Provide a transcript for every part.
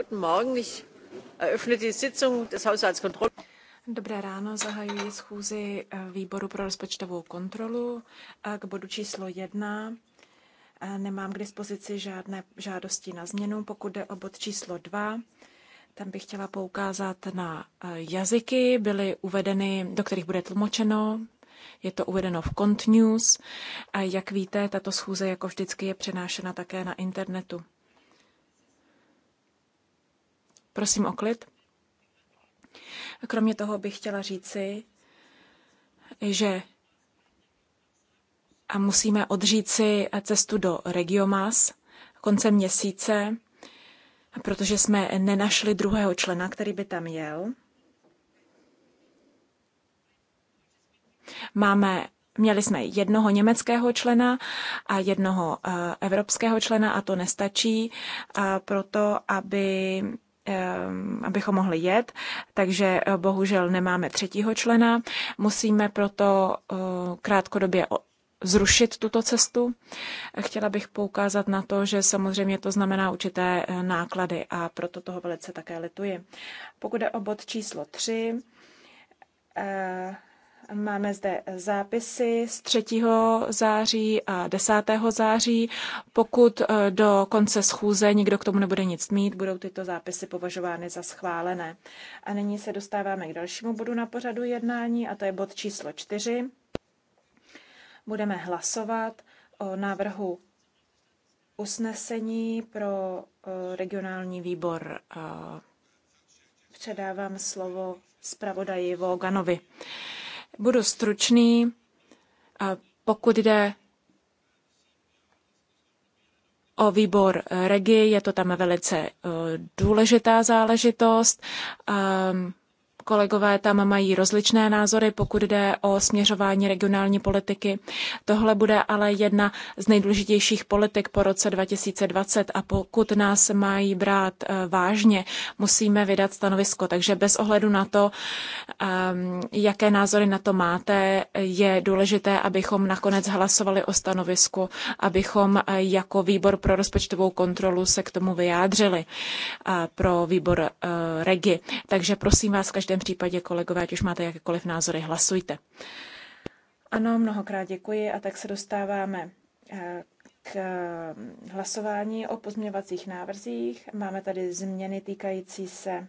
Guten Morgen, ich eröffne die Sitzung des Dobré ráno, zahajuji schůzi eh, výboru pro rozpočtovou kontrolu eh, k bodu číslo jedna. Eh, nemám k dispozici žádné žádosti na změnu. Pokud jde o bod číslo 2, tam bych chtěla poukázat na jazyky, byly uvedeny, do kterých bude tlumočeno. Je to uvedeno v Cont News. A jak víte, tato schůze jako vždycky je přenášena také na internetu. Prosím o klid. Kromě toho bych chtěla říci, že a musíme odříci cestu do Regiomas konce měsíce, protože jsme nenašli druhého člena, který by tam jel. Máme, měli jsme jednoho německého člena a jednoho eh, evropského člena a to nestačí eh, proto, aby abychom mohli jet, takže eh, bohužel nemáme třetího člena. Musíme proto eh, krátkodobě zrušit tuto cestu. Chtěla bych poukázat na to, že samozřejmě to znamená určité eh, náklady a proto toho velice také lituji. Pokud je o bod číslo 3, Máme zde zápisy z 3. září a 10. září. Pokud eh, do konce schůze nikdo k tomu nebude nic mít, budou tyto zápisy považovány za schválené. A nyní se dostáváme k dalšímu bodu na pořadu jednání, a to je bod číslo 4. Budeme hlasovat o návrhu usnesení pro eh, regionální výbor. Eh, předávám slovo zpravodaji Voganovi. Budu stručný, pokud jde o výbor regi, je to tam velice eh, důležitá záležitost. Ehm, Kolegové tam mají rozličné názory, pokud jde o směřování regionální politiky. Tohle bude ale jedna z nejdůležitějších politik po roce 2020 a pokud nás mají brát eh, vážně, musíme vydat stanovisko. Takže bez ohledu na to, ehm, jaké názory na to máte, je důležité, abychom nakonec hlasovali o stanovisku, abychom eh, jako výbor pro rozpočtovou kontrolu se k tomu vyjádřili eh, pro výbor regi. Takže prosím vás v každém případě, kolegové, ať už máte jakékoliv názory, hlasujte. Ano, mnohokrát děkuji a tak se dostáváme eh, k eh, hlasování o pozměňovacích návrzích. Máme tady změny týkající se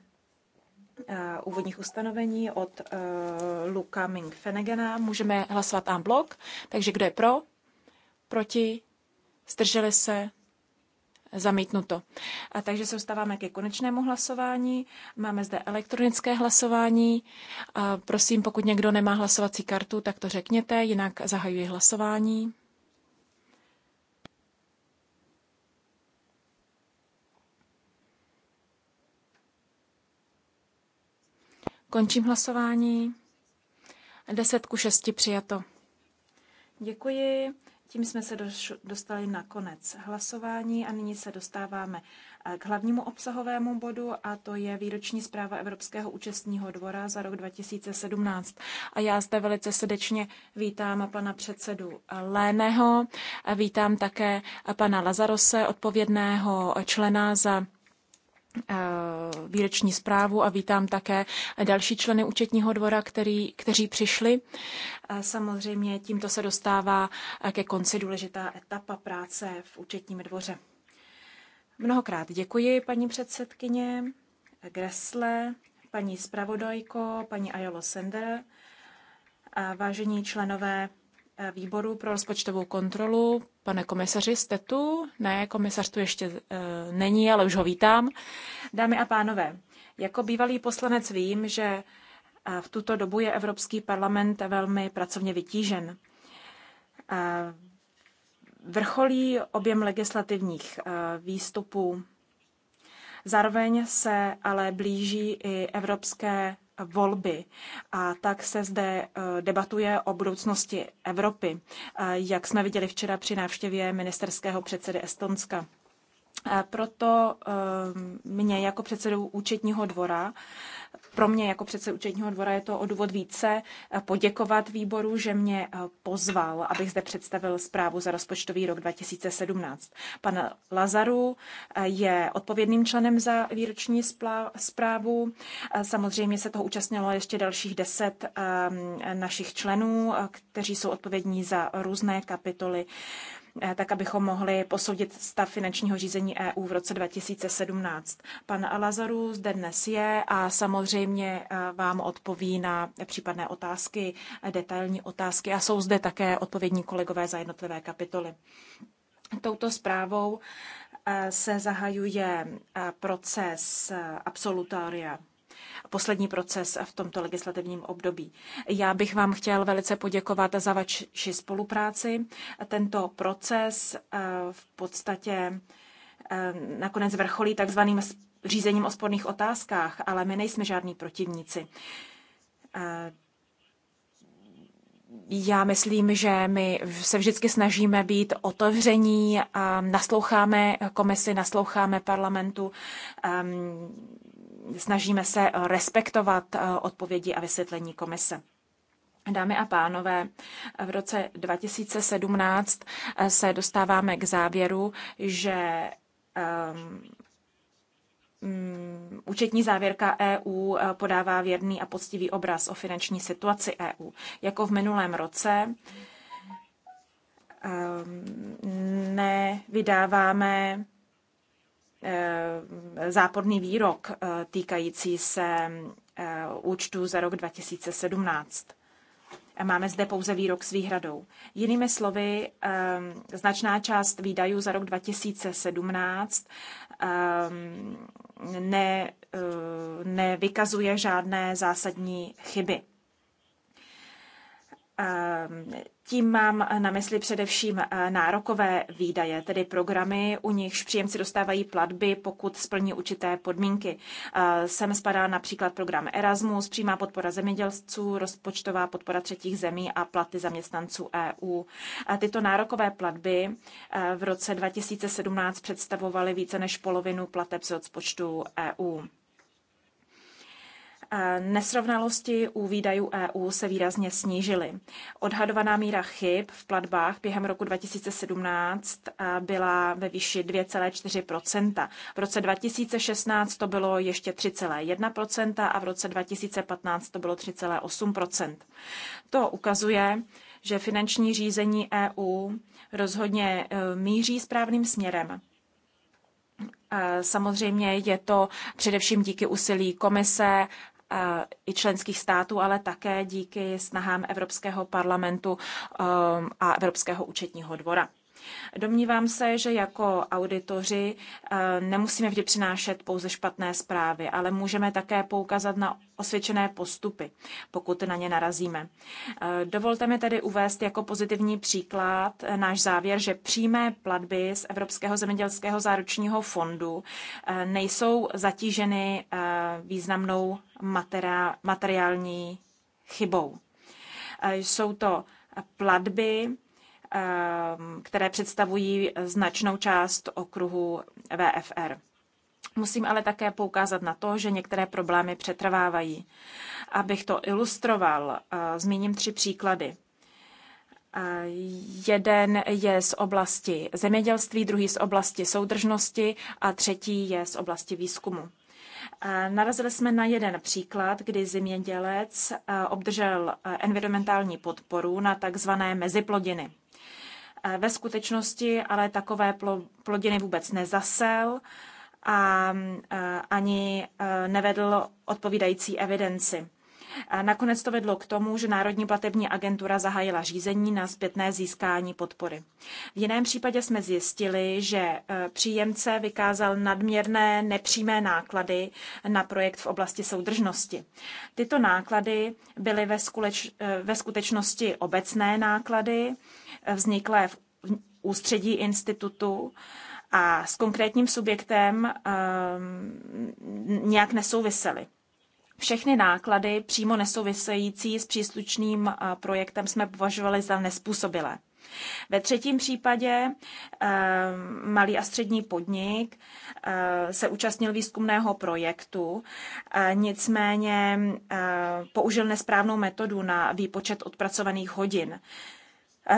eh, úvodních ustanovení od Luka Ming Fenegena. Můžeme hlasovat en blok, takže kdo je pro, proti, zdrželi se, zamítnuto. A takže se dostáváme ke konečnému hlasování. Máme zde elektronické hlasování. A prosím, pokud někdo nemá hlasovací kartu, tak to řekněte, jinak zahajuji hlasování. Končím hlasování. 10 ku 6 přijato. Děkuji. Tím jsme se dostali na konec hlasování a nyní se dostáváme eh, k hlavnímu obsahovému bodu a to je výroční zpráva Evropského účestního dvora za rok 2017. A já zde velice srdečně vítám pana předsedu Léného, vítám také pana Lazarose, odpovědného člena za Eh, výroční zprávu a vítám také další členy účetního dvora, který, kteří přišli. Eh, samozřejmě tímto se dostává ke konci důležitá etapa práce v účetním dvoře. Mnohokrát děkuji paní předsedkyně Gressle, paní zpravodajko, paní Ajolo Sender, a vážení členové Eh, výboru pro rozpočtovou kontrolu. Pane komisaři, jste tu? Ne, komisař tu ještě e, není, ale už ho vítám. Dámy a pánové, jako bývalý poslanec vím, že eh, v tuto dobu je Evropský parlament velmi pracovně vytížen. Vrcholí objem legislativních výstupů. Zároveň se ale blíží i evropské volby. A tak se zde eh, debatuje o budoucnosti Evropy, eh, jak jsme viděli včera při návštěvě ministerského předsedy Estonska. Eh, proto mě jako předsedu účetního dvora pro mě jako předsedu účetního dvora je to o důvod více eh, poděkovat výboru, že mě eh, pozval, abych zde představil zprávu za rozpočtový rok 2017. Pan Lazaru eh, je odpovědným členem za výroční zprávu. Samozřejmě se toho účastnilo ještě dalších deset našich členů, kteří jsou odpovědní za různé kapitoly Eh, tak abychom mohli posoudit stav finančního řízení EU v roce 2017. Pan Lazaru zde dnes je a samozřejmě eh, vám odpoví na případné otázky, detailní otázky a jsou zde také odpovědní kolegové za jednotlivé kapitoly. Touto zprávou eh, se zahajuje proces absolutoria poslední proces v tomto legislativním období. Já bych vám chtěl velice poděkovat za vaši spolupráci. Tento proces eh, v podstatě eh, nakonec vrcholí takzvaným řízením o sporných otázkách, ale my nejsme žádní protivníci. Eh, já myslím, že my se vždycky snažíme být otevření, a nasloucháme komisi, nasloucháme parlamentu, ehm, snažíme se respektovat eh, odpovědi a vysvětlení komise. Dámy a pánové, v roce 2017 eh, se dostáváme k závěru, že um, účetní závěrka EU eh, podává věrný a poctivý obraz o finanční situaci EU. Jako v minulém roce ehm, nevydáváme Eh, záporný výrok eh, týkající se eh, účtu za rok 2017. Máme zde pouze výrok s výhradou. Jinými slovy, značná část výdajů za rok 2017 ne, nevykazuje žádné zásadní chyby tím mám na mysli především eh, nárokové výdaje, tedy programy, u nichž příjemci dostávají platby, pokud splní určité podmínky. Eh, sem spadá například program Erasmus, přímá podpora zemědělců, rozpočtová podpora třetích zemí a platy zaměstnanců EU. Tyto nárokové platby eh, v roce 2017 představovaly více než polovinu plateb z rozpočtu EU. Eh, nesrovnalosti u výdajů EU se výrazně snížily. Odhadovaná míra chyb v platbách během roku 2017 eh, byla ve výši 2,4 V roce 2016 to bylo ještě 3,1 a v roce 2015 to bylo 3,8 To ukazuje, že finanční řízení EU rozhodně eh, míří správným směrem. Samozřejmě je to především díky úsilí komise, i členských států, ale také díky snahám Evropského parlamentu um, a Evropského účetního dvora. Domnívám se, že jako auditoři eh, nemusíme vždy přinášet pouze špatné zprávy, ale můžeme také poukazat na osvědčené postupy, pokud na ně narazíme. Eh, dovolte mi tedy uvést jako pozitivní příklad eh, náš závěr, že přímé platby z Evropského zemědělského záručního fondu nejsou zatíženy významnou materiální chybou. Jsou to platby Ehm, které představují značnou část okruhu VFR. Musím ale také poukázat na to, že některé problémy přetrvávají. Abych to ilustroval, eh, zmíním tři příklady. Eh, jeden je z oblasti zemědělství, druhý z oblasti soudržnosti a třetí je z oblasti výzkumu. Eh, narazili jsme na jeden příklad, kdy zemědělec obdržel environmentální podporu na takzvané meziplodiny. E, ve skutečnosti ale takové plodiny vůbec nezasel a e, ani e, nevedl odpovídající evidenci nakonec to vedlo k tomu, že Národní platební agentura zahájila řízení na zpětné získání podpory. V jiném případě jsme zjistili, že e, příjemce vykázal nadměrné nepřímé náklady na projekt v oblasti soudržnosti. Tyto náklady byly ve, skuleč, e, ve skutečnosti obecné náklady, e, vzniklé v ústředí institutu a s konkrétním subjektem um, nějak nesouvisely. Všechny náklady přímo nesouvisející s příslušným eh, projektem jsme považovali za nespůsobilé. Ve třetím případě eh, malý a střední podnik eh, se účastnil výzkumného projektu, nicméně použil nesprávnou metodu na výpočet odpracovaných hodin.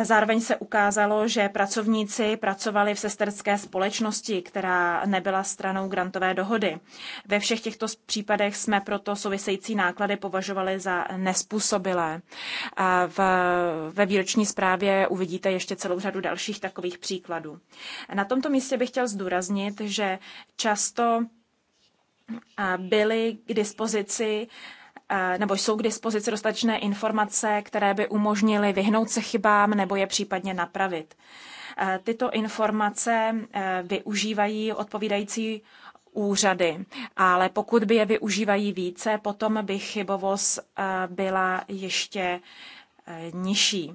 Zároveň se ukázalo, že pracovníci pracovali v sesterské společnosti, která nebyla stranou grantové dohody. Ve všech těchto případech jsme proto související náklady považovali za nespůsobilé. A v, ve výroční zprávě uvidíte ještě celou řadu dalších takových příkladů. Na tomto místě bych chtěl zdůraznit, že často byly k dispozici Eh, nebo jsou k dispozici dostatečné informace, které by umožnily vyhnout se chybám nebo je případně napravit. Eh, tyto informace eh, využívají odpovídající úřady, ale pokud by je využívají více, potom by chybovost byla ještě nižší.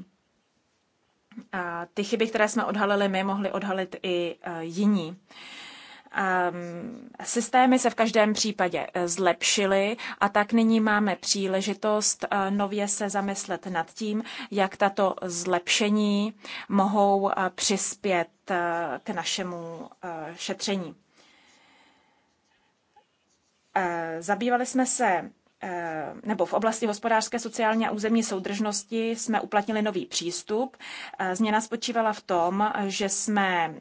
Ty chyby, které jsme odhalili my, mohli odhalit i jiní. Ehm, systémy se v každém případě eh, zlepšily a tak nyní máme příležitost eh, nově se zamyslet nad tím, jak tato zlepšení mohou eh, přispět k našemu šetření. Zabývali jsme se nebo v oblasti hospodářské, sociální a územní soudržnosti jsme uplatnili nový přístup. Změna spočívala v tom, že jsme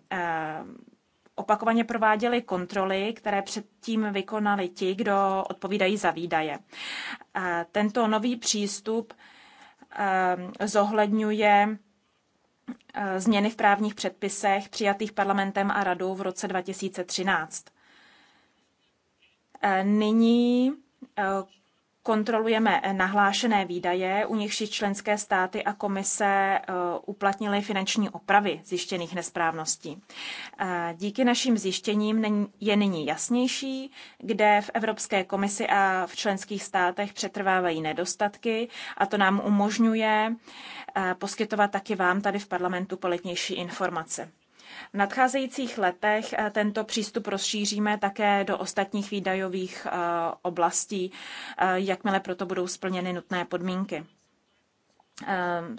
opakovaně prováděli kontroly, které předtím vykonali ti, kdo odpovídají za výdaje. Tento nový přístup ehm, zohledňuje ehm, změny v právních předpisech přijatých parlamentem a radou v roce 2013. Ehm, nyní kontrolujeme nahlášené výdaje, u nichž členské státy a komise eh, uplatnily finanční opravy zjištěných nesprávností. Eh, díky našim zjištěním je nyní jasnější, kde v Evropské komisi a v členských státech přetrvávají nedostatky a to nám umožňuje eh, poskytovat taky vám tady v parlamentu kvalitnější informace. V nadcházejících letech eh, tento přístup rozšíříme také do ostatních výdajových eh, oblastí, eh, jakmile proto budou splněny nutné podmínky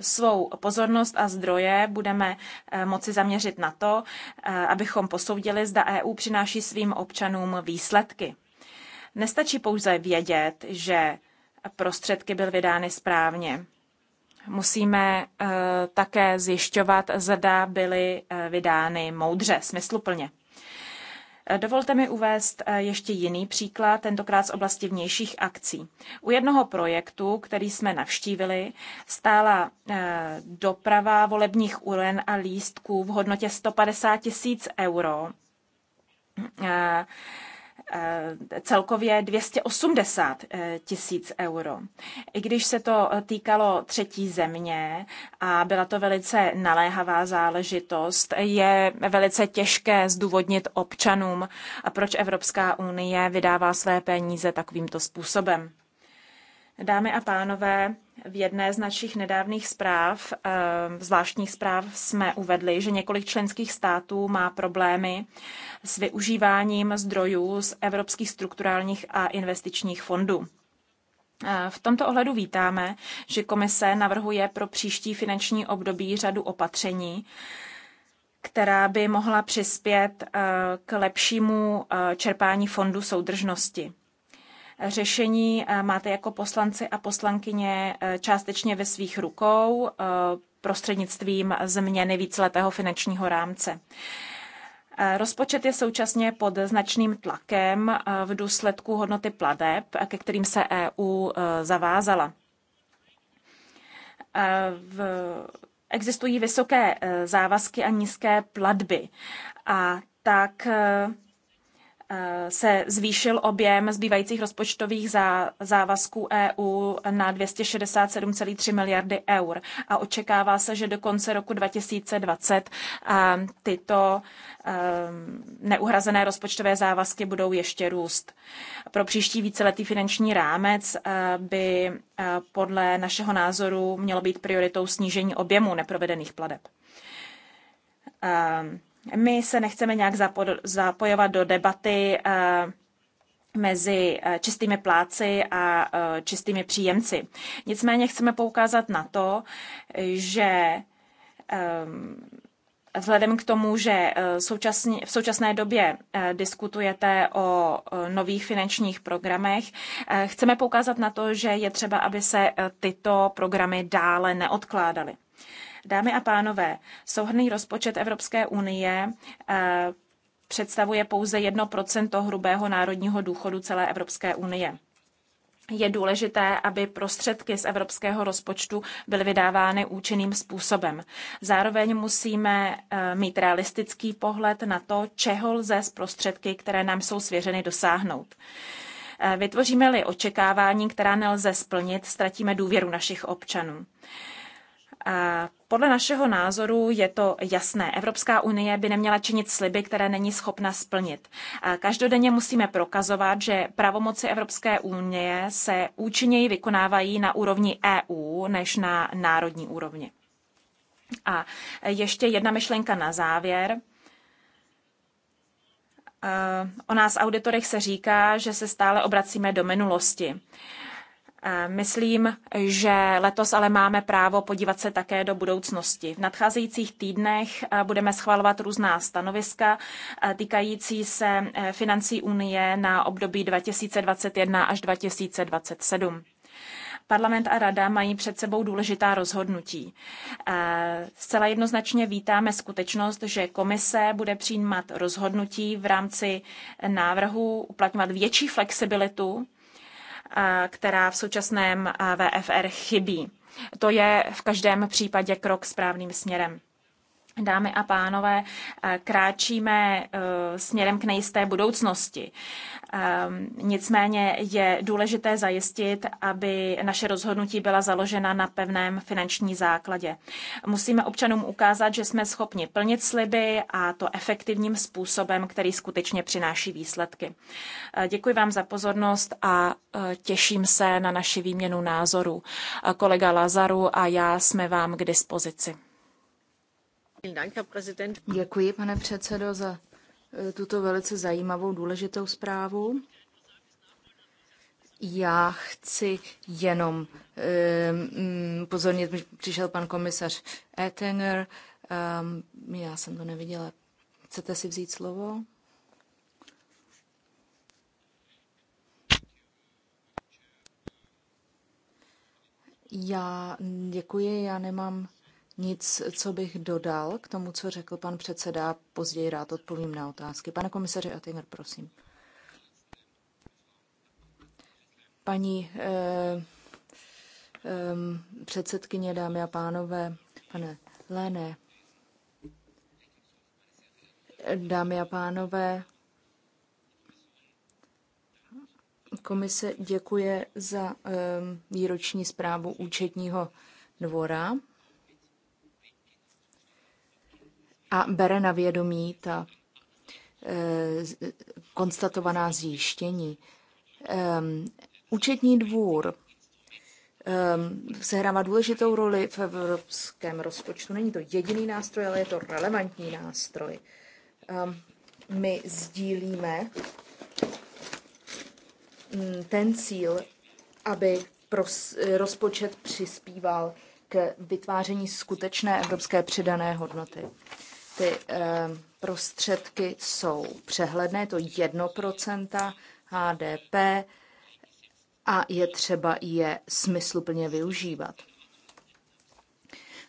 svou pozornost a zdroje budeme moci zaměřit na to, abychom posoudili, zda EU přináší svým občanům výsledky. Nestačí pouze vědět, že prostředky byly vydány správně musíme eh, také zjišťovat, zda byly eh, vydány moudře, smysluplně. Eh, dovolte mi uvést ještě jiný příklad, tentokrát z oblasti vnějších akcí. U jednoho projektu, který jsme navštívili, stála doprava volebních uren a lístků v hodnotě 150 tisíc euro Eh, celkově 280 eh, tisíc euro. I když se to eh, týkalo třetí země a byla to velice naléhavá záležitost, je velice těžké zdůvodnit občanům, proč Evropská unie vydává své peníze takovýmto způsobem. Dámy a pánové, v jedné z našich nedávných zpráv, eh, zvláštních zpráv, jsme uvedli, že několik členských států má problémy s využíváním zdrojů z evropských strukturálních a investičních fondů. Eh, v tomto ohledu vítáme, že komise navrhuje pro příští finanční období řadu opatření, která by mohla přispět eh, k lepšímu čerpání fondu soudržnosti řešení eh, máte jako poslanci a poslankyně eh, částečně ve svých rukou eh, prostřednictvím změny víceletého finančního rámce. Rozpočet je současně pod značným tlakem v důsledku hodnoty pladeb, ke kterým se EU zavázala. V existují vysoké závazky a nízké platby. A tak Eh, se zvýšil objem zbývajících rozpočtových závazků EU na 267,3 miliardy eur a očekává se, že do konce roku 2020 tyto eh, neuhrazené rozpočtové závazky budou ještě růst. Pro příští víceletý finanční rámec eh, by podle našeho názoru mělo být prioritou snížení objemu neprovedených plateb. My se nechceme nějak zapojovat do debaty eh, mezi eh, čistými pláci a eh, čistými příjemci. Nicméně chceme poukázat na to, že Vzhledem k tomu, že v současné době diskutujete o nových finančních programech, chceme poukázat na to, že je třeba, aby se tyto programy dále neodkládaly. Dámy a pánové, souhrný rozpočet Evropské unie eh, představuje pouze 1% hrubého národního důchodu celé Evropské unie je důležité, aby prostředky z evropského rozpočtu byly vydávány účinným způsobem. Zároveň musíme eh, mít realistický pohled na to, čeho lze z prostředky, které nám jsou svěřeny, dosáhnout. Eh, vytvoříme-li očekávání, která nelze splnit, ztratíme důvěru našich občanů. A podle našeho názoru je to jasné. Evropská unie by neměla činit sliby, které není schopna splnit. Každodenně musíme prokazovat, že pravomoci Evropské unie se účinněji vykonávají na úrovni EU než na národní úrovni. A ještě jedna myšlenka na závěr. O nás auditorech se říká, že se stále obracíme do minulosti. Eh, myslím, že letos ale máme právo podívat se také do budoucnosti. V nadcházejících týdnech eh, budeme schvalovat různá stanoviska eh, týkající se financí Unie na období 2021 až 2027. Parlament a rada mají před sebou důležitá rozhodnutí. Zcela jednoznačně vítáme skutečnost, že komise bude přijímat rozhodnutí v rámci návrhu uplatňovat větší flexibilitu která v současném VFR chybí. To je v každém případě krok správným směrem. Dámy a pánové, eh, kráčíme eh, směrem k nejisté budoucnosti. Ehm, nicméně je důležité zajistit, aby naše rozhodnutí byla založena na pevném finanční základě. Musíme občanům ukázat, že jsme schopni plnit sliby a to efektivním způsobem, který skutečně přináší výsledky. Eh, děkuji vám za pozornost a těším se na naši výměnu názorů. Kolega Lazaru a já jsme vám k dispozici. Děkuji, pane předsedo, za e, tuto velice zajímavou, důležitou zprávu. Já chci jenom um, e, mm, pozornit, přišel pan komisař Ettinger, um, ehm, já jsem to neviděla. Chcete si vzít slovo? Já děkuji, já nemám nic, co bych dodal k tomu, co řekl pan předseda. Později rád odpovím na otázky. Pane komisaři Oettinger, prosím. Paní eh, eh, předsedkyně, dámy a pánové, pane Lene, dámy a pánové, komise děkuje za eh, výroční zprávu účetního dvora a bere na vědomí ta eh, konstatovaná zjištění. Ehm, účetní dvůr se ehm, sehrává důležitou roli v evropském rozpočtu. Není to jediný nástroj, ale je to relevantní nástroj. Ehm, my sdílíme hm, ten cíl, aby rozpočet přispíval k vytváření skutečné evropské přidané hodnoty ty eh, prostředky jsou přehledné, to 1% HDP a je třeba je smysluplně využívat.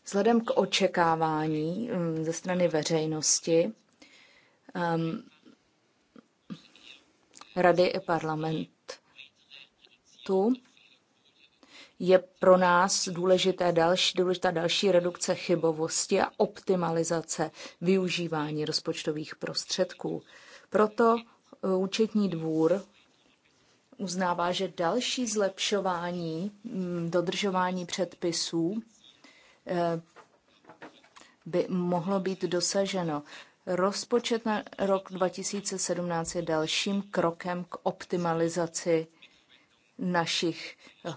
Vzhledem k očekávání mm, ze strany veřejnosti, um, Rady i parlamentu, je pro nás důležité další, důležitá další redukce chybovosti a optimalizace využívání rozpočtových prostředků. Proto eh, účetní dvůr uznává, že další zlepšování mm, dodržování předpisů eh, by mohlo být dosaženo. Rozpočet na rok 2017 je dalším krokem k optimalizaci našich eh,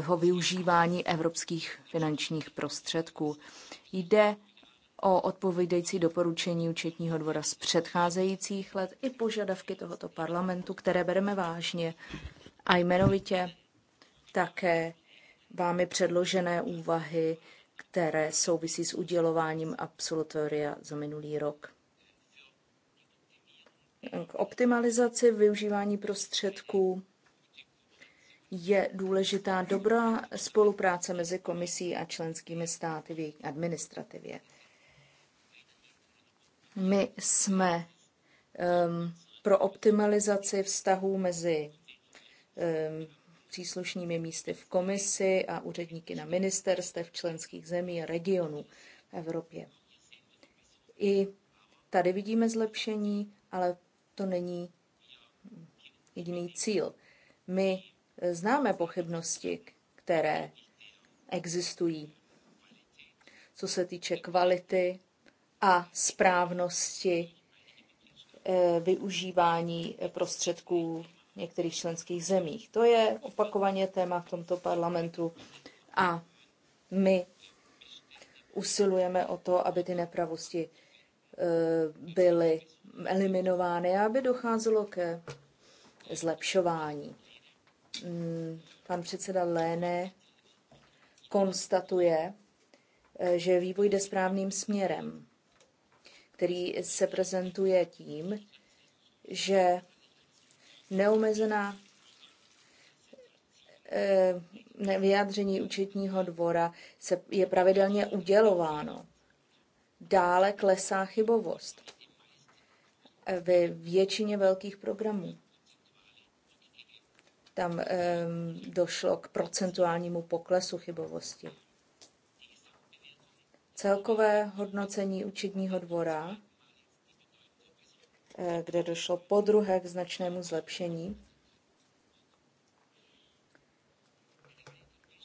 ho využívání evropských finančních prostředků. Jde o odpovídající doporučení účetního dvora z předcházejících let i požadavky tohoto parlamentu, které bereme vážně a jmenovitě také vámi předložené úvahy, které souvisí s udělováním absolutoria za minulý rok k optimalizaci využívání prostředků je důležitá dobrá spolupráce mezi komisí a členskými státy v jejich administrativě. My jsme um, pro optimalizaci vztahů mezi um, příslušnými místy v komisi a úředníky na ministerstvech členských zemí a regionů v Evropě. I tady vidíme zlepšení, ale to není jediný cíl. My eh, známe pochybnosti, které existují, co se týče kvality a správnosti eh, využívání prostředků v některých členských zemích. To je opakovaně téma v tomto parlamentu a my usilujeme o to, aby ty nepravosti Eh, byly eliminovány, aby docházelo ke zlepšování. Mm, pan předseda Léne konstatuje, eh, že vývoj jde správným směrem, který se prezentuje tím, že neomezená eh, vyjádření účetního dvora se je pravidelně udělováno dále klesá chybovost ve většině velkých programů. Tam um, došlo k procentuálnímu poklesu chybovosti. Celkové hodnocení účetního dvora, eh, kde došlo po druhé k značnému zlepšení,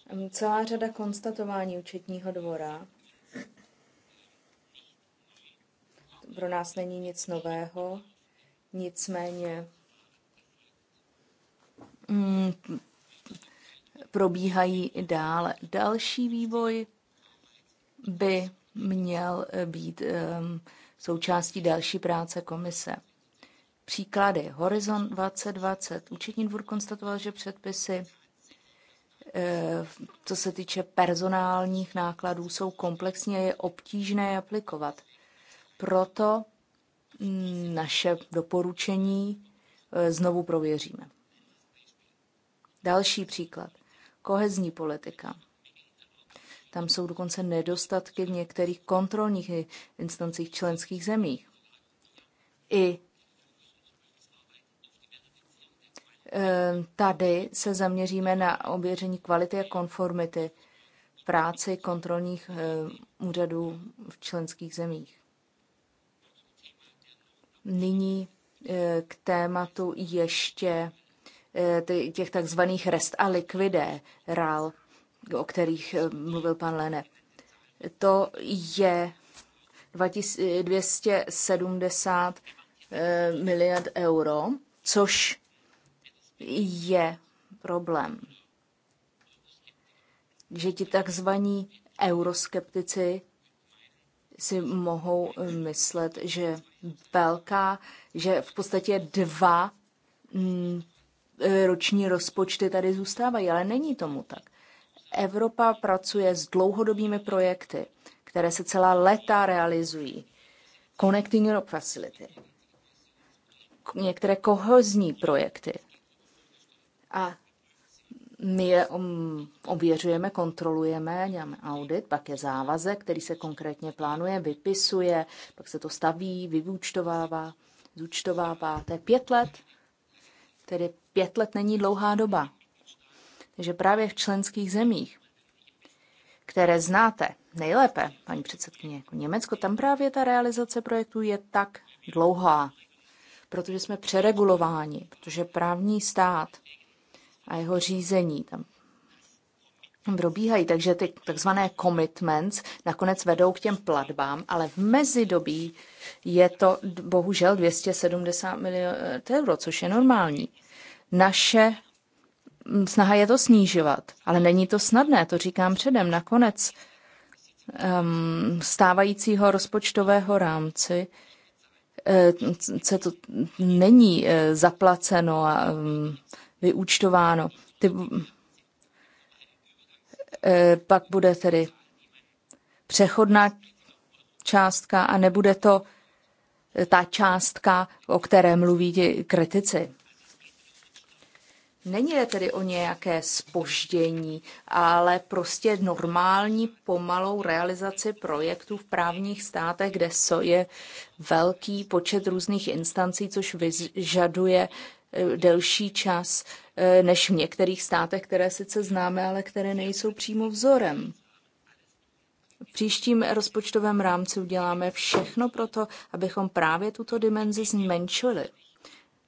ehm, celá řada konstatování účetního dvora pro nás není nic nového, nicméně mm, probíhají i dále. Další vývoj by měl eh, být um, součástí další práce komise. Příklady. Horizon 2020. Učetní dvůr konstatoval, že předpisy, eh, co se týče personálních nákladů, jsou komplexní a je obtížné je aplikovat. Proto mm, naše doporučení e, znovu prověříme. Další příklad. Kohezní politika. Tam jsou dokonce nedostatky v některých kontrolních instancích členských zemích. I e, tady se zaměříme na ověření kvality a konformity práci kontrolních e, úřadů v členských zemích. Nyní eh, k tématu ještě eh, těch takzvaných rest a likvidé rál, o kterých eh, mluvil pan Lene. To je 270 miliard euro, což je problém. Že ti takzvaní euroskeptici si mohou eh, myslet, že velká, že v podstatě dva mm, eh, roční rozpočty tady zůstávají, ale není tomu tak. Evropa pracuje s dlouhodobými projekty, které se celá léta realizují. Connecting Europe Facility, některé kohozní projekty. A my je um, ověřujeme, kontrolujeme, děláme audit, pak je závazek, který se konkrétně plánuje, vypisuje, pak se to staví, vyvůčtovává, zúčtovává. To je pět let, tedy pět let není dlouhá doba. Takže právě v členských zemích, které znáte nejlépe, paní předsedkyně, jako Německo, tam právě ta realizace projektů je tak dlouhá, protože jsme přeregulováni, protože právní stát – a jeho řízení tam probíhají. Takže ty takzvané commitments nakonec vedou k těm platbám, ale v mezidobí je to bohužel 270 milionů euro, což je normální. Naše snaha je to snížovat, ale není to snadné, to říkám předem. Nakonec um, stávajícího rozpočtového rámci se eh, to není eh, zaplaceno a um, vyúčtováno. Ty, e, pak bude tedy přechodná částka a nebude to e, ta částka, o které mluví ti kritici. Není tedy o nějaké spoždění, ale prostě normální pomalou realizaci projektů v právních státech, kde so je velký počet různých instancí, což vyžaduje Eh, delší čas eh, než v některých státech, které sice známe, ale které nejsou přímo vzorem. V příštím rozpočtovém rámci uděláme všechno pro to, abychom právě tuto dimenzi zmenšili.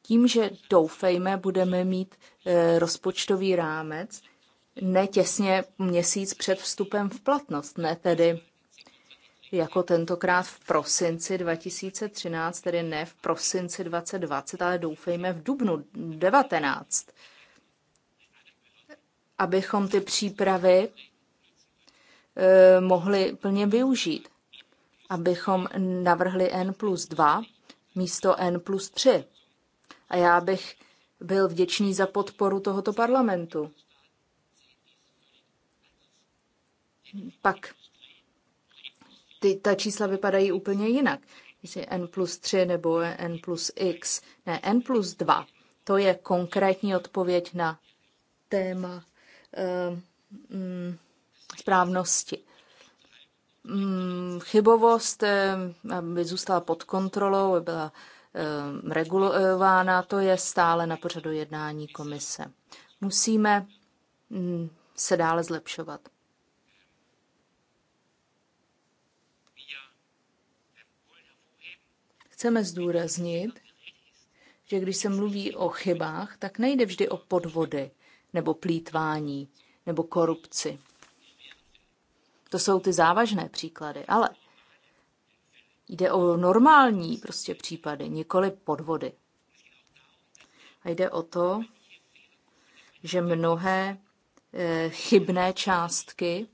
Tím, že doufejme, budeme mít eh, rozpočtový rámec, ne těsně měsíc před vstupem v platnost, ne tedy jako tentokrát v prosinci 2013, tedy ne v prosinci 2020, ale doufejme v dubnu 19, abychom ty přípravy eh, mohli plně využít, abychom navrhli N plus 2 místo N plus 3. A já bych byl vděčný za podporu tohoto parlamentu. Pak ty, ta čísla vypadají úplně jinak. Jestli n plus 3 nebo n plus x, ne, n plus 2, to je konkrétní odpověď na téma ehm, mm, správnosti. Mm, chybovost, um, zůstala pod kontrolou, by byla ehm, regulována, to je stále na pořadu jednání komise. Musíme mm, se dále zlepšovat. chceme zdůraznit, že když se mluví o chybách, tak nejde vždy o podvody nebo plítvání nebo korupci. To jsou ty závažné příklady, ale jde o normální prostě případy, nikoli podvody. A jde o to, že mnohé eh, chybné částky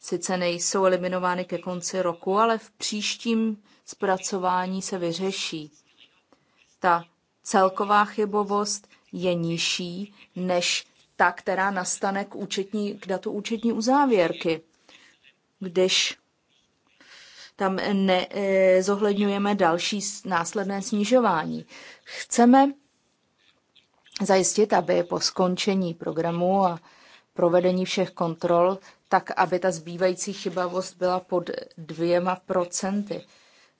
sice nejsou eliminovány ke konci roku, ale v příštím zpracování se vyřeší. Ta celková chybovost je nižší než ta, která nastane k, účetní, k datu účetní uzávěrky, když tam nezohledňujeme eh, další následné snižování. Chceme zajistit, aby po skončení programu a provedení všech kontrol, tak aby ta zbývající chybavost byla pod dvěma procenty.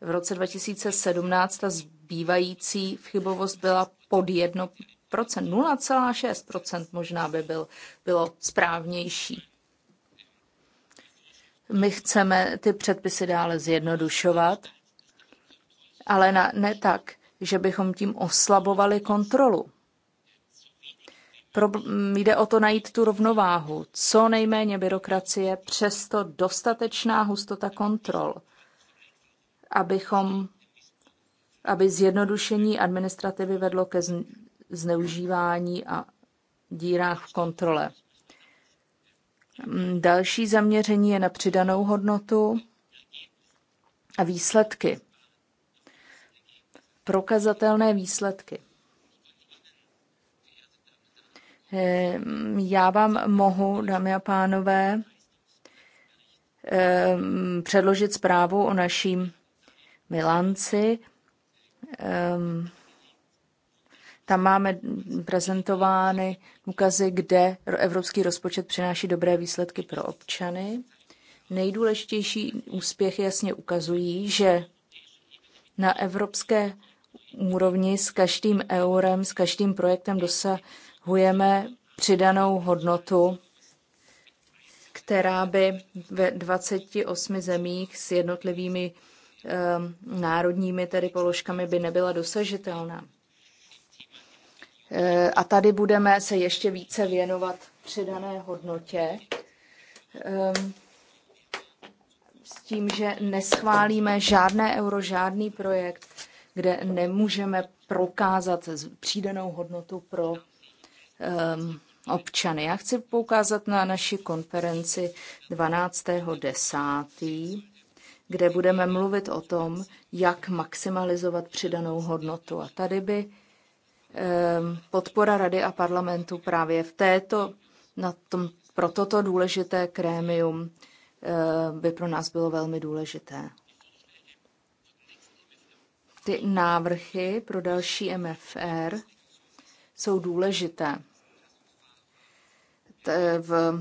V roce 2017 ta zbývající chybovost byla pod 1%, 0,6% možná by byl, bylo správnější. My chceme ty předpisy dále zjednodušovat, ale na, ne tak, že bychom tím oslabovali kontrolu. Pro, mm, jde o to najít tu rovnováhu. Co nejméně byrokracie, přesto dostatečná hustota kontrol abychom, aby zjednodušení administrativy vedlo ke zneužívání a dírách v kontrole. Mm, další zaměření je na přidanou hodnotu a výsledky. Prokazatelné výsledky. Ehm, já vám mohu, dámy a pánové, ehm, předložit zprávu o naším Milanci. Tam máme prezentovány ukazy, kde evropský rozpočet přináší dobré výsledky pro občany. Nejdůležitější úspěchy jasně ukazují, že na evropské úrovni s každým eurem, s každým projektem dosahujeme přidanou hodnotu, která by ve 28 zemích s jednotlivými Ehm, národními tedy položkami by nebyla dosažitelná. Eh, a tady budeme se ještě více věnovat přidané hodnotě ehm, s tím, že neschválíme žádné euro, žádný projekt, kde nemůžeme prokázat přidanou hodnotu pro um, občany. Já chci poukázat na naši konferenci 12.10 kde budeme mluvit o tom, jak maximalizovat přidanou hodnotu. A tady by ehm, podpora Rady a parlamentu právě v této, na tom, pro toto důležité krémium ehm, by pro nás bylo velmi důležité. Ty návrhy pro další MFR jsou důležité, v,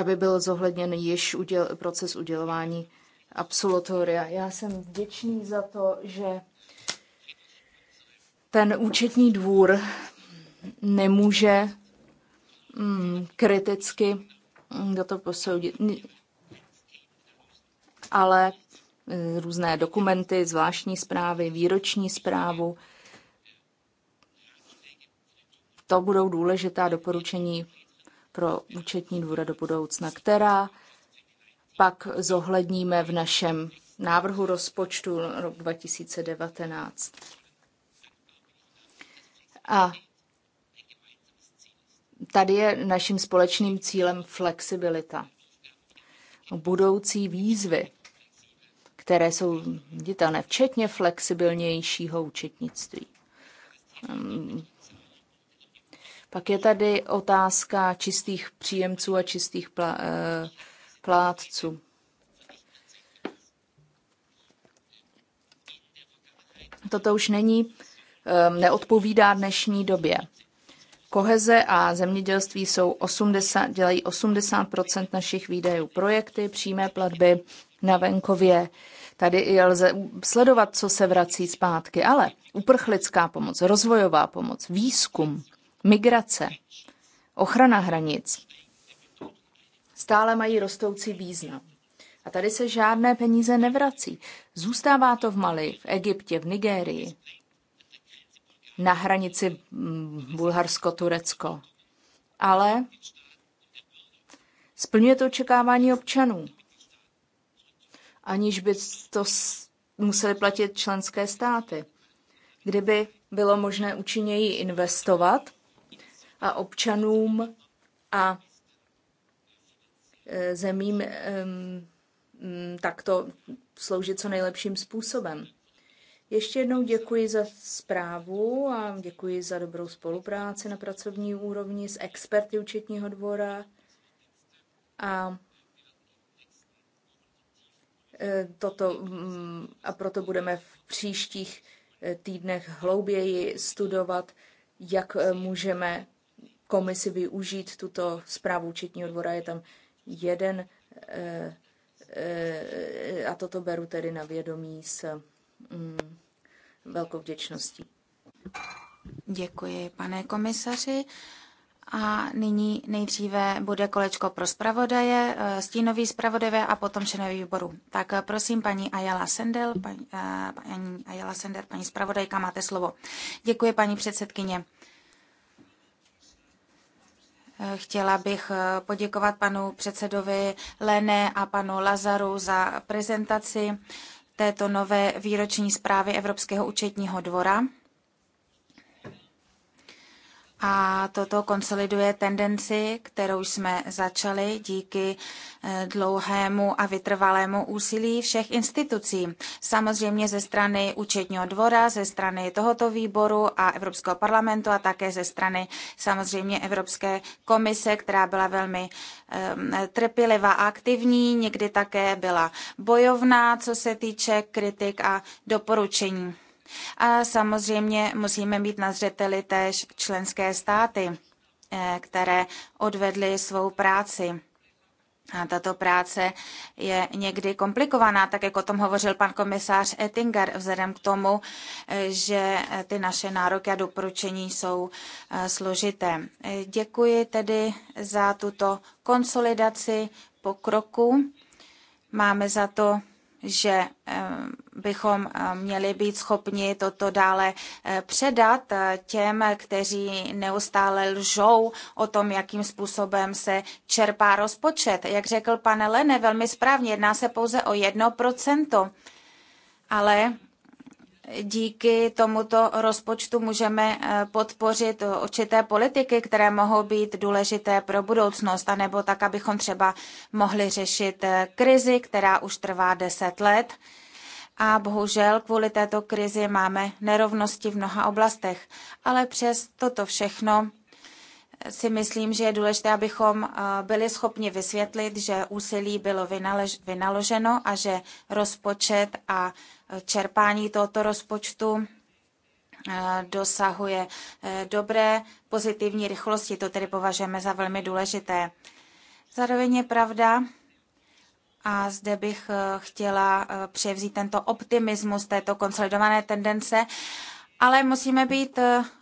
aby byl zohledněn již uděl, proces udělování absolutoria. Já jsem vděčný za to, že ten účetní dvůr nemůže mm, kriticky mm, do to posoudit. Ale e, různé dokumenty, zvláštní zprávy, výroční zprávu, to budou důležitá doporučení pro účetní dvůra do budoucna, která pak zohledníme v našem návrhu rozpočtu rok 2019. A tady je naším společným cílem flexibilita. Budoucí výzvy, které jsou viditelné, včetně flexibilnějšího učetnictví. Pak je tady otázka čistých příjemců a čistých eh, plátců. Toto už není, ehm, neodpovídá dnešní době. Koheze a zemědělství jsou 80, dělají 80 našich výdajů. Projekty, přímé platby na venkově. Tady i lze sledovat, co se vrací zpátky, ale uprchlická pomoc, rozvojová pomoc, výzkum, migrace, ochrana hranic, stále mají rostoucí význam. A tady se žádné peníze nevrací. Zůstává to v Mali, v Egyptě, v Nigérii, na hranici mm, Bulharsko-Turecko. Ale splňuje to očekávání občanů, aniž by to museli platit členské státy. Kdyby bylo možné účinněji investovat a občanům a Eh, zemím mm, takto sloužit co nejlepším způsobem. Ještě jednou děkuji za zprávu a děkuji za dobrou spolupráci na pracovní úrovni s experty účetního dvora a eh, toto mm, a proto budeme v příštích eh, týdnech hlouběji studovat, jak můžeme komisi využít tuto zprávu účetního dvora. Je tam jeden eh, eh, a toto beru tedy na vědomí s mm, velkou vděčností. Děkuji, pane komisaři. A nyní nejdříve bude kolečko pro zpravodaje, eh, stínový zpravodaje a potom členové výboru. Tak prosím, paní Ayala Sendel, paní, paní Ayala Sender, paní zpravodajka, máte slovo. Děkuji, paní předsedkyně. Chtěla bych eh, poděkovat panu předsedovi Lené a panu Lazaru za prezentaci této nové výroční zprávy Evropského účetního dvora a toto konsoliduje tendenci, kterou jsme začali díky e, dlouhému a vytrvalému úsilí všech institucí. Samozřejmě ze strany účetního dvora, ze strany tohoto výboru a Evropského parlamentu a také ze strany samozřejmě Evropské komise, která byla velmi um, trpělivá a aktivní, někdy také byla bojovná, co se týče kritik a doporučení. A samozřejmě musíme mít na zřeteli též členské státy, eh, které odvedly svou práci. A tato práce je někdy komplikovaná, tak jak o tom hovořil pan komisář Ettinger, vzhledem k tomu, eh, že ty naše nároky a doporučení jsou eh, složité. Děkuji tedy za tuto konsolidaci pokroku. Máme za to, že eh, bychom eh, měli být schopni toto dále eh, předat těm, kteří neustále lžou o tom, jakým způsobem se čerpá rozpočet. Jak řekl pan Lene velmi správně, jedná se pouze o jedno procento, ale díky tomuto rozpočtu můžeme eh, podpořit určité politiky, které mohou být důležité pro budoucnost, anebo tak, abychom třeba mohli řešit eh, krizi, která už trvá deset let. A bohužel kvůli této krizi máme nerovnosti v mnoha oblastech. Ale přes toto všechno eh, si myslím, že je důležité, abychom byli schopni vysvětlit, že úsilí bylo vynaloženo a že rozpočet a čerpání tohoto rozpočtu eh, dosahuje eh, dobré pozitivní rychlosti. To tedy považujeme za velmi důležité. Zároveň je pravda, a zde bych eh, chtěla převzít tento optimismus této konsolidované tendence, ale musíme být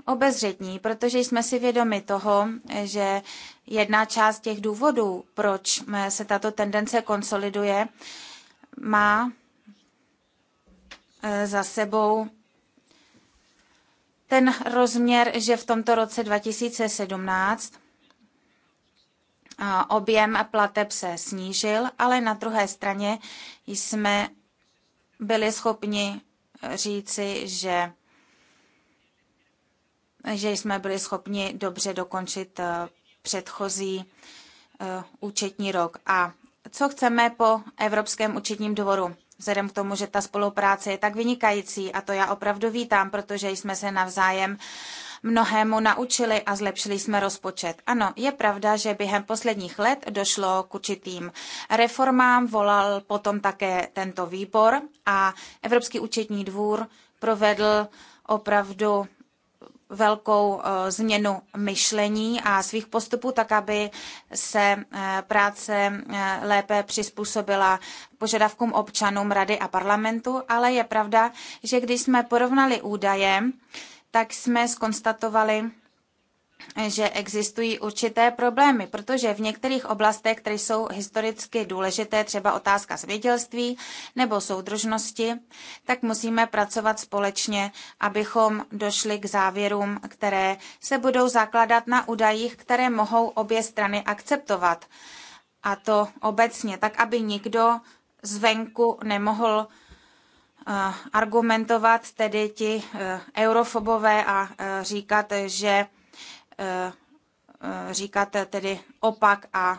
obezřetní, protože jsme si vědomi toho, že jedna část těch důvodů, proč se tato tendence konsoliduje, má Eh, za sebou ten rozměr, že v tomto roce 2017 eh, objem plateb se snížil, ale na druhé straně jsme byli schopni říci, že, že jsme byli schopni dobře dokončit eh, předchozí účetní rok. A co chceme po Evropském účetním dvoru? vzhledem k tomu, že ta spolupráce je tak vynikající a to já opravdu vítám, protože jsme se navzájem mnohému naučili a zlepšili jsme rozpočet. Ano, je pravda, že během posledních let došlo k určitým reformám, volal potom také tento výbor a Evropský účetní dvůr provedl opravdu velkou eh, změnu myšlení a svých postupů, tak aby se eh, práce eh, lépe přizpůsobila požadavkům občanům Rady a parlamentu, ale je pravda, že když jsme porovnali údaje, tak jsme skonstatovali, že existují určité problémy, protože v některých oblastech, které jsou historicky důležité, třeba otázka svědělství nebo soudržnosti, tak musíme pracovat společně, abychom došli k závěrům, které se budou zakládat na údajích, které mohou obě strany akceptovat. A to obecně, tak aby nikdo zvenku nemohl eh, argumentovat, tedy ti eh, eurofobové, a eh, říkat, že Eh, říkat tedy opak a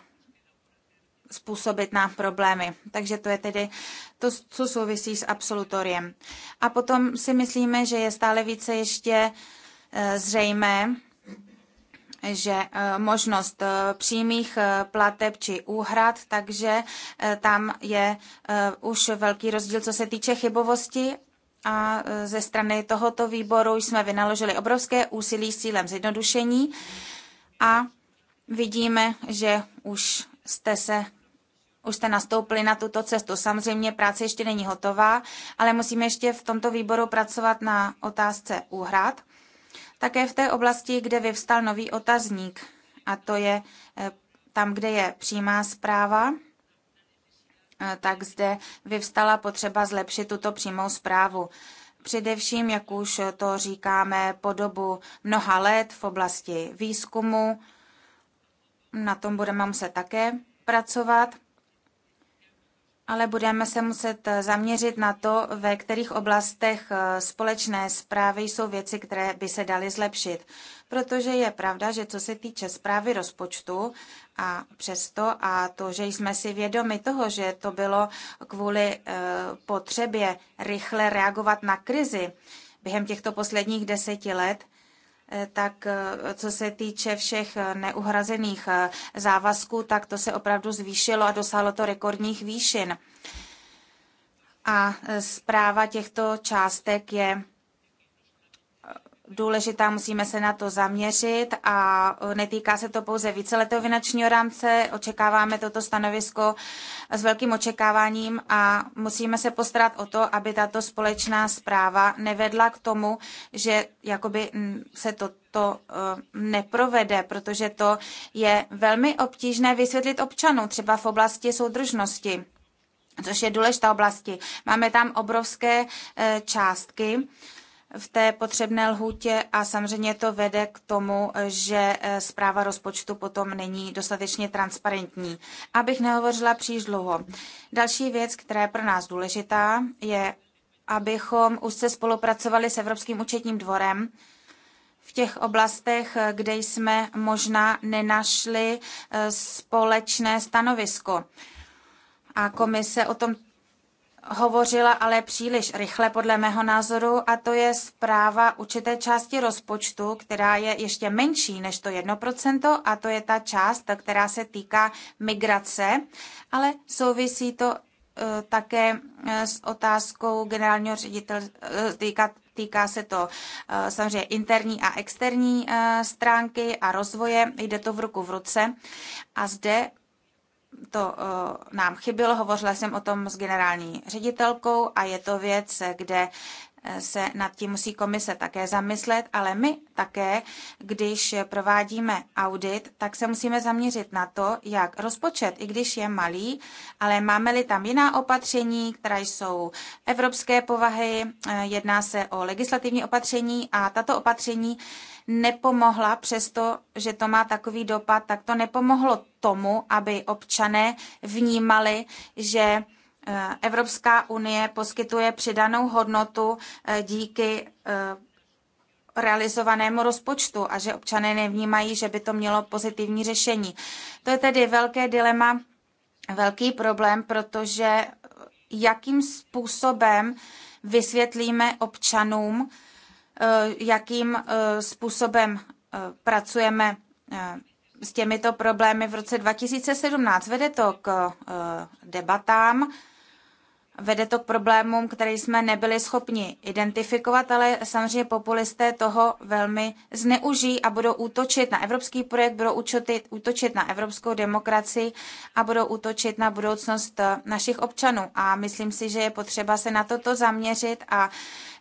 způsobit nám problémy. Takže to je tedy to, co souvisí s absolutoriem. A potom si myslíme, že je stále více ještě eh, zřejmé, že eh, možnost přímých plateb či úhrad, takže tam je už velký rozdíl, co se týče chybovosti a e, ze strany tohoto výboru jsme vynaložili obrovské úsilí s cílem zjednodušení a vidíme, že už jste se už jste nastoupili na tuto cestu. Samozřejmě práce ještě není hotová, ale musíme ještě v tomto výboru pracovat na otázce úhrad. Také v té oblasti, kde vyvstal nový otazník, a to je e, tam, kde je přímá zpráva Eh, tak zde vyvstala potřeba zlepšit tuto přímou zprávu. Především, jak už to říkáme, po dobu mnoha let v oblasti výzkumu, na tom budeme muset také pracovat ale budeme se muset eh, zaměřit na to, ve kterých oblastech eh, společné zprávy jsou věci, které by se daly zlepšit. Protože je pravda, že co se týče zprávy rozpočtu a přesto a to, že jsme si vědomi toho, že to bylo kvůli eh, potřebě rychle reagovat na krizi během těchto posledních deseti let, Eh, tak eh, co se týče všech eh, neuhrazených závazků, tak to se opravdu zvýšilo a dosáhlo to rekordních výšin. A zpráva těchto částek je důležitá, musíme se na to zaměřit a e, netýká se to pouze víceletého finančního rámce. Očekáváme toto stanovisko s velkým očekáváním a musíme se postarat o to, aby tato společná zpráva nevedla k tomu, že jakoby se to to e, neprovede, protože to je velmi obtížné vysvětlit občanům, třeba v oblasti soudržnosti, což je důležitá oblasti. Máme tam obrovské e, částky, v té potřebné lhůtě a samozřejmě to vede k tomu, že eh, zpráva rozpočtu potom není dostatečně transparentní. Abych nehovořila příliš dlouho. Další věc, která je pro nás důležitá, je, abychom už se spolupracovali s Evropským účetním dvorem v těch oblastech, eh, kde jsme možná nenašli eh, společné stanovisko. A komise o tom hovořila ale příliš rychle podle mého názoru a to je zpráva určité části rozpočtu, která je ještě menší než to 1% a to je ta část, která se týká migrace, ale souvisí to e, také e, s otázkou generálního ředitele, týká, týká se to e, samozřejmě interní a externí stránky a rozvoje, jde to v ruku v ruce. A zde to eh, nám chybilo, hovořila jsem o tom s generální ředitelkou a je to věc, kde eh, se nad tím musí komise také zamyslet, ale my také, když provádíme audit, tak se musíme zaměřit na to, jak rozpočet, i když je malý, ale máme-li tam jiná opatření, která jsou evropské povahy, eh, jedná se o legislativní opatření a tato opatření nepomohla, přesto, že to má takový dopad, tak to nepomohlo tomu, aby občané vnímali, že eh, Evropská unie poskytuje přidanou hodnotu eh, díky eh, realizovanému rozpočtu a že občané nevnímají, že by to mělo pozitivní řešení. To je tedy velké dilema, velký problém, protože jakým způsobem vysvětlíme občanům, Eh, jakým eh, způsobem eh, pracujeme s těmito problémy v roce 2017. Vede to k debatám vede to k problémům, které jsme nebyli schopni identifikovat, ale samozřejmě populisté toho velmi zneužijí a budou útočit na evropský projekt, budou útočit na evropskou demokracii a budou útočit na budoucnost eh, našich občanů. A myslím si, že je potřeba se na toto zaměřit a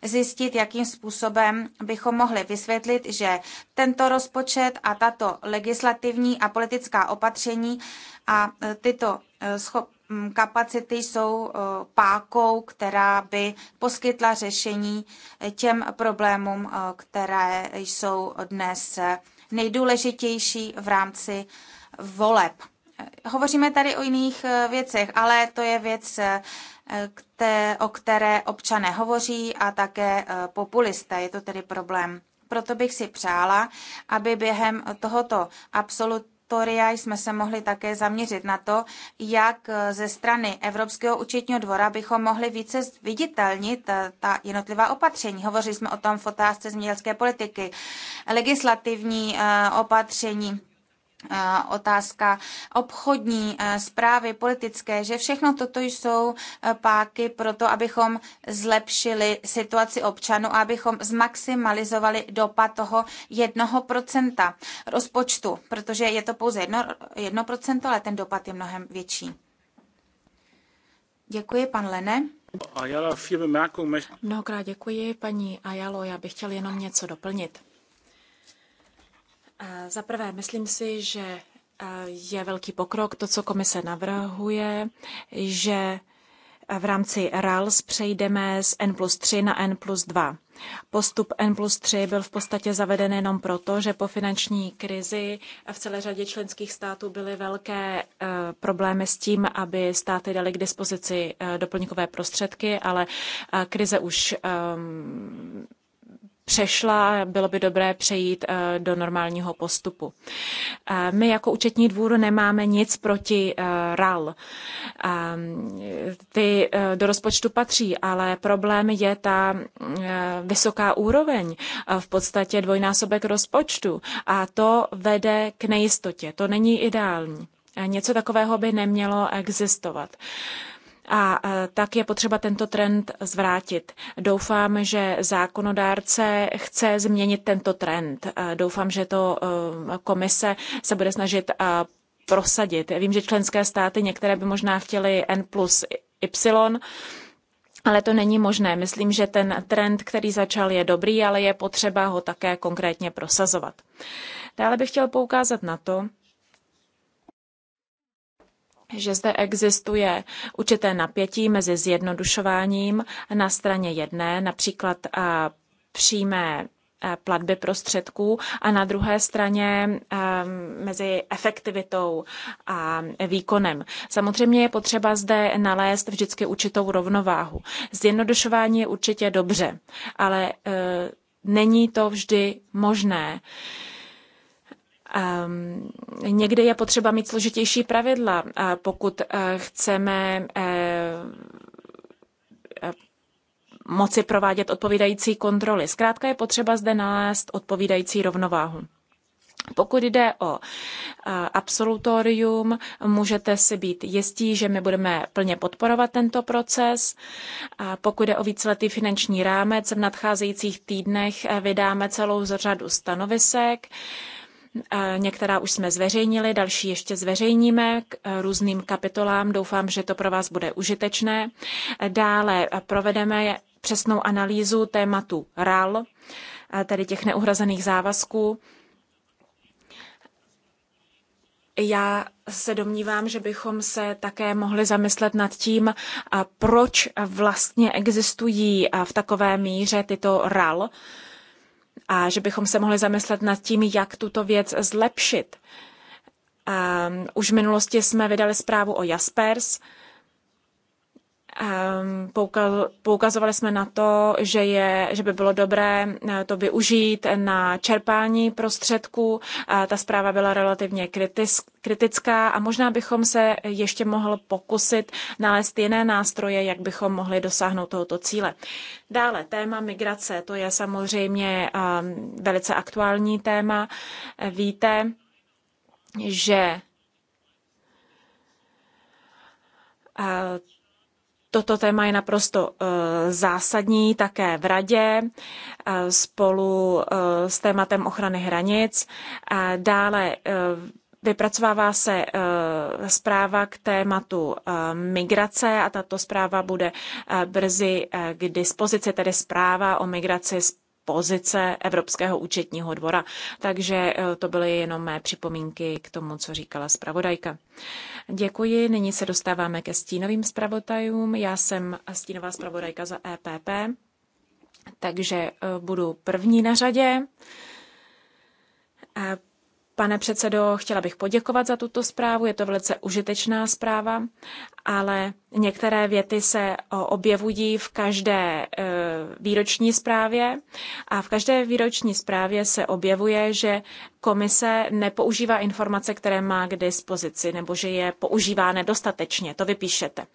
zjistit, jakým způsobem bychom mohli vysvětlit, že tento rozpočet a tato legislativní a politická opatření a eh, tyto eh, schopnosti Mm, kapacity jsou eh, pákou, která by poskytla řešení eh, těm problémům, eh, které jsou dnes nejdůležitější v rámci voleb. Hovoříme tady o jiných věcech, ale to je věc, o které občané hovoří a také populisté. Je to tedy problém. Proto bych si přála, aby během tohoto absolut, absolutoria jsme se mohli také zaměřit na to, jak eh, ze strany Evropského účetního dvora bychom mohli více viditelnit eh, ta jednotlivá opatření. Hovořili jsme o tom v otázce zemědělské politiky, legislativní eh, opatření otázka obchodní, e, zprávy politické, že všechno toto jsou e, páky pro to, abychom zlepšili situaci občanů a abychom zmaximalizovali dopad toho jednoho procenta rozpočtu, protože je to pouze jedno, jedno procento, ale ten dopad je mnohem větší. Děkuji, pan Lene. Mnohokrát děkuji, paní Ajalo, já bych chtěl jenom něco doplnit. Za prvé, myslím si, že e, je velký pokrok to, co komise navrhuje, že e, v rámci RALS přejdeme z N plus 3 na N plus 2. Postup N plus 3 byl v podstatě zaveden jenom proto, že po finanční krizi v celé řadě členských států byly velké e, problémy s tím, aby státy dali k dispozici doplňkové prostředky, ale krize už přešla, bylo by dobré přejít eh, do normálního postupu. Eh, my jako účetní dvůr nemáme nic proti eh, RAL. Ty do rozpočtu patří, ale problém je ta vysoká úroveň, v podstatě dvojnásobek rozpočtu a to vede k nejistotě. To není ideální. Něco takového by nemělo existovat. Uh, a e, tak je potřeba tento trend zvrátit. Doufám, že zákonodárce chce změnit tento trend. E, doufám, že to e, komise se bude snažit prosadit. Vím, že členské státy některé by možná chtěly N plus Y, ale to není možné. Myslím, že ten trend, který začal, je dobrý, ale je potřeba ho také konkrétně prosazovat. Dále bych chtěl poukázat na to, že zde existuje určité napětí mezi zjednodušováním na straně jedné, například přímé platby prostředků a na druhé straně mezi efektivitou a výkonem. Samozřejmě je potřeba zde nalézt vždycky určitou rovnováhu. Zjednodušování je určitě dobře, ale e, není to vždy možné. Ehm, Někdy je potřeba mít složitější pravidla, pokud eh, chceme eh, eh, moci provádět odpovídající kontroly. Zkrátka je potřeba zde nalézt odpovídající rovnováhu. Pokud jde o absolutorium, můžete si být jistí, že my budeme plně podporovat tento proces. A pokud jde o víceletý finanční rámec, v nadcházejících týdnech vydáme celou řadu stanovisek. Některá už jsme zveřejnili, další ještě zveřejníme k e, různým kapitolám. Doufám, že to pro vás bude užitečné. E, dále e, provedeme přesnou analýzu tématu RAL, tedy těch neuhrazených závazků. Já se domnívám, že bychom se také mohli zamyslet nad tím, proč vlastně existují v takové míře tyto RAL a že bychom se mohli zamyslet nad tím, jak tuto věc zlepšit. Um, už v minulosti jsme vydali zprávu o Jaspers, Ehm, poukazovali jsme na to, že, je, že by bylo dobré eh, to využít na čerpání prostředků. Eh, ta zpráva byla relativně kritická a možná bychom se ještě mohl pokusit nalézt jiné nástroje, jak bychom mohli dosáhnout tohoto cíle. Dále téma migrace, to je samozřejmě ehm, velice aktuální téma. Víte, že eh, Toto téma je naprosto eh, zásadní také v radě eh, spolu eh, s tématem ochrany hranic. Dále vypracovává se zpráva k tématu migrace a tato zpráva bude brzy k dispozici, tedy zpráva o migraci z pozice Evropského účetního dvora. Takže eh, to byly jenom mé připomínky k tomu, co říkala zpravodajka. Děkuji. Nyní se dostáváme ke stínovým zpravodajům. Já jsem stínová zpravodajka za EPP, takže eh, budu první na řadě. A Pane předsedo, chtěla bych poděkovat za tuto zprávu, je to velice užitečná zpráva, ale některé věty se objevují v každé e, výroční zprávě a v každé výroční zprávě se objevuje, že komise nepoužívá informace, které má k dispozici, nebo že je používá nedostatečně. To vypíšete.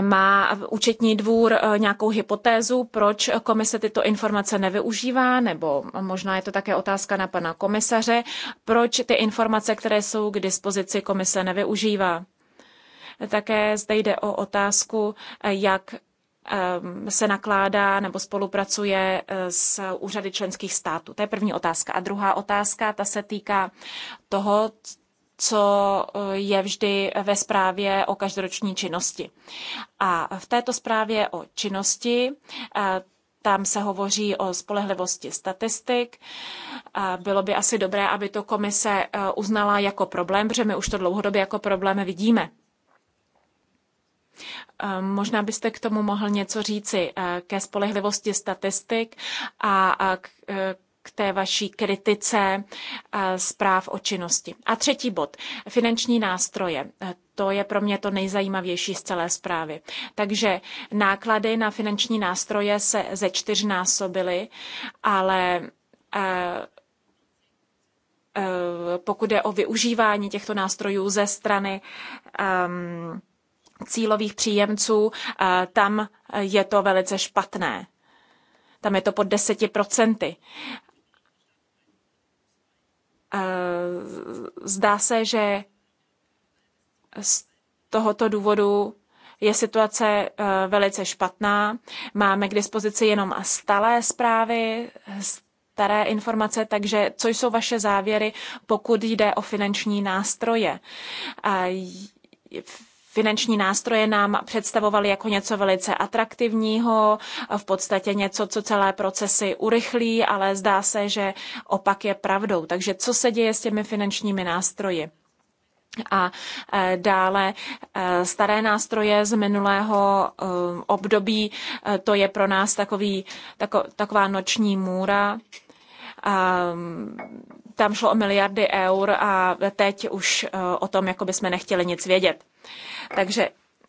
má účetní dvůr e, nějakou hypotézu, proč komise tyto informace nevyužívá, nebo možná je to také otázka na pana komisaře, proč ty informace, které jsou k dispozici, komise nevyužívá. Také zde jde o otázku, e, jak e, se nakládá nebo spolupracuje s úřady členských států. To je první otázka. A druhá otázka, ta se týká toho, co eh, je vždy ve zprávě o každoroční činnosti. A v této zprávě o činnosti eh, tam se hovoří o spolehlivosti statistik. Eh, bylo by asi dobré, aby to komise uznala jako problém, protože my už to dlouhodobě jako problém vidíme. Možná byste k tomu mohl něco říci ke spolehlivosti statistik a k k té vaší kritice eh, zpráv o činnosti. A třetí bod, finanční nástroje. Eh, to je pro mě to nejzajímavější z celé zprávy. Takže náklady na finanční nástroje se ze čtyřnásobily, ale eh, pokud je o využívání těchto nástrojů ze strany ehm, cílových příjemců, tam je to velice špatné. Tam je to pod 10%. Eh, zdá se, že z tohoto důvodu je situace eh, velice špatná. Máme k dispozici jenom stalé zprávy, staré informace, takže co jsou vaše závěry, pokud jde o finanční nástroje? Eh, finanční nástroje nám představovaly jako něco velice atraktivního, v podstatě něco, co celé procesy urychlí, ale zdá se, že opak je pravdou. Takže co se děje s těmi finančními nástroji? A e, dále e, staré nástroje z minulého e, období, to je pro nás takový, tako, taková noční můra. Tam šlo o miliardy eur a teď už eh, o tom, jako by jsme nechtěli nic vědět. Takže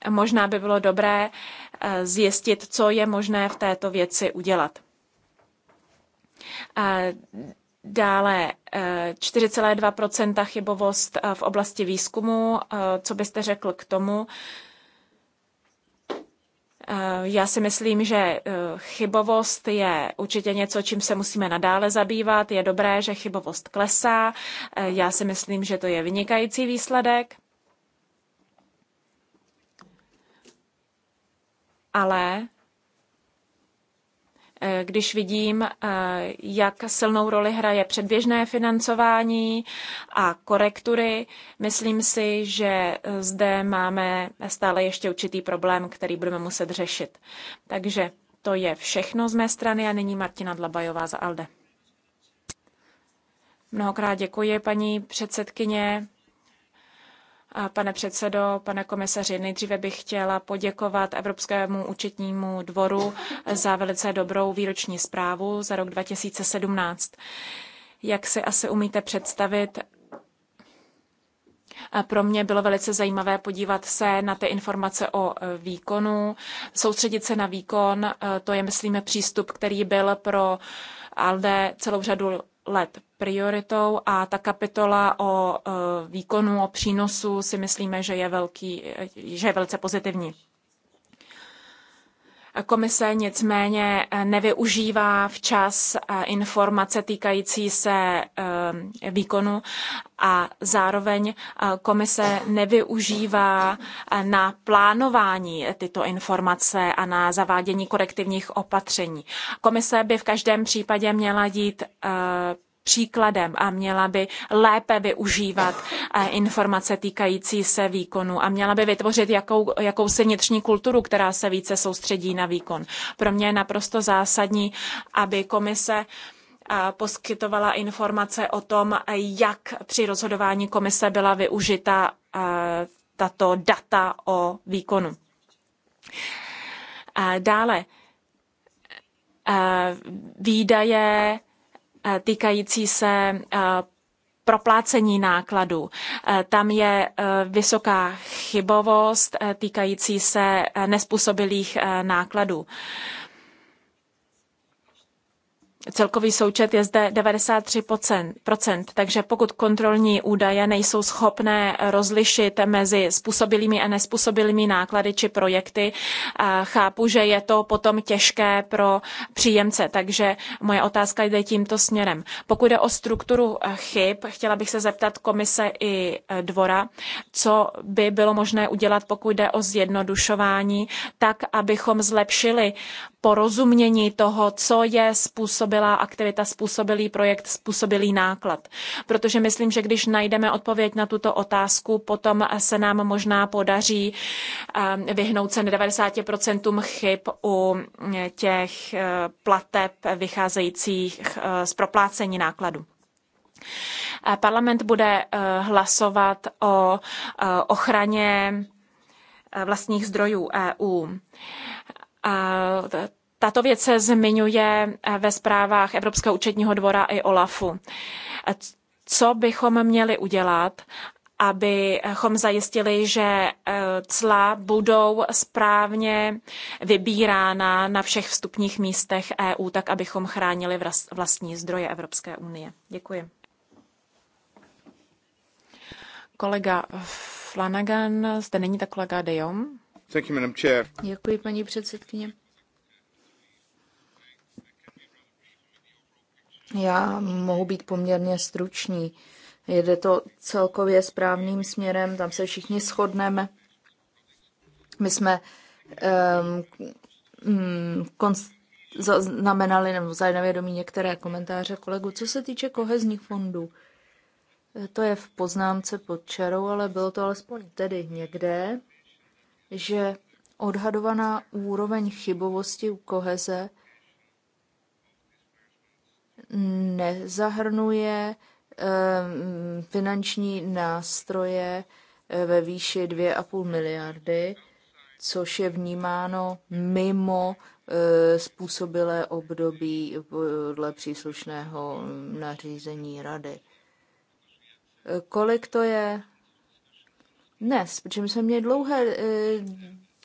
možná by bylo dobré eh, zjistit, co je možné v této věci udělat. Eh, dále 4,2 chybovost v oblasti výzkumu. Co byste řekl k tomu? Eh, já si myslím, že eh, chybovost je určitě něco, čím se musíme nadále zabývat. Je dobré, že chybovost klesá. Eh, já si myslím, že to je vynikající výsledek. Ale Eh, když vidím, eh, jak silnou roli hraje předběžné financování a korektury. Myslím si, že eh, zde máme stále ještě určitý problém, který budeme muset řešit. Takže to je všechno z mé strany a nyní Martina Dlabajová za ALDE. Mnohokrát děkuji, paní předsedkyně. Pane předsedo, pane komisaři, nejdříve bych chtěla poděkovat Evropskému účetnímu dvoru za velice dobrou výroční zprávu za rok 2017. Jak si asi umíte představit, pro mě bylo velice zajímavé podívat se na ty informace o e, výkonu, soustředit se na výkon, e, to je, myslím přístup, který byl pro ALDE celou řadu let prioritou a ta kapitola o e, výkonu, o přínosu si myslíme, že je, velký, že je velice pozitivní. Komise nicméně eh, nevyužívá včas eh, informace týkající se eh, výkonu a zároveň komise nevyužívá na plánování tyto informace a na zavádění korektivních opatření. Komise by v každém případě měla dít příkladem a měla by lépe využívat eh, informace týkající se výkonu a měla by vytvořit jakou, jakousi vnitřní kulturu, která se více soustředí na výkon. Pro mě je naprosto zásadní, aby komise eh, poskytovala informace o tom, jak při rozhodování komise byla využita eh, tato data o výkonu. Dále výdaje Eh, týkající se eh, proplácení nákladů. Eh, tam je vysoká chybovost týkající se nespůsobilých nákladů. Celkový součet je zde 93%, takže pokud kontrolní údaje nejsou schopné rozlišit mezi způsobilými a nespůsobilými náklady či projekty, chápu, že je to potom těžké pro příjemce, takže moje otázka jde tímto směrem. Pokud jde o strukturu e, chyb, chtěla bych se zeptat komise i e, dvora, co by bylo možné udělat, pokud jde o zjednodušování, tak abychom zlepšili porozumění toho, co je způsobilá aktivita, způsobilý projekt, způsobilý náklad. Protože myslím, že když najdeme odpověď na tuto otázku, potom se nám možná podaří eh, vyhnout se 90% chyb u těch eh, plateb vycházejících eh, z proplácení nákladu. Parlament bude hlasovat o ochraně vlastních zdrojů EU. Tato věc se zmiňuje eh, ve zprávách Evropského účetního dvora i OLAFu. Co bychom měli udělat, abychom zajistili, že eh, cla budou správně vybírána na všech vstupních místech EU, tak abychom chránili vlastní zdroje Evropské unie. Děkuji. Kolega Flanagan, zde není ta kolega Thank you, Madam Chair. Děkuji, paní předsedkyně. Já mohu být poměrně stručný. Jede to celkově správným směrem, tam se všichni shodneme. My jsme um, konst- zaznamenali nebo vzali na vědomí některé komentáře kolegu. Co se týče kohezních fondů, to je v poznámce pod čarou, ale bylo to alespoň tedy někde že odhadovaná úroveň chybovosti u koheze nezahrnuje ehm, finanční nástroje eh, ve výši 2,5 miliardy, což je vnímáno mimo eh, způsobilé období podle příslušného mm, nařízení rady. Eh, kolik to je? dnes, protože my jsme měli dlouhé e,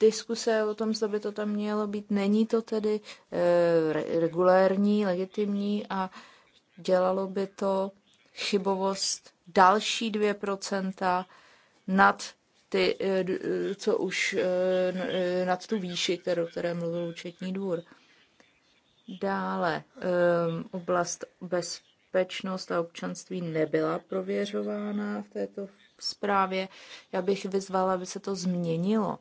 diskuse o tom, zda by to tam mělo být. Není to tedy e, regulérní, legitimní a dělalo by to chybovost další 2% nad ty, e, co už e, nad tu výši, kterou, které mluvil účetní dvůr. Dále ehm, oblast bezpečnost a občanství nebyla prověřována v této zprávě. Já bych vyzvala, aby se to změnilo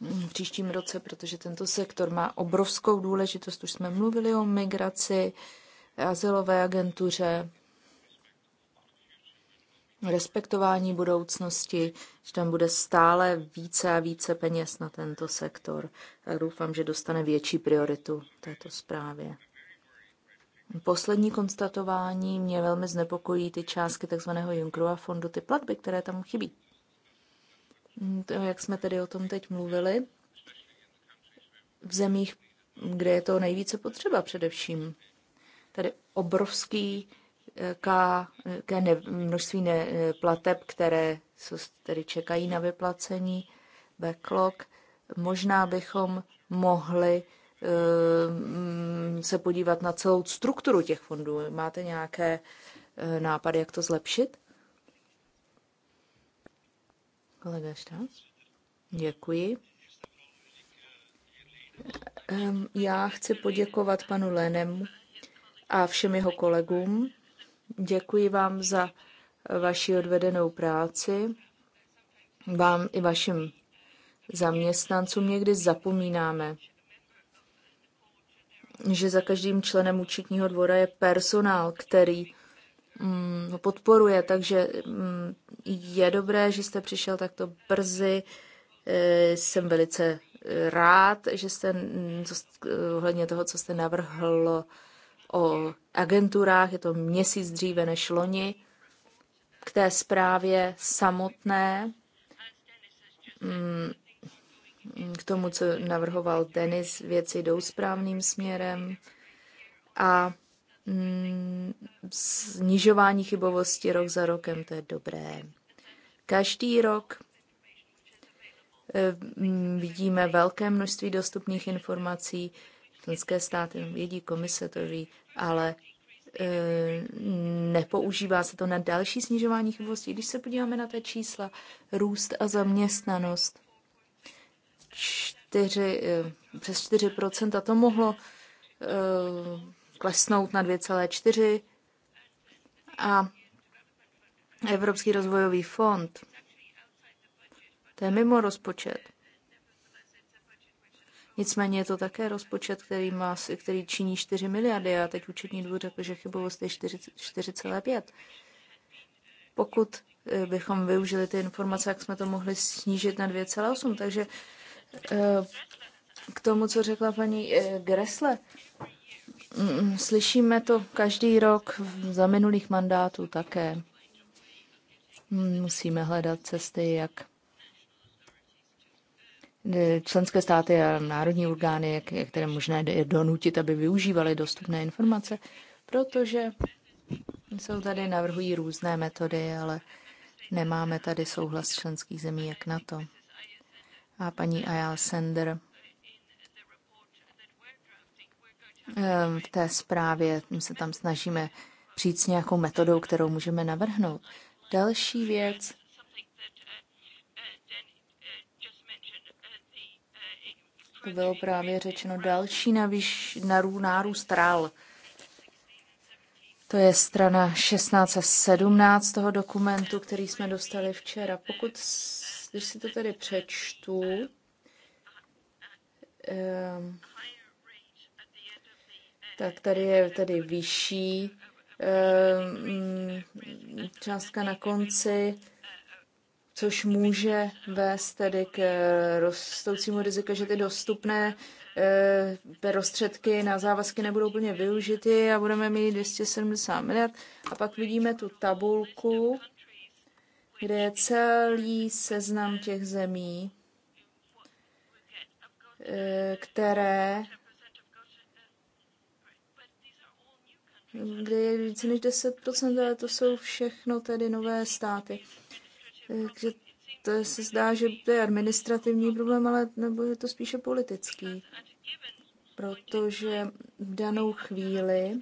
v příštím roce, protože tento sektor má obrovskou důležitost. Už jsme mluvili o migraci, azylové agentuře, respektování budoucnosti, že tam bude stále více a více peněz na tento sektor. Já doufám, že dostane větší prioritu této zprávě. Poslední konstatování mě velmi znepokojí ty částky tzv. Junckerova fondu, ty platby, které tam chybí. Hmm, to, jak jsme tedy o tom teď mluvili, v zemích, kde je to nejvíce potřeba především. Tady obrovský eh, k eh, ne, množství ne, eh, plateb, které tedy čekají na vyplacení, backlog. Možná bychom mohli Ehm, se podívat na celou strukturu těch fondů. Máte nějaké eh, nápady, jak to zlepšit? Kolega Štás? Děkuji. Ehm, já chci poděkovat panu Lenem a všem jeho kolegům. Děkuji vám za vaši odvedenou práci, vám i vašim zaměstnancům. Někdy zapomínáme, že za každým členem účetního dvora je personál, který mm, podporuje, takže mm, je dobré, že jste přišel takto brzy. E, jsem velice rád, že mm, jste ohledně toho, co jste navrhl o agenturách, je to měsíc dříve než loni, k té zprávě samotné. Mm, k tomu, co navrhoval tenis, věci jdou správným směrem a mm, snižování chybovosti rok za rokem, to je dobré. Každý rok e, mm, vidíme velké množství dostupných informací, členské státy vědí, komise to ví, ale e, nepoužívá se to na další snižování chybovosti. Když se podíváme na ta čísla, růst a zaměstnanost, 4, eh, přes 4 a to mohlo eh, klesnout na 2,4 a Evropský rozvojový fond, to je mimo rozpočet. Nicméně je to také rozpočet, který, má, který činí 4 miliardy a teď účetní dvůr řekl, že chybovost je 4,5. Pokud eh, bychom využili ty informace, jak jsme to mohli snížit na 2,8, takže Eh, k tomu, co řekla paní eh, Gresle, mm, slyšíme to každý rok za minulých mandátů také. Mm, musíme hledat cesty, jak eh, členské státy a národní orgány, jak, které možné je donutit, aby využívali dostupné informace, protože jsou tady, navrhují různé metody, ale nemáme tady souhlas členských zemí jak na to a paní Ayal Sender. Ehm, v té zprávě se tam snažíme přijít s nějakou metodou, kterou můžeme navrhnout. Další věc, to bylo právě řečeno, další navíš, narů, nárůst rál. To je strana 16 a 17 toho dokumentu, který jsme dostali včera. Pokud když si to tedy přečtu, ehm, tak tady je tedy vyšší ehm, částka na konci, což může vést tedy k eh, rostoucímu riziku, že ty dostupné eh, prostředky na závazky nebudou plně využity a budeme mít 270 miliard. A pak vidíme tu tabulku, kde je celý seznam těch zemí, eh, které kde je více než 10%, ale to jsou všechno tedy nové státy. Takže eh, to se zdá, že to je administrativní problém, ale nebo je to spíše politický. Protože v danou chvíli,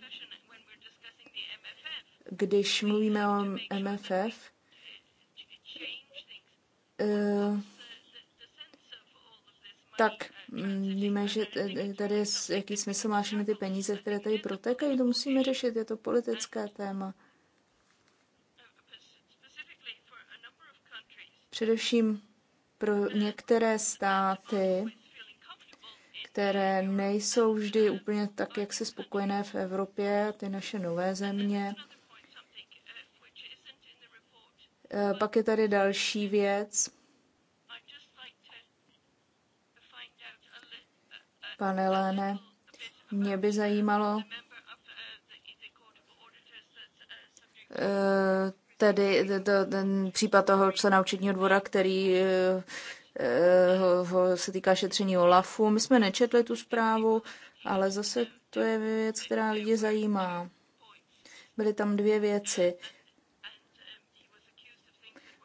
když mluvíme o MFF, Eh, tak mm, víme, že tady jaký smysl máš ty peníze, které tady protékají, to musíme řešit, je to politické téma. Především pro některé státy, které nejsou vždy úplně tak, jak se spokojené v Evropě, ty naše nové země, Eh, pak je tady další věc. Pane Léne, mě by zajímalo, eh, tedy ten případ toho člena učitního dvora, který eh, se týká šetření OLAFu. My jsme nečetli tu zprávu, ale zase to je věc, která lidi zajímá. Byly tam dvě věci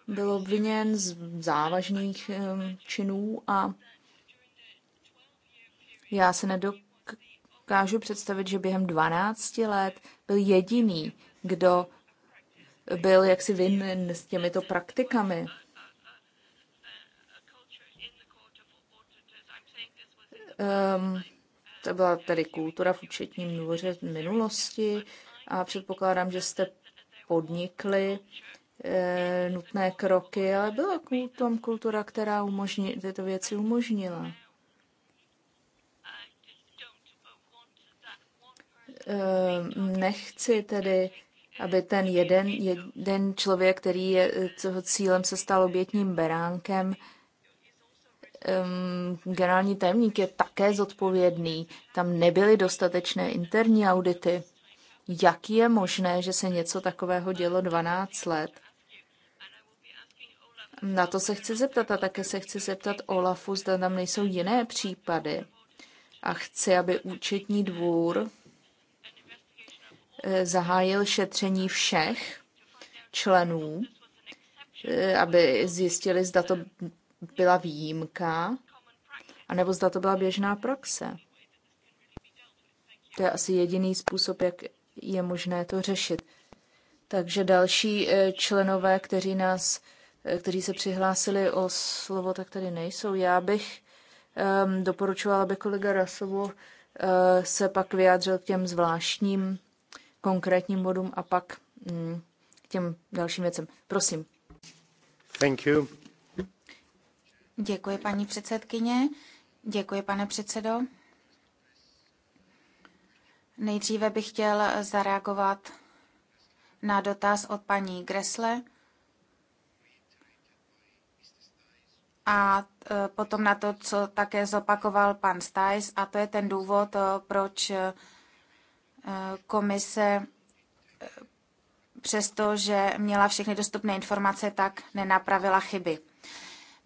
byl obviněn z závažných činů a já se nedokážu představit, že během 12 let byl jediný, kdo byl jaksi vinen s těmito praktikami. Um, to byla tedy kultura v účetním dvoře minulosti a předpokládám, že jste podnikli Eh, nutné kroky, ale byla tam kultura, která umožni, tyto věci umožnila. Eh, nechci tedy, aby ten jeden, jeden člověk, který je eh, toho cílem, se stal obětním beránkem. Ehm, generální tajemník je také zodpovědný. Tam nebyly dostatečné interní audity jak je možné, že se něco takového dělo 12 let na to se chci zeptat a také se chci zeptat Olafu, zda tam nejsou jiné případy. A chci, aby účetní dvůr eh, zahájil šetření všech členů, eh, aby zjistili, zda to byla výjimka, anebo zda to byla běžná praxe. To je asi jediný způsob, jak je možné to řešit. Takže další eh, členové, kteří nás Eh, kteří se přihlásili o slovo, tak tady nejsou. Já bych um, doporučovala, aby kolega Rasovo uh, se pak vyjádřil k těm zvláštním konkrétním bodům a pak um, k těm dalším věcem. Prosím. Thank you. Děkuji, paní předsedkyně. Děkuji, pane předsedo. Nejdříve bych chtěl zareagovat na dotaz od paní Gresle a e, potom na to, co také zopakoval pan Stajs, a to je ten důvod, e, proč e, komise přestože měla všechny dostupné informace, tak nenapravila chyby.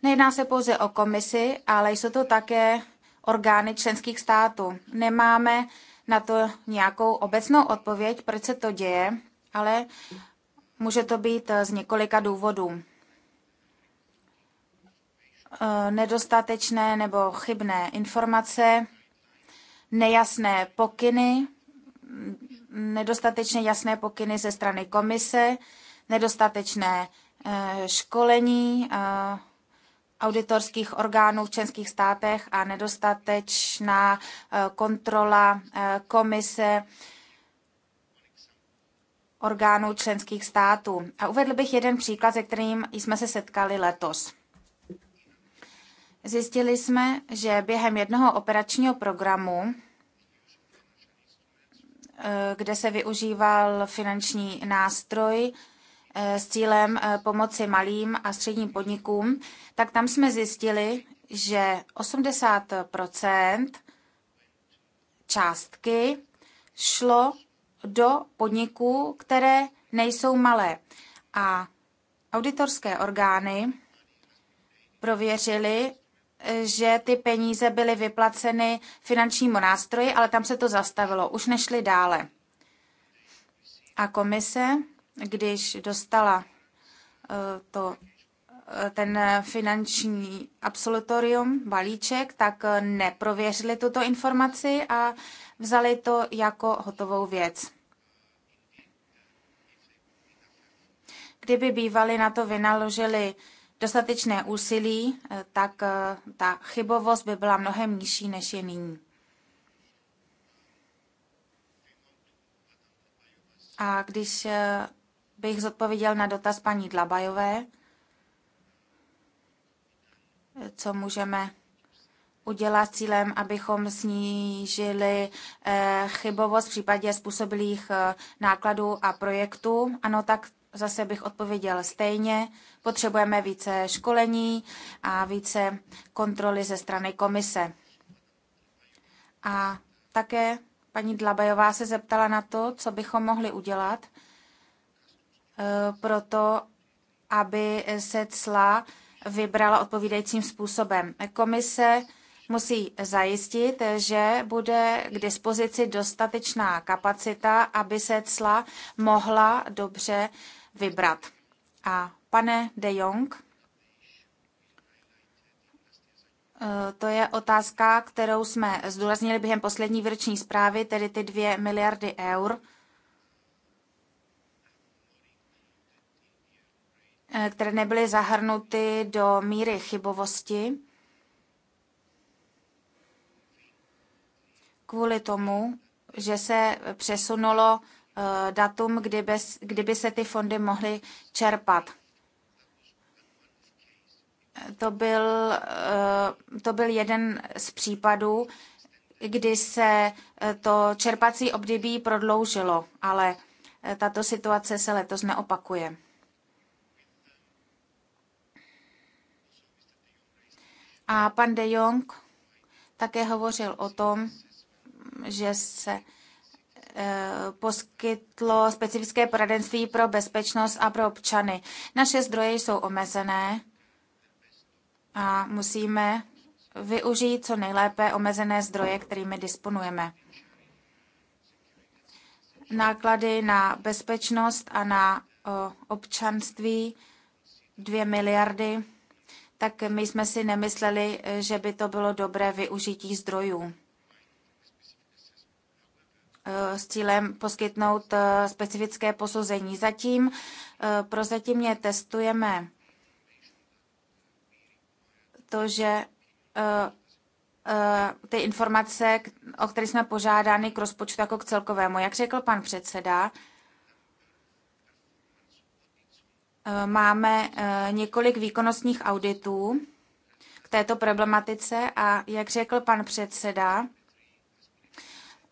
Nejedná se pouze o komisi, ale jsou to také orgány členských států. Nemáme na to nějakou obecnou odpověď, proč se to děje, ale může to být z několika důvodů. Eh, nedostatečné nebo chybné informace, nejasné pokyny, nedostatečně jasné pokyny ze strany komise, nedostatečné eh, školení eh, auditorských orgánů v členských státech a nedostatečná kontrola komise orgánů členských států. A uvedl bych jeden příklad, se kterým jsme se setkali letos. Zjistili jsme, že během jednoho operačního programu, eh, kde se využíval finanční nástroj eh, s cílem eh, pomoci malým a středním podnikům, tak tam jsme zjistili, že 80 částky šlo do podniků, které nejsou malé. A auditorské orgány prověřili, že ty peníze byly vyplaceny finančnímu nástroji, ale tam se to zastavilo, už nešli dále. A komise, když dostala eh, to, eh, ten finanční absolutorium, balíček, tak eh, neprověřili tuto informaci a vzali to jako hotovou věc. Kdyby bývali na to vynaložili dostatečné úsilí, eh, tak eh, ta chybovost by byla mnohem nižší, než je nyní. A když eh, bych zodpověděl na dotaz paní Dlabajové, co můžeme udělat cílem, abychom snížili chybovost v případě způsobilých nákladů a projektů. Ano, tak zase bych odpověděl stejně. Potřebujeme více školení a více kontroly ze strany komise. A také paní Dlabajová se zeptala na to, co bychom mohli udělat e, pro to, aby se cla vybrala odpovídajícím způsobem. Komise musí zajistit, že bude k dispozici dostatečná kapacita, aby se cla mohla dobře vybrat. A pane de Jong, eh, to je otázka, kterou jsme zdůraznili během poslední výroční zprávy, tedy ty dvě miliardy eur, eh, které nebyly zahrnuty do míry chybovosti. Kvůli tomu, že se přesunulo Eh, datum, kdyby, kdyby se ty fondy mohly čerpat. To byl, eh, to byl jeden z případů, kdy se eh, to čerpací období prodloužilo, ale tato situace se letos neopakuje. A pan de Jong také hovořil o tom, že se Eh, poskytlo specifické poradenství pro bezpečnost a pro občany. Naše zdroje jsou omezené a musíme využít co nejlépe omezené zdroje, kterými disponujeme. Náklady na bezpečnost a na občanství 2 miliardy, tak my jsme si nemysleli, že by to bylo dobré využití zdrojů s cílem poskytnout eh, specifické posouzení. Zatím eh, prozatímně testujeme to, že eh, ty informace, o které jsme požádány k rozpočtu jako k celkovému. Jak řekl pan předseda, máme několik výkonnostních auditů k této problematice a jak řekl pan předseda,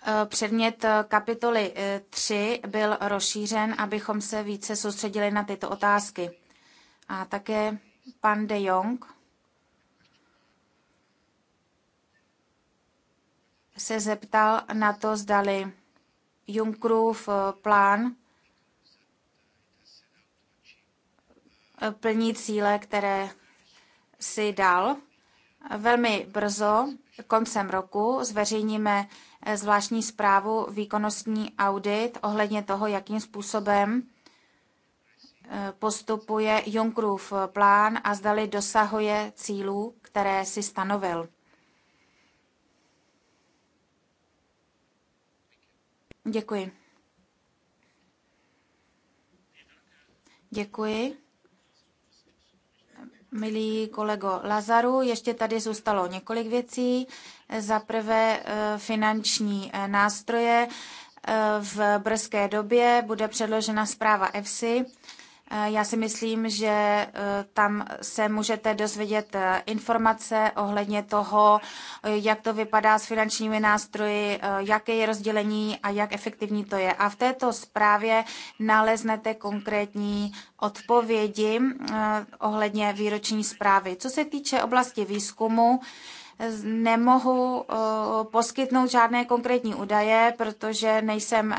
Eh, předmět eh, kapitoly 3 eh, byl rozšířen, abychom se více soustředili na tyto otázky. A také pan de Jong se zeptal na to, zdali Junckerův plán plní cíle, které si dal. Velmi brzo, koncem roku, zveřejníme Eh, zvláštní zprávu výkonnostní audit ohledně toho, jakým způsobem eh, postupuje Junckerův eh, plán a zdali dosahuje cílů, které si stanovil. Děkuji. Děkuji. Milý kolego Lazaru, ještě tady zůstalo několik věcí. Za prvé eh, finanční eh, nástroje. Eh, v brzké době bude předložena zpráva EFSI Eh, já si myslím, že eh, tam se můžete dozvědět eh, informace ohledně toho, jak to vypadá s finančními nástroji, jaké je rozdělení a jak efektivní to je. A v této zprávě naleznete konkrétní odpovědi ohledně výroční zprávy. Co se týče oblasti výzkumu, nemohu poskytnout žádné konkrétní údaje, protože nejsem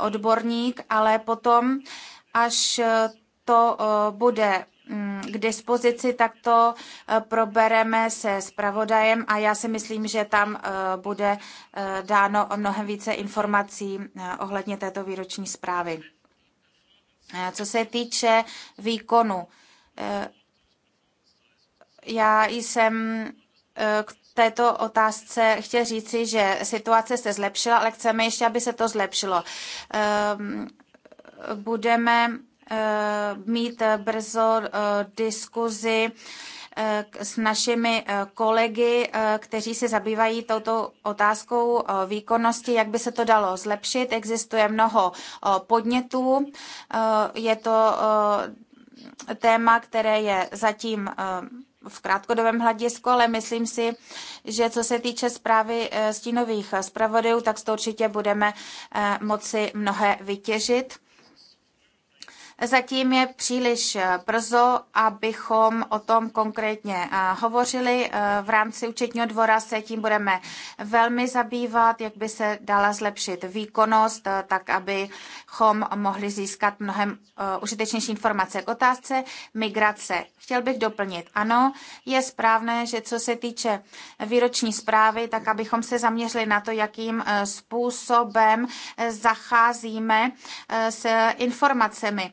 odborník, ale potom až eh, to eh, bude mm, k dispozici, tak to eh, probereme se zpravodajem a já si myslím, že tam bude dáno mnohem více informací ohledně této výroční zprávy. Co se týče výkonu, já jsem k této otázce chtěl říci, že situace se zlepšila, ale chceme ještě, aby se to zlepšilo. Ehm, budeme eh, mít brzo eh, diskuzi eh, s našimi kolegy, kteří se zabývají touto otázkou výkonnosti, jak by se to dalo zlepšit. Existuje mnoho podnětů, je to téma, které je zatím v krátkodobém hledisku, ale myslím si, že co se týče zprávy stínových zpravodajů, tak z toho určitě budeme moci mnohé vytěžit. Zatím je příliš eh, brzo, abychom o tom konkrétně eh, hovořili. Eh, v rámci účetního dvora se tím budeme velmi zabývat, jak by se dala zlepšit výkonnost, tak abychom mohli získat mnohem užitečnější informace k otázce migrace chtěl bych doplnit. Ano, je správné, že co se týče výroční zprávy, tak abychom se zaměřili na to, jakým eh, způsobem eh, zacházíme eh, s informacemi.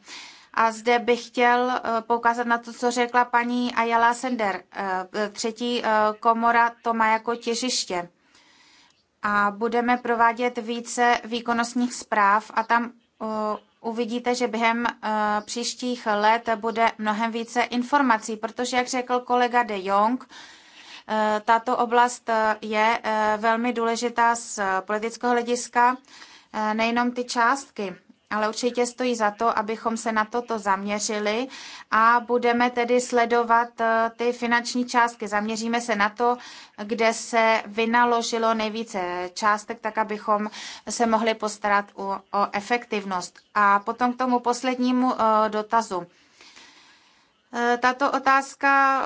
A zde bych chtěl poukázat na to, co řekla paní Ayala Sender. Třetí komora to má jako těžiště. A budeme provádět více výkonnostních zpráv a tam uvidíte, že během eh, příštích let bude mnohem více informací, protože, jak řekl kolega de Jong, eh, tato oblast eh, je velmi důležitá z politického hlediska, nejenom ty částky. Ale určitě stojí za to, abychom se na toto zaměřili a budeme tedy sledovat eh, ty finanční částky. Zaměříme se na to, kde se vynaložilo nejvíce částek, tak abychom se mohli postarat o, o efektivnost. A potom k tomu poslednímu eh, dotazu. Eh, tato otázka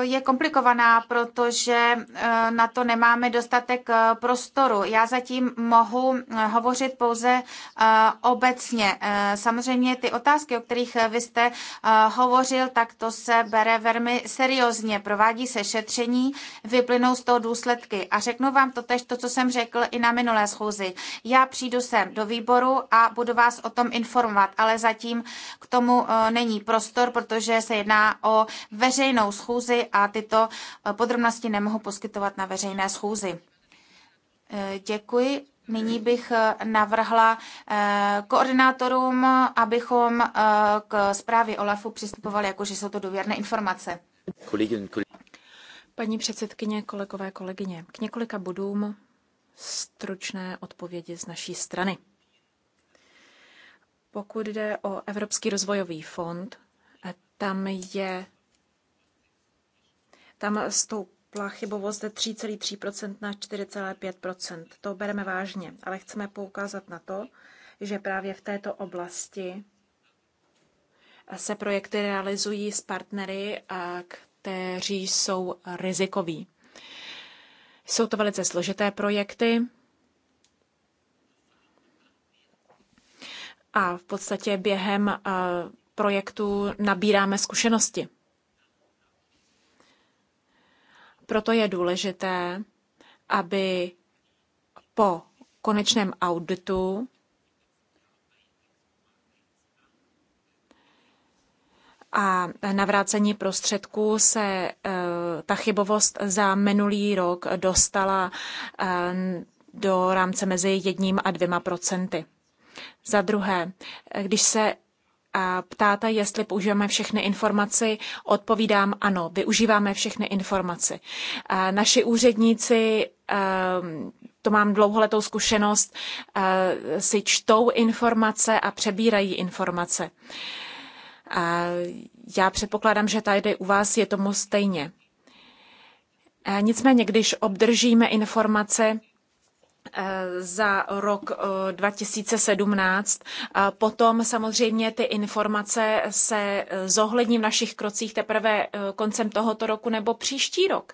eh, je komplikovaná, protože eh, na to nemáme dostatek prostoru. Já zatím mohu hovořit pouze obecně. Samozřejmě ty otázky, o kterých vy jste hovořil, tak to se bere velmi seriózně. Provádí se šetření, vyplynou z toho důsledky. A řeknu vám to tež, to, co jsem řekl i na minulé schůzi. Já přijdu sem do výboru a budu vás o tom informovat, ale zatím k tomu není prostor, protože se jedná o veřejnou schůzi a tyto eh, podrobnosti nemohu poskytovat na veřejné schůzi. Eh, děkuji. Nyní bych eh, navrhla koordinátorům, abychom k zprávě OLAFu přistupovali jakože jsou to důvěrné informace. Paní předsedkyně, kolegové, kolegyně, k několika bodům stručné odpovědi z naší strany. Pokud jde o Evropský rozvojový fond, tam je tam stoupla chybovost ze 3,3% na 4,5%. To bereme vážně, ale chceme poukázat na to, že právě v této oblasti se projekty realizují s partnery, kteří jsou rizikoví. Jsou to velice složité projekty a v podstatě během Projektu nabíráme zkušenosti. Proto je důležité, aby po konečném auditu a navrácení prostředků se eh, ta chybovost za minulý rok dostala eh, do rámce mezi jedním a dvěma procenty. Za druhé, když se ptáte, jestli používáme všechny informace, odpovídám ano, využíváme všechny informace. Naši úředníci, ehm, to mám dlouholetou zkušenost, eh, si čtou informace a přebírají informace. Já předpokládám, že tady u vás je tomu stejně. Nicméně, když obdržíme informace, Eh, za rok 2017. Eh, potom samozřejmě ty informace se eh, zohlední v našich krocích teprve koncem tohoto roku nebo příští rok.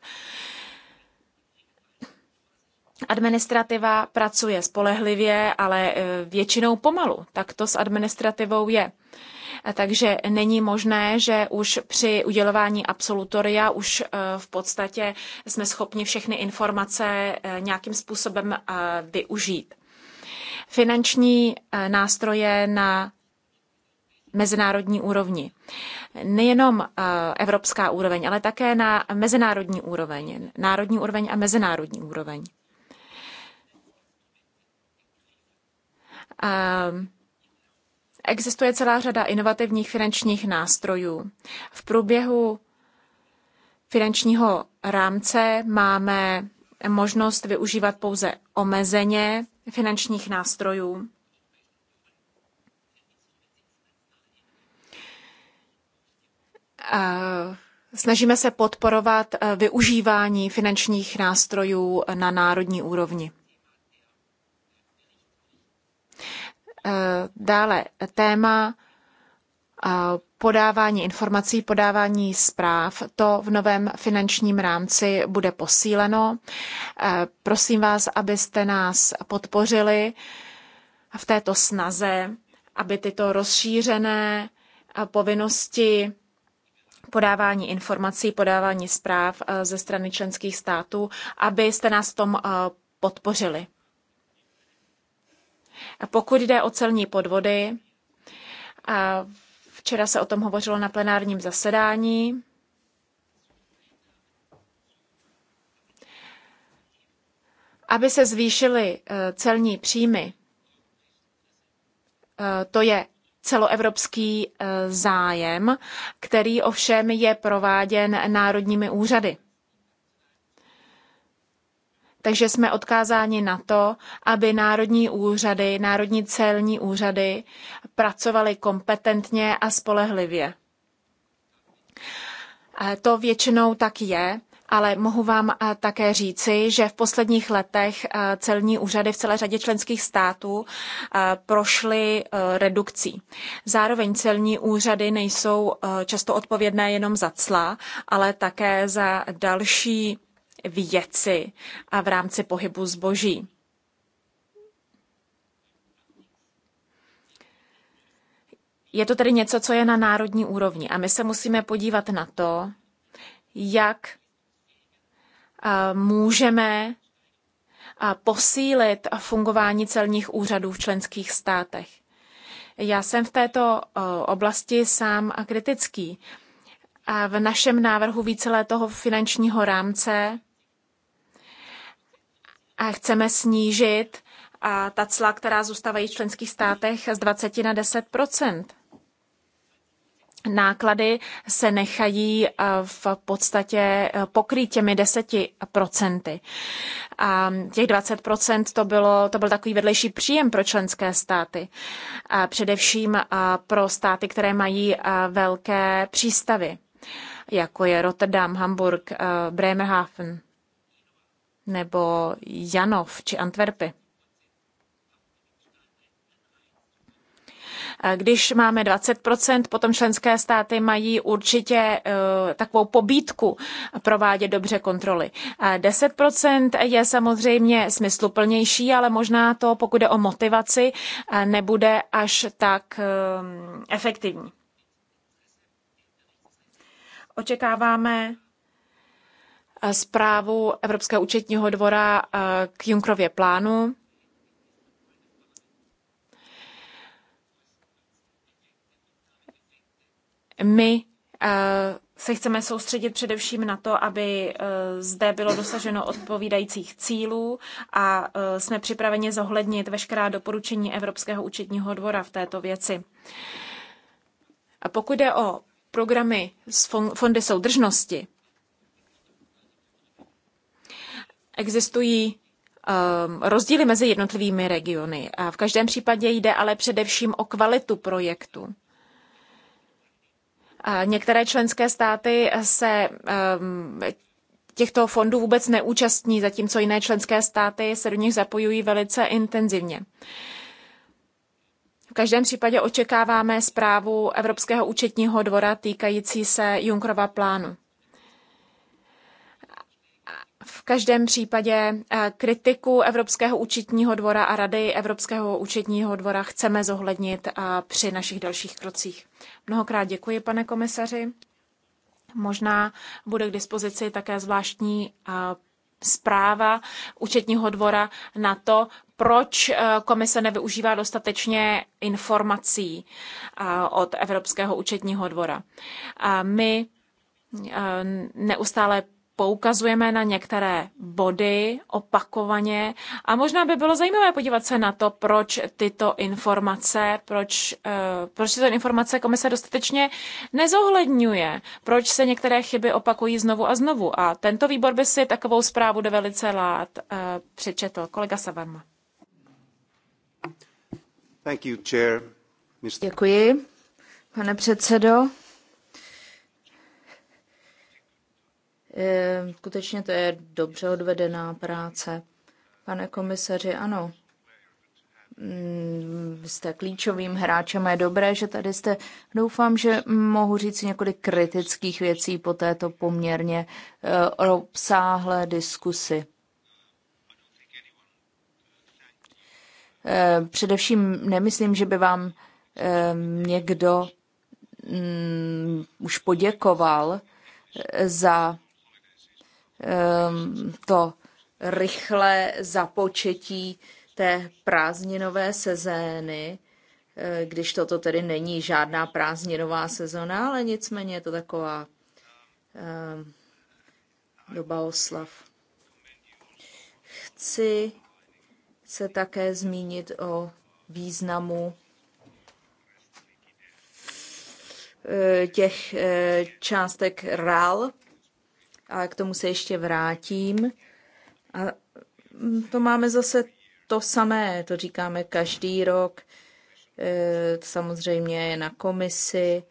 Administrativa pracuje spolehlivě, ale většinou pomalu. Tak to s administrativou je. Uh, takže není možné, že už při udělování absolutoria už eh, v podstatě jsme schopni všechny informace eh, nějakým způsobem eh, využít. Finanční nástroje na mezinárodní úrovni. Nejenom evropská úroveň, ale také na mezinárodní úroveň, národní úroveň a mezinárodní úroveň. Um, Existuje celá řada inovativních finančních nástrojů. V průběhu finančního rámce máme možnost využívat pouze omezeně finančních nástrojů. Snažíme se podporovat e, využívání finančních nástrojů na národní úrovni. Dále téma eh, podávání informací, podávání zpráv, to v novém finančním rámci bude posíleno. Eh, prosím vás, abyste nás podpořili v této snaze, aby tyto rozšířené eh, povinnosti podávání informací, podávání zpráv ze strany členských států, abyste nás v tom podpořili. Pokud jde o celní podvody, včera se o tom hovořilo na plenárním zasedání. Aby se zvýšily e, celní příjmy, e, to je celoevropský e, zájem, který ovšem je prováděn národními úřady. Takže jsme odkázáni na to, aby národní úřady, národní celní úřady pracovaly kompetentně a spolehlivě. To většinou tak je, ale mohu vám také říci, že v posledních letech celní úřady v celé řadě členských států prošly e, redukcí. Zároveň celní úřady nejsou e, často odpovědné jenom za cla, ale také za další věci a v rámci pohybu zboží. Je to tedy něco, co je na národní úrovni a my se musíme podívat na to, jak můžeme posílit fungování celních úřadů v členských státech. Já jsem v této oblasti sám kritický. V našem návrhu víceletého finančního rámce chceme snížit a ta cla, která zůstávají v členských státech z 20 na 10 Náklady se nechají eh, v podstatě eh, pokrýt těmi 10 procenty. A těch 20 to, bylo, to byl takový vedlejší příjem pro členské státy. A především eh, pro státy, které mají velké přístavy, jako je Rotterdam, Hamburg, Bremerhaven nebo Janov či Antwerpy. Když máme 20%, potom členské státy mají určitě eh, takovou pobídku provádět dobře kontroly. 10% je samozřejmě smysluplnější, ale možná to, pokud je o motivaci, eh, nebude až tak eh, efektivní. Očekáváme Eh, zprávu Evropského účetního dvora eh, k Junkrově plánu. My eh, se chceme soustředit především na to, aby zde bylo dosaženo odpovídajících cílů a jsme připraveni zohlednit veškerá doporučení Evropského účetního dvora v této věci. A pokud jde o programy z fondy soudržnosti, existují ehm, rozdíly mezi jednotlivými regiony. A v každém případě jde ale především o kvalitu projektu. A některé členské státy se ehm, těchto fondů vůbec neúčastní, zatímco jiné členské státy se do nich zapojují velice intenzivně. V každém případě očekáváme zprávu Evropského účetního dvora týkající se Junkrova plánu v každém případě eh, kritiku Evropského účetního dvora a Rady Evropského účetního dvora chceme zohlednit eh, při našich dalších krocích. Mnohokrát děkuji, pane komisaři. Možná bude k dispozici také zvláštní eh, zpráva účetního dvora na to, proč komise nevyužívá dostatečně informací od Evropského účetního dvora. My neustále poukazujeme na některé body opakovaně a možná by bylo zajímavé podívat se na to, proč tyto informace, proč, eh, proč tyto informace komise dostatečně nezohledňuje, proč se některé chyby opakují znovu a znovu. A tento výbor by si takovou zprávu do velice uh, přečetl. Kolega Savarma. Thank you, chair. Mr. Děkuji, pane předsedo. Eh, skutečně to je dobře odvedená práce. Pane komisaři, ano, mm, jste klíčovým hráčem a je dobré, že tady jste. Doufám, že mohu říct několik kritických věcí po této poměrně eh, obsáhlé diskusi. Eh, především nemyslím, že by vám někdo mm, už poděkoval za Ehm, to rychlé započetí té prázdninové sezény, eh, když toto tedy není žádná prázdninová sezona, ale nicméně je to taková ehm, doba oslav. Chci se také zmínit o významu eh, těch eh, částek RAL ale k tomu se ještě vrátím. A mm, to máme zase to samé, to říkáme každý rok, e, samozřejmě je na komisi,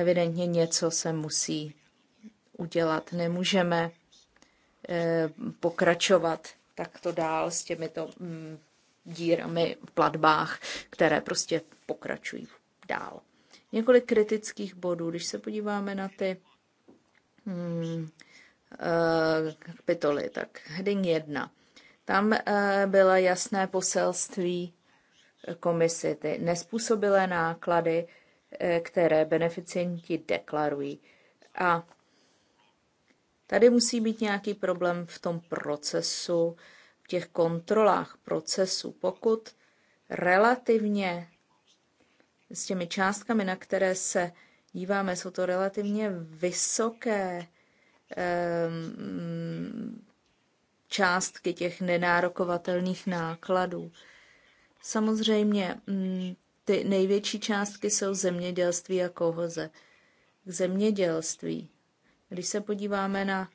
evidentně něco se musí udělat, nemůžeme e, pokračovat takto dál s těmito mm, dírami v platbách, které prostě pokračují dál. Několik kritických bodů, když se podíváme na ty hmm, eh, kapitoly, tak heading 1. Tam eh, byla jasné poselství komisi, ty nespůsobilé náklady, eh, které beneficienti deklarují. A tady musí být nějaký problém v tom procesu, v těch kontrolách procesu. Pokud relativně s těmi částkami, na které se díváme, jsou to relativně vysoké um, částky těch nenárokovatelných nákladů. Samozřejmě mm, ty největší částky jsou zemědělství a kohoze. K zemědělství. Když se podíváme na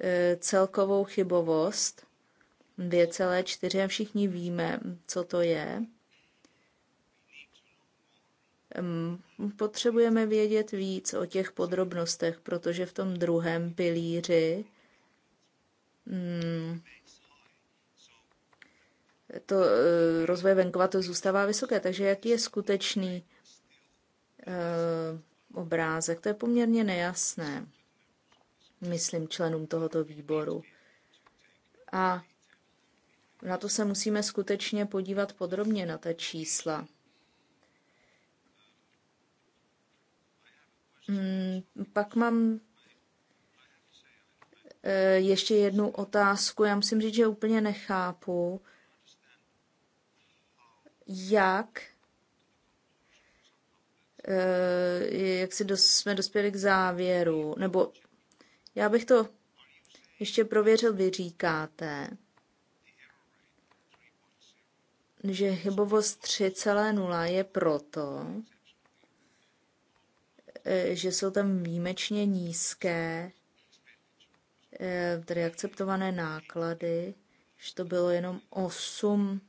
e, celkovou chybovost 2,4 a všichni víme, co to je, Potřebujeme vědět víc o těch podrobnostech, protože v tom druhém pilíři mm, to eh, rozvoje venkova to zůstává vysoké. Takže jaký je skutečný eh, obrázek? To je poměrně nejasné, myslím, členům tohoto výboru. A na to se musíme skutečně podívat podrobně na ta čísla. Mm, pak mám e, ještě jednu otázku. Já musím říct, že úplně nechápu, jak e, jak si dos, jsme dospěli k závěru, nebo já bych to ještě prověřil, vy říkáte, že chybovost 3,0 je proto, Eh, že jsou tam výjimečně nízké, eh, tedy akceptované náklady, že to bylo jenom 8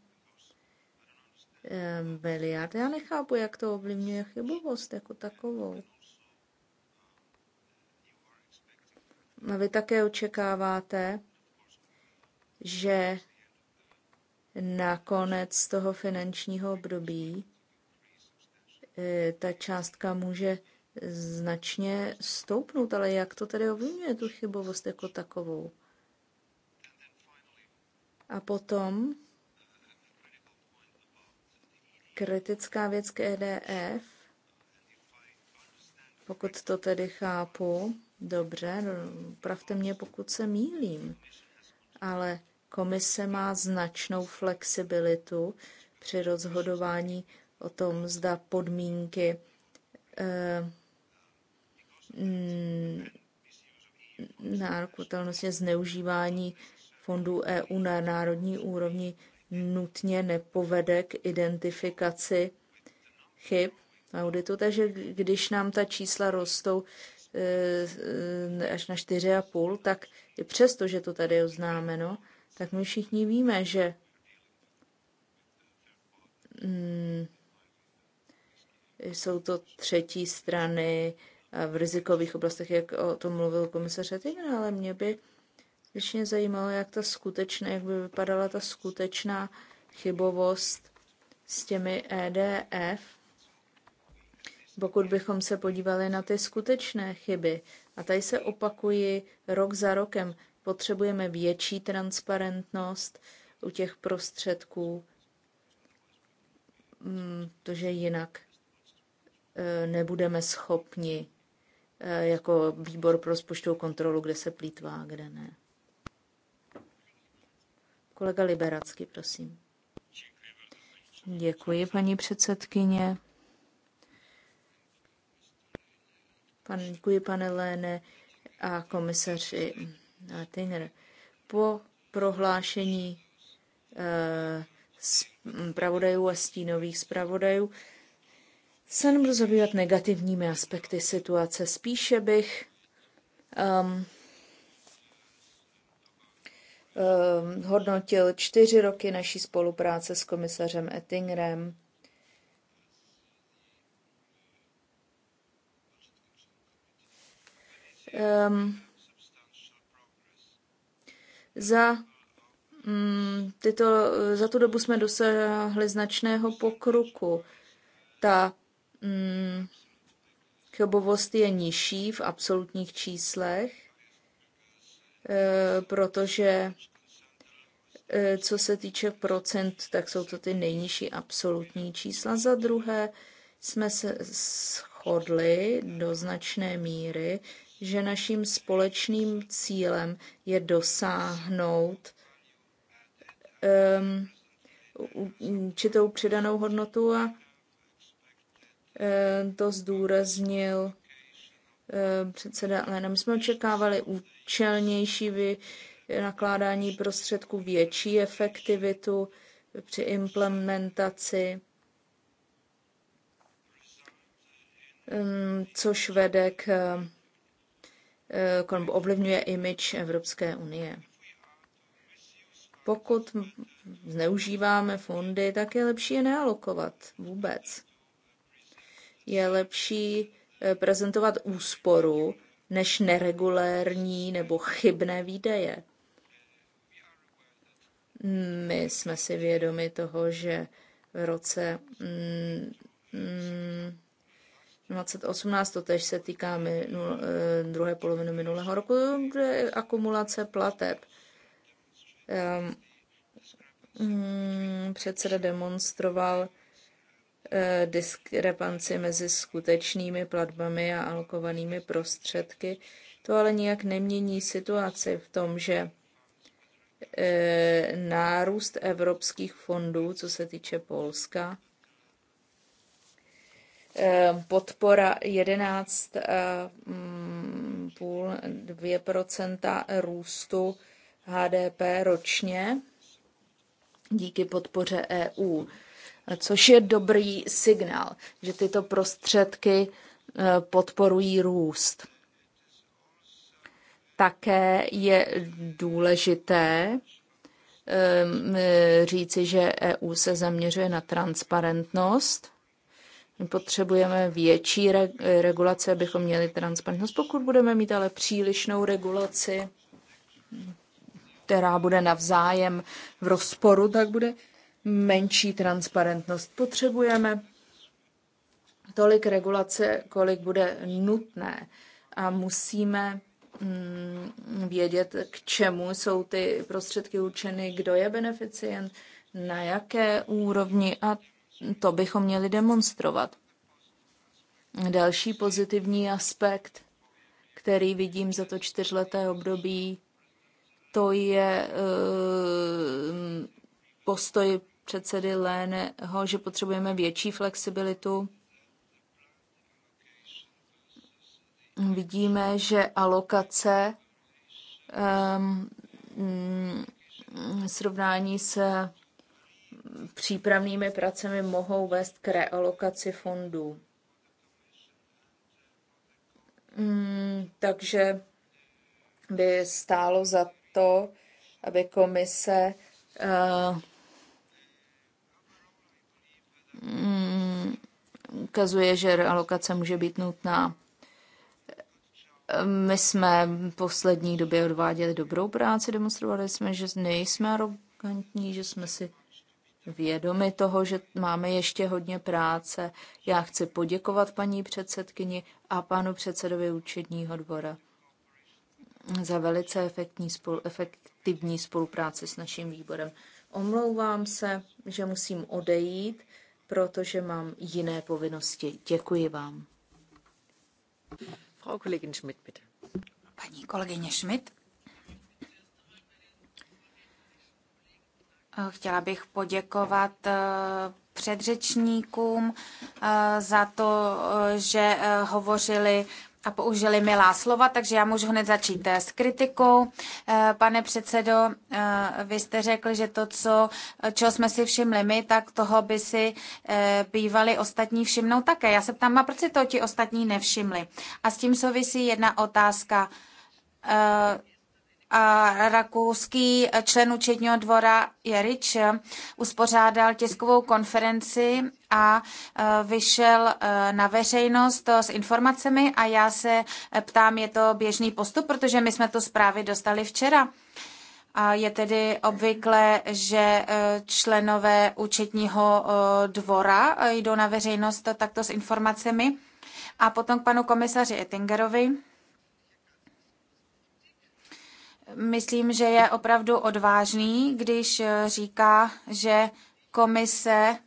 eh, miliard. Já nechápu, jak to ovlivňuje chybovost jako takovou. A vy také očekáváte, že nakonec toho finančního období ta částka může značně stoupnout, ale jak to tedy ovlivňuje tu chybovost jako takovou? A potom kritická věc k EDF, pokud to tedy chápu, dobře, no, pravte mě, pokud se mílím, ale komise má značnou flexibilitu při rozhodování o tom, zda podmínky eh, Mm, nárokovatelnost je zneužívání fondů EU na národní úrovni nutně nepovede k identifikaci chyb auditu. Takže když nám ta čísla rostou eh, až na 4,5, tak i přesto, že to tady je oznámeno, tak my všichni víme, že mm, jsou to třetí strany, v rizikových oblastech, jak o tom mluvil komisař Ettinger, ale mě by skutečně zajímalo, jak ta skutečná, jak by vypadala ta skutečná chybovost s těmi EDF, pokud bychom se podívali na ty skutečné chyby. A tady se opakují rok za rokem. Potřebujeme větší transparentnost u těch prostředků, protože mm, jinak e, nebudeme schopni E, jako výbor pro rozpočtovou kontrolu, kde se plítvá, kde ne. Kolega Liberacky, prosím. Děkuji, paní předsedkyně. Pan, děkuji, pane Léne a komisaři Tyner. Po prohlášení eh, zpravodajů a stínových zpravodajů se nebudu zabývat negativními aspekty situace. Spíše bych um, um, hodnotil čtyři roky naší spolupráce s komisařem Ettingerem. Um, za um, tyto, za tu dobu jsme dosáhli značného pokroku. Ta mm, chybovost je nižší v absolutních číslech, eh, protože eh, co se týče procent, tak jsou to ty nejnižší absolutní čísla. Za druhé jsme se shodli do značné míry, že naším společným cílem je dosáhnout um, určitou přidanou hodnotu a Eh, to zdůraznil eh, předseda Lena. My jsme očekávali účelnější eh, nakládání prostředků, větší efektivitu při implementaci, ehm, což vede k ovlivňuje imič Evropské unie. Pokud zneužíváme fondy, tak je lepší je nealokovat vůbec je lepší eh, prezentovat úsporu než neregulérní nebo chybné výdaje. Mm, my jsme si vědomi toho, že v roce 2018, to tež se týká minul, eh, druhé poloviny minulého roku, kde je akumulace plateb. Um, předseda demonstroval Eh, diskrepanci mezi skutečnými platbami a alokovanými prostředky. To ale nijak nemění situaci v tom, že eh, nárůst evropských fondů, co se týče Polska, eh, podpora 11,5-2 mm, růstu HDP ročně díky podpoře EU což je dobrý signál, že tyto prostředky eh, podporují růst. Také je důležité ehm, eh, říci, že EU se zaměřuje na transparentnost. My potřebujeme větší eh, regulace, abychom měli transparentnost. Pokud budeme mít ale přílišnou regulaci, která bude navzájem v rozporu, tak bude menší transparentnost. Potřebujeme tolik regulace, kolik bude nutné a musíme mm, vědět, k čemu jsou ty prostředky určeny, kdo je beneficient, na jaké úrovni a to bychom měli demonstrovat. Další pozitivní aspekt, který vidím za to čtyřleté období, to je eh, postoj předsedy Léneho, že potřebujeme větší flexibilitu. Vidíme, že alokace um, srovnání s přípravnými pracemi mohou vést k realokaci fondů. Um, takže by stálo za to, aby komise uh, Mm, ukazuje, že realokace může být nutná. My jsme v poslední době odváděli dobrou práci, demonstrovali jsme, že nejsme arrogantní, že jsme si vědomi toho, že máme ještě hodně práce. Já chci poděkovat paní předsedkyni a panu předsedovi účetního dvora za velice efektní, spolu, efektivní spolupráci s naším výborem. Omlouvám se, že musím odejít protože mám jiné povinnosti. Děkuji vám. Frau Kollegin Schmidt, bitte. Paní kolegyně Schmidt. Eh, chtěla bych poděkovat eh, předřečníkům eh, za to, že hovořili a použili milá slova, takže já můžu hned začít eh, s kritikou. Eh, pane předsedo, eh, vy jste řekl, že to, co, čeho jsme si všimli my, tak toho by si bývali ostatní všimnou také. Já se ptám, a proč si to ti ostatní nevšimli? A s tím souvisí jedna otázka rakouský člen účetního dvora Jerič uspořádal tiskovou konferenci a e, vyšel e, na veřejnost e, s informacemi a já se ptám, je to běžný postup, protože my jsme tu zprávy dostali včera. A je tedy obvykle, že členové účetního dvora jdou na veřejnost takto s informacemi. A potom k panu komisaři Ettingerovi myslím, že je opravdu odvážný, když eh, říká, že komise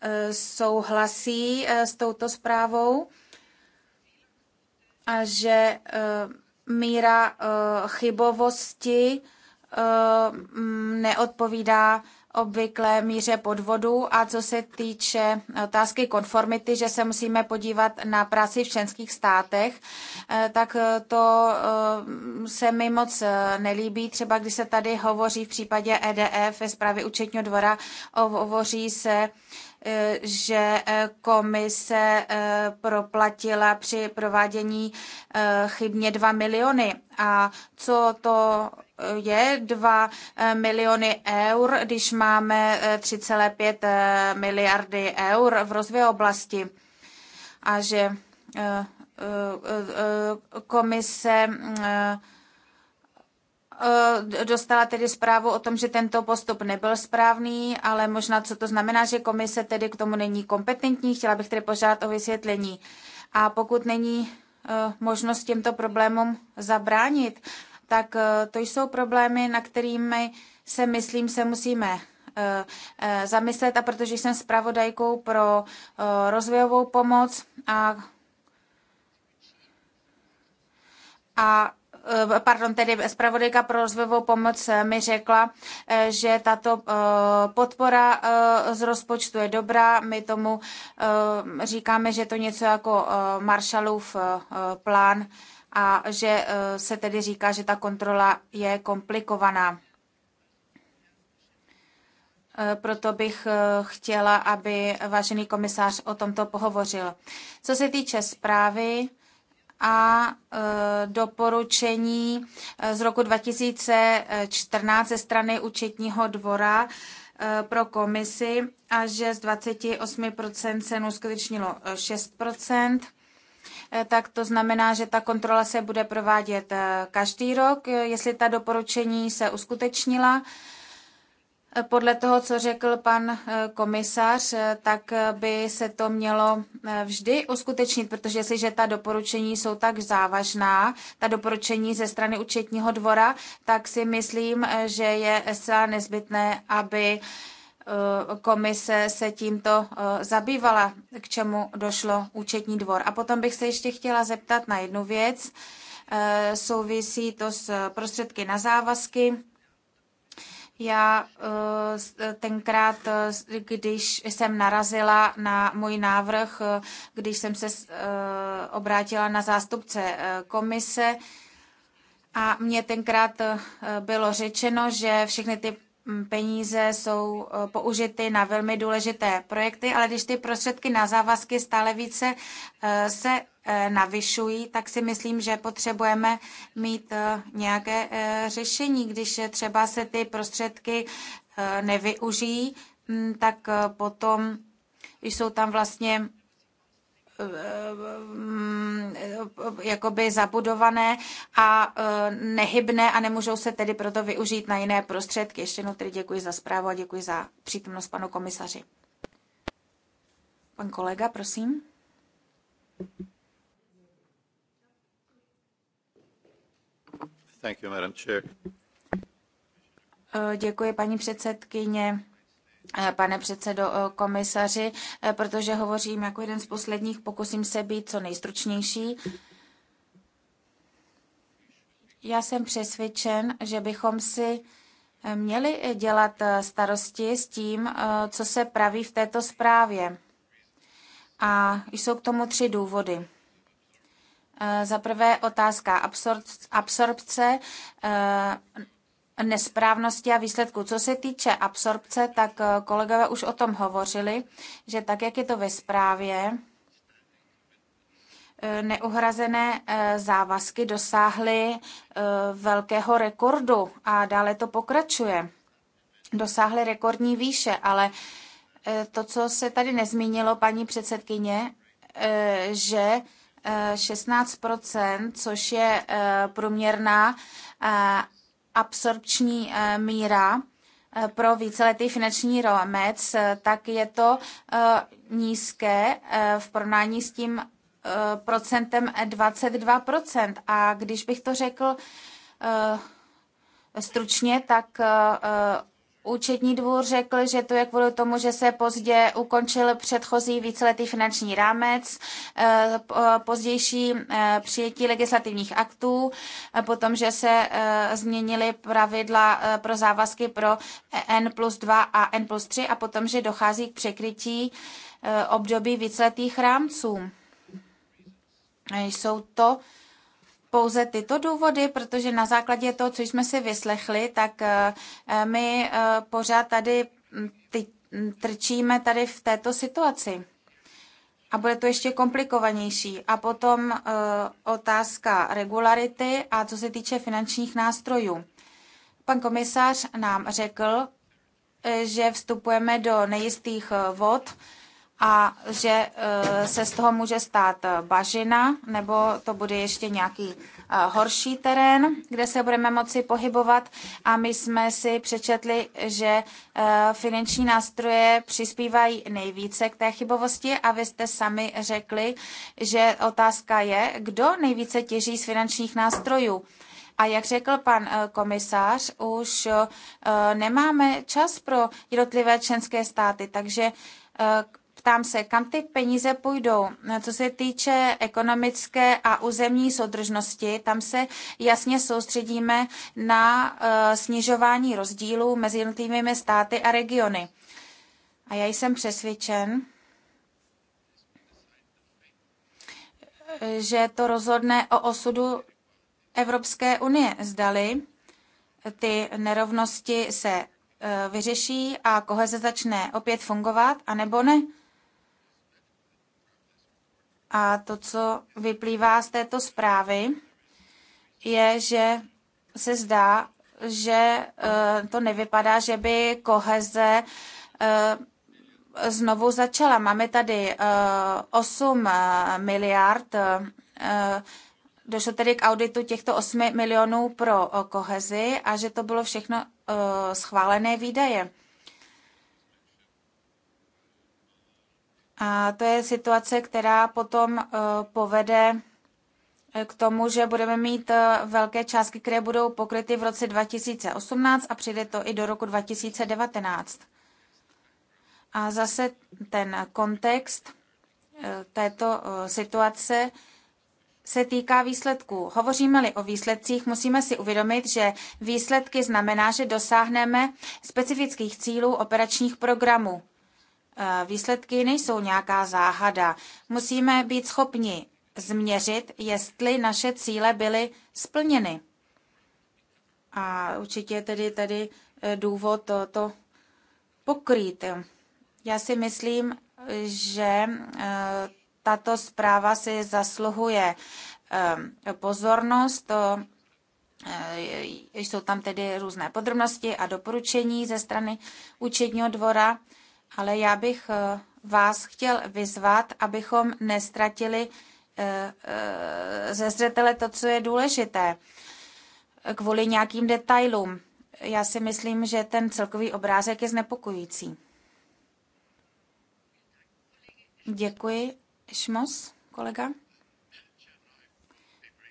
eh, souhlasí eh, s touto zprávou a že míra chybovosti neodpovídá obvyklé míře podvodů a co se týče otázky konformity, že se musíme podívat na práci v členských státech, eh, tak eh, to eh, se mi moc nelíbí. Třeba když se tady hovoří v případě EDF ve zprávě účetního dvora, hovoří se Eh, že eh, komise eh, proplatila při provádění chybně 2 miliony. A co to je 2 miliony eur, když máme 3,5 miliardy eur v rozvoje oblasti? A že komise Eh, dostala tedy zprávu o tom, že tento postup nebyl správný, ale možná co to znamená, že komise tedy k tomu není kompetentní. Chtěla bych tedy požádat o vysvětlení. A pokud není eh, možnost těmto problémům zabránit, tak eh, to jsou problémy, na kterými se myslím, se musíme zamyslet a protože jsem zpravodajkou pro rozvojovou pomoc a a Eh, pardon, tedy zpravodajka pro rozvojovou pomoc eh, mi řekla, eh, že tato podpora z rozpočtu je dobrá. My tomu říkáme, že to něco jako Marshallův plán a že se tedy říká, že ta kontrola je komplikovaná. Proto bych chtěla, aby vážený komisář o tomto pohovořil. Co se týče zprávy, a e, doporučení e, z roku 2014 ze strany účetního dvora e, pro komisi a že z 28% se uskutečnilo 6%. Tak to znamená, že ta kontrola se bude provádět každý rok, jestli ta doporučení se uskutečnila podle toho, co řekl pan eh, komisař, eh, tak eh, by se to mělo vždy uskutečnit, protože jestliže ta doporučení jsou tak závažná, ta doporučení ze strany účetního dvora, tak si myslím, že je zcela nezbytné, aby komise se tímto zabývala, k čemu došlo účetní dvor. A potom bych se ještě chtěla zeptat na jednu věc. Souvisí to s prostředky na závazky já eh, tenkrát, eh, když jsem narazila na můj návrh, eh, když jsem se obrátila na zástupce komise, a mně tenkrát bylo řečeno, že všechny ty peníze jsou e, použity na velmi důležité projekty, ale když ty prostředky na závazky stále více e, se e, navyšují, tak si myslím, že potřebujeme mít nějaké řešení. Když třeba se ty prostředky nevyužijí, tak potom jsou tam vlastně jakoby zabudované a e, nehybné a nemůžou se tedy proto využít na jiné prostředky. Ještě jednou tedy děkuji za zprávu a děkuji za přítomnost panu komisaři. Pan kolega, prosím. Thank you, Madam Chair. E, děkuji, paní předsedkyně. Eh, pane předsedo eh, komisaři, eh, protože hovořím jako jeden z posledních, pokusím se být co nejstručnější. Já jsem přesvědčen, že bychom si měli dělat starosti s tím, co se praví v této zprávě. A jsou k tomu tři důvody. Za prvé otázka absorpce nesprávnosti a výsledku, Co se týče absorpce, tak eh, kolegové už o tom hovořili, že tak, jak je to ve zprávě, eh, neuhrazené eh, závazky dosáhly velkého rekordu a dále to pokračuje. Dosáhly rekordní výše, ale to, co se tady nezmínilo, paní předsedkyně, že 16 což je průměrná absorpční eh, míra eh, pro víceletý finanční rámec, eh, tak je to nízké v porovnání s tím procentem 22%. A když bych to řekl stručně, tak Účetní dvůr řekl, že to je kvůli tomu, že se pozdě ukončil předchozí víceletý finanční rámec, eh, eh, pozdější eh, přijetí legislativních aktů, potom, že se změnily pravidla pro závazky pro N plus 2 a N plus 3 a potom, že dochází k překrytí období víceletých rámců. Jsou to pouze tyto důvody, protože na základě toho, co jsme si vyslechli, tak eh, eh, my eh, pořád tady hm, ty, hm, trčíme tady v této situaci. A bude to ještě komplikovanější. A potom otázka regularity a co se týče finančních nástrojů. Pan komisař nám řekl, že vstupujeme do nejistých vod a že eh, se z toho může stát eh, bažina, nebo to bude ještě nějaký eh, horší terén, kde se budeme moci pohybovat. A my jsme si přečetli, že finanční nástroje přispívají nejvíce k té chybovosti a vy jste sami řekli, že otázka je, kdo nejvíce těží z finančních nástrojů. A jak řekl pan komisář, už nemáme čas pro jednotlivé členské státy, takže Ptám se, kam ty peníze půjdou. No, co se týče ekonomické a územní soudržnosti, tam se jasně soustředíme na eh, snižování rozdílů mezi jednotlivými státy a regiony. A já jsem přesvědčen, že to rozhodne o osudu Evropské unie. Zdali ty nerovnosti se eh, vyřeší a koheze začne opět fungovat, anebo ne. A to, co vyplývá z této zprávy, je, že se zdá, že eh, to nevypadá, že by koheze eh, znovu začala. Máme tady 8 eh, miliard, došlo tedy k auditu těchto 8 milionů pro kohezi a že to bylo všechno schválené výdaje. A to je situace, která potom eh, povede eh, k tomu, že budeme mít eh, velké částky, které budou pokryty v roce 2018 a přijde to i do roku 2019. A zase ten kontext této situace se týká výsledků. Hovoříme-li o výsledcích, musíme si uvědomit, že výsledky znamená, že dosáhneme specifických cílů operačních programů Eh, výsledky nejsou nějaká záhada. Musíme být schopni změřit, jestli naše cíle byly splněny. A určitě tedy tedy eh, důvod to, to pokrýt. Já si myslím, že eh, tato zpráva si zasluhuje pozornost. Jsou tam tedy různé podrobnosti a doporučení ze strany účetního dvora ale já bych eh, vás chtěl vyzvat, abychom nestratili eh, eh, ze zřetele to, co je důležité, kvůli nějakým detailům. Já si myslím, že ten celkový obrázek je znepokojící. Děkuji. Šmos, kolega?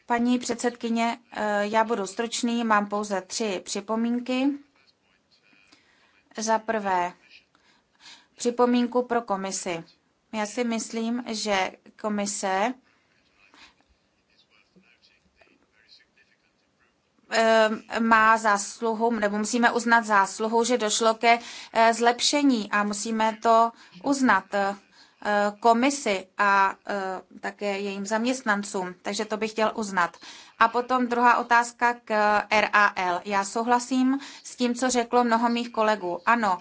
Paní předsedkyně, já budu stručný, mám pouze tři připomínky. Za prvé, připomínku pro komisi. Já si myslím, že komise eh, má zásluhu, nebo musíme uznat zásluhu, že došlo ke eh, zlepšení a musíme to uznat eh, komisi a také jejím zaměstnancům. Takže to bych chtěl uznat. A potom druhá otázka k RAL. Já souhlasím s tím, co řeklo mnoho mých kolegů. Ano,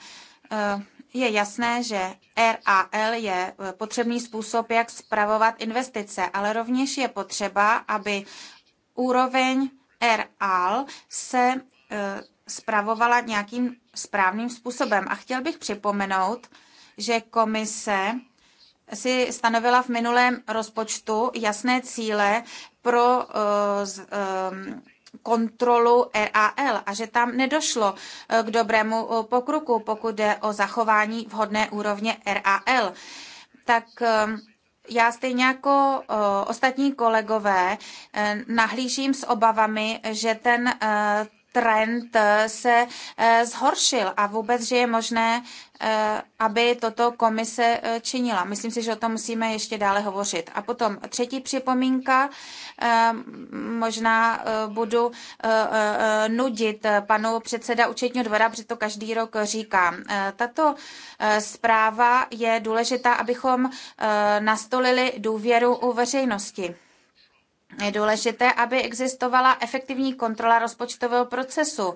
je jasné, že RAL je e, potřebný způsob, jak spravovat investice, ale rovněž je potřeba, aby úroveň RAL se e, spravovala nějakým správným způsobem. A chtěl bych připomenout, že komise si stanovila v minulém rozpočtu jasné cíle pro uh, z, um, kontrolu RAL e a že tam nedošlo eh, k dobrému eh, pokroku, pokud jde o zachování vhodné úrovně RAL. Tak ehm, já stejně jako eh, ostatní kolegové nahlížím s obavami, že ten trend eh, se eh, zhoršil a vůbec, že je možné, eh, aby toto komise činila. Myslím si, že o tom musíme ještě dále hovořit. A potom třetí připomínka, možná budu nudit panu předseda účetního dvora, protože to každý rok říkám. Tato zpráva je důležitá, abychom nastolili důvěru u veřejnosti je důležité, aby existovala efektivní kontrola rozpočtového procesu.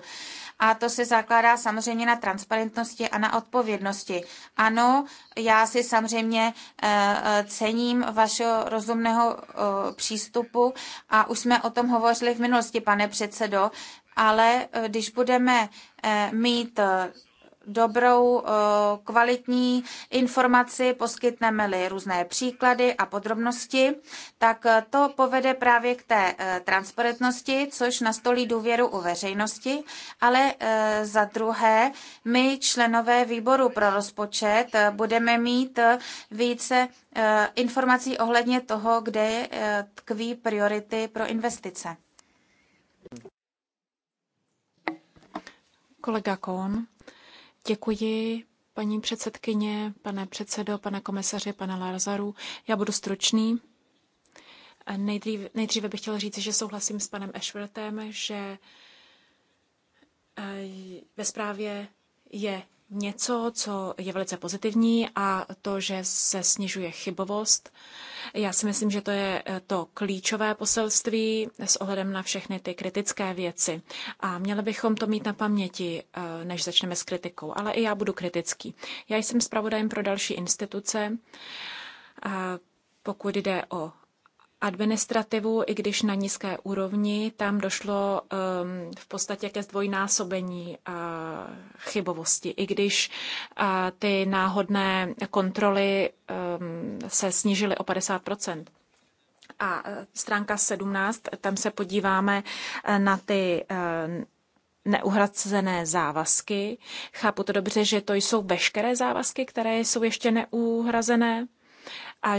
A to se zakládá samozřejmě na transparentnosti a na odpovědnosti. Ano, já si samozřejmě eh, eh, cením vašeho rozumného eh, přístupu a už jsme o tom hovořili v minulosti, pane předsedo, ale když budeme mít dobrou, eh, kvalitní informaci, poskytneme-li různé příklady a podrobnosti, tak eh, to povede právě k té eh, transparentnosti, což nastolí důvěru u veřejnosti, ale za druhé, my, členové výboru pro rozpočet, budeme mít více informací ohledně toho, kde tkví priority pro investice. Kolega Kohn. Děkuji, paní předsedkyně, pane předsedo, pane komisaři, pane lázaru, Já budu stručný. Nejdříve, nejdříve bych chtěl říct, že souhlasím s panem Ashworthem, že eh, ve zprávě je něco, co je velice pozitivní a to, že se snižuje chybovost. Já si myslím, že to je eh, to klíčové poselství s ohledem na všechny ty kritické věci. A měli bychom to mít na paměti, eh, než začneme s kritikou. Ale i já budu kritický. Já jsem zpravodajem pro další instituce, pokud jde o administrativu, i když na nízké úrovni, tam došlo um, v podstatě ke zdvojnásobení uh, chybovosti. I když uh, ty náhodné kontroly um, se snížily o 50 A e, stránka 17, tam se podíváme e, na ty uh, e, neuhrazené závazky. Chápu to dobře, že to jsou veškeré závazky, které jsou ještě neuhrazené? a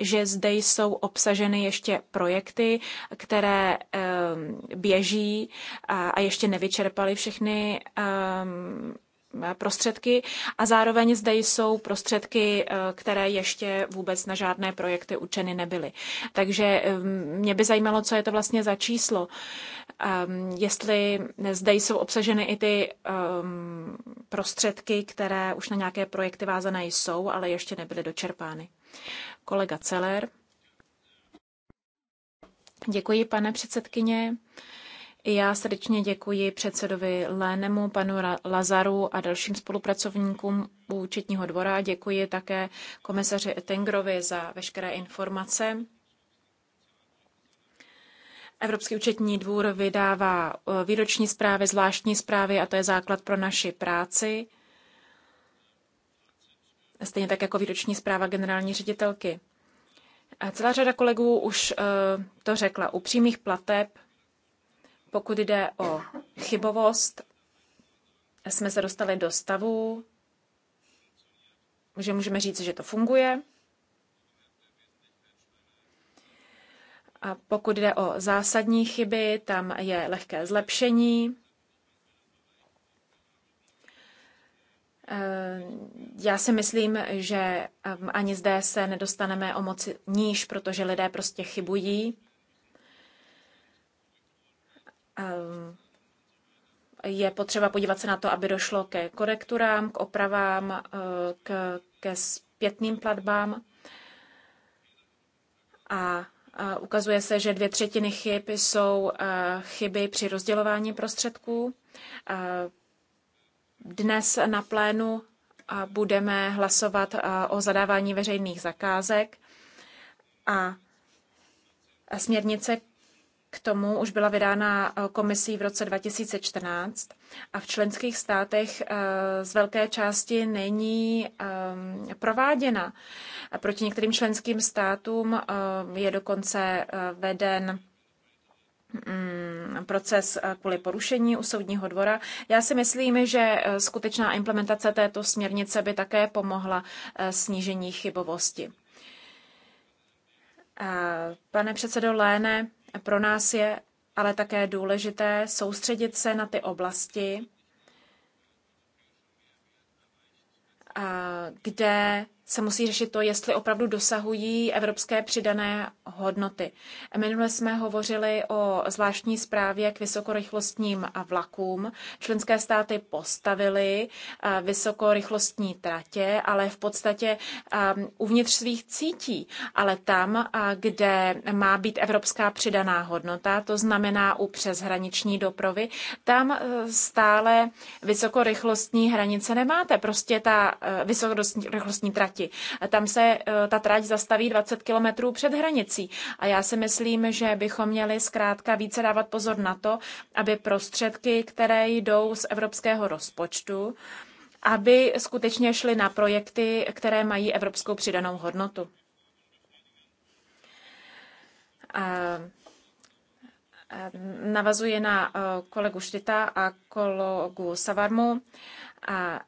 že zde jsou obsaženy ještě projekty, které ehm, běží a ještě nevyčerpaly všechny ehm, prostředky a zároveň zde jsou prostředky, e, které ještě vůbec na žádné projekty učeny nebyly. Takže ehm, mě by zajímalo, co je to vlastně za číslo. Jestli zde jsou obsaženy i ty prostředky, které už na nějaké projekty vázané jsou, ale ještě nebyly dočerpány. Kolega Celer. Děkuji, pane předsedkyně. Já srdečně děkuji předsedovi Lénemu, panu Lazaru a dalším spolupracovníkům účetního dvora. Děkuji také komisaři Tengrovi za veškeré informace. Evropský účetní dvůr vydává eh, výroční zprávy, zvláštní zprávy a to je základ pro naši práci stejně tak jako výroční zpráva generální ředitelky. A celá řada kolegů už eh, to řekla. U přímých plateb, pokud jde o chybovost, jsme se dostali do stavu, že můžeme říct, že to funguje. A pokud jde o zásadní chyby, tam je lehké zlepšení. Eh, já si myslím, že ehm, ani zde se nedostaneme o moc níž, protože lidé prostě chybují. Ehm, je potřeba podívat se na to, aby došlo ke korekturám, k opravám, eh, k, ke zpětným platbám. A ukazuje se, že dvě třetiny chyb jsou eh, chyby při rozdělování prostředků dnes na plénu budeme hlasovat o zadávání veřejných zakázek a směrnice k tomu už byla vydána komisí v roce 2014 a v členských státech z velké části není prováděna. Proti některým členským státům je dokonce veden Mm, proces eh, kvůli porušení u soudního dvora. Já si myslím, že eh, skutečná implementace této směrnice by také pomohla eh, snížení chybovosti. Pane předsedo Léne, pro nás je ale také důležité soustředit se na ty oblasti, kde se musí řešit to, jestli opravdu dosahují evropské přidané hodnoty. Minule jsme hovořili o zvláštní zprávě k vysokorychlostním vlakům. Členské státy postavily eh, vysokorychlostní tratě, ale v podstatě eh, uvnitř svých cítí, ale tam, eh, kde má být evropská přidaná hodnota, to znamená u přeshraniční dopravy, tam stále vysokorychlostní hranice nemáte. Prostě ta vysokorychlostní tratě trati. Tam se e, ta trať zastaví 20 kilometrů před hranicí. A já si myslím, že bychom měli zkrátka více dávat pozor na to, aby prostředky, které jdou z evropského rozpočtu, aby skutečně šly na projekty, které mají evropskou přidanou hodnotu. A navazuje na e, kolegu Štita a kolegu Savarmu.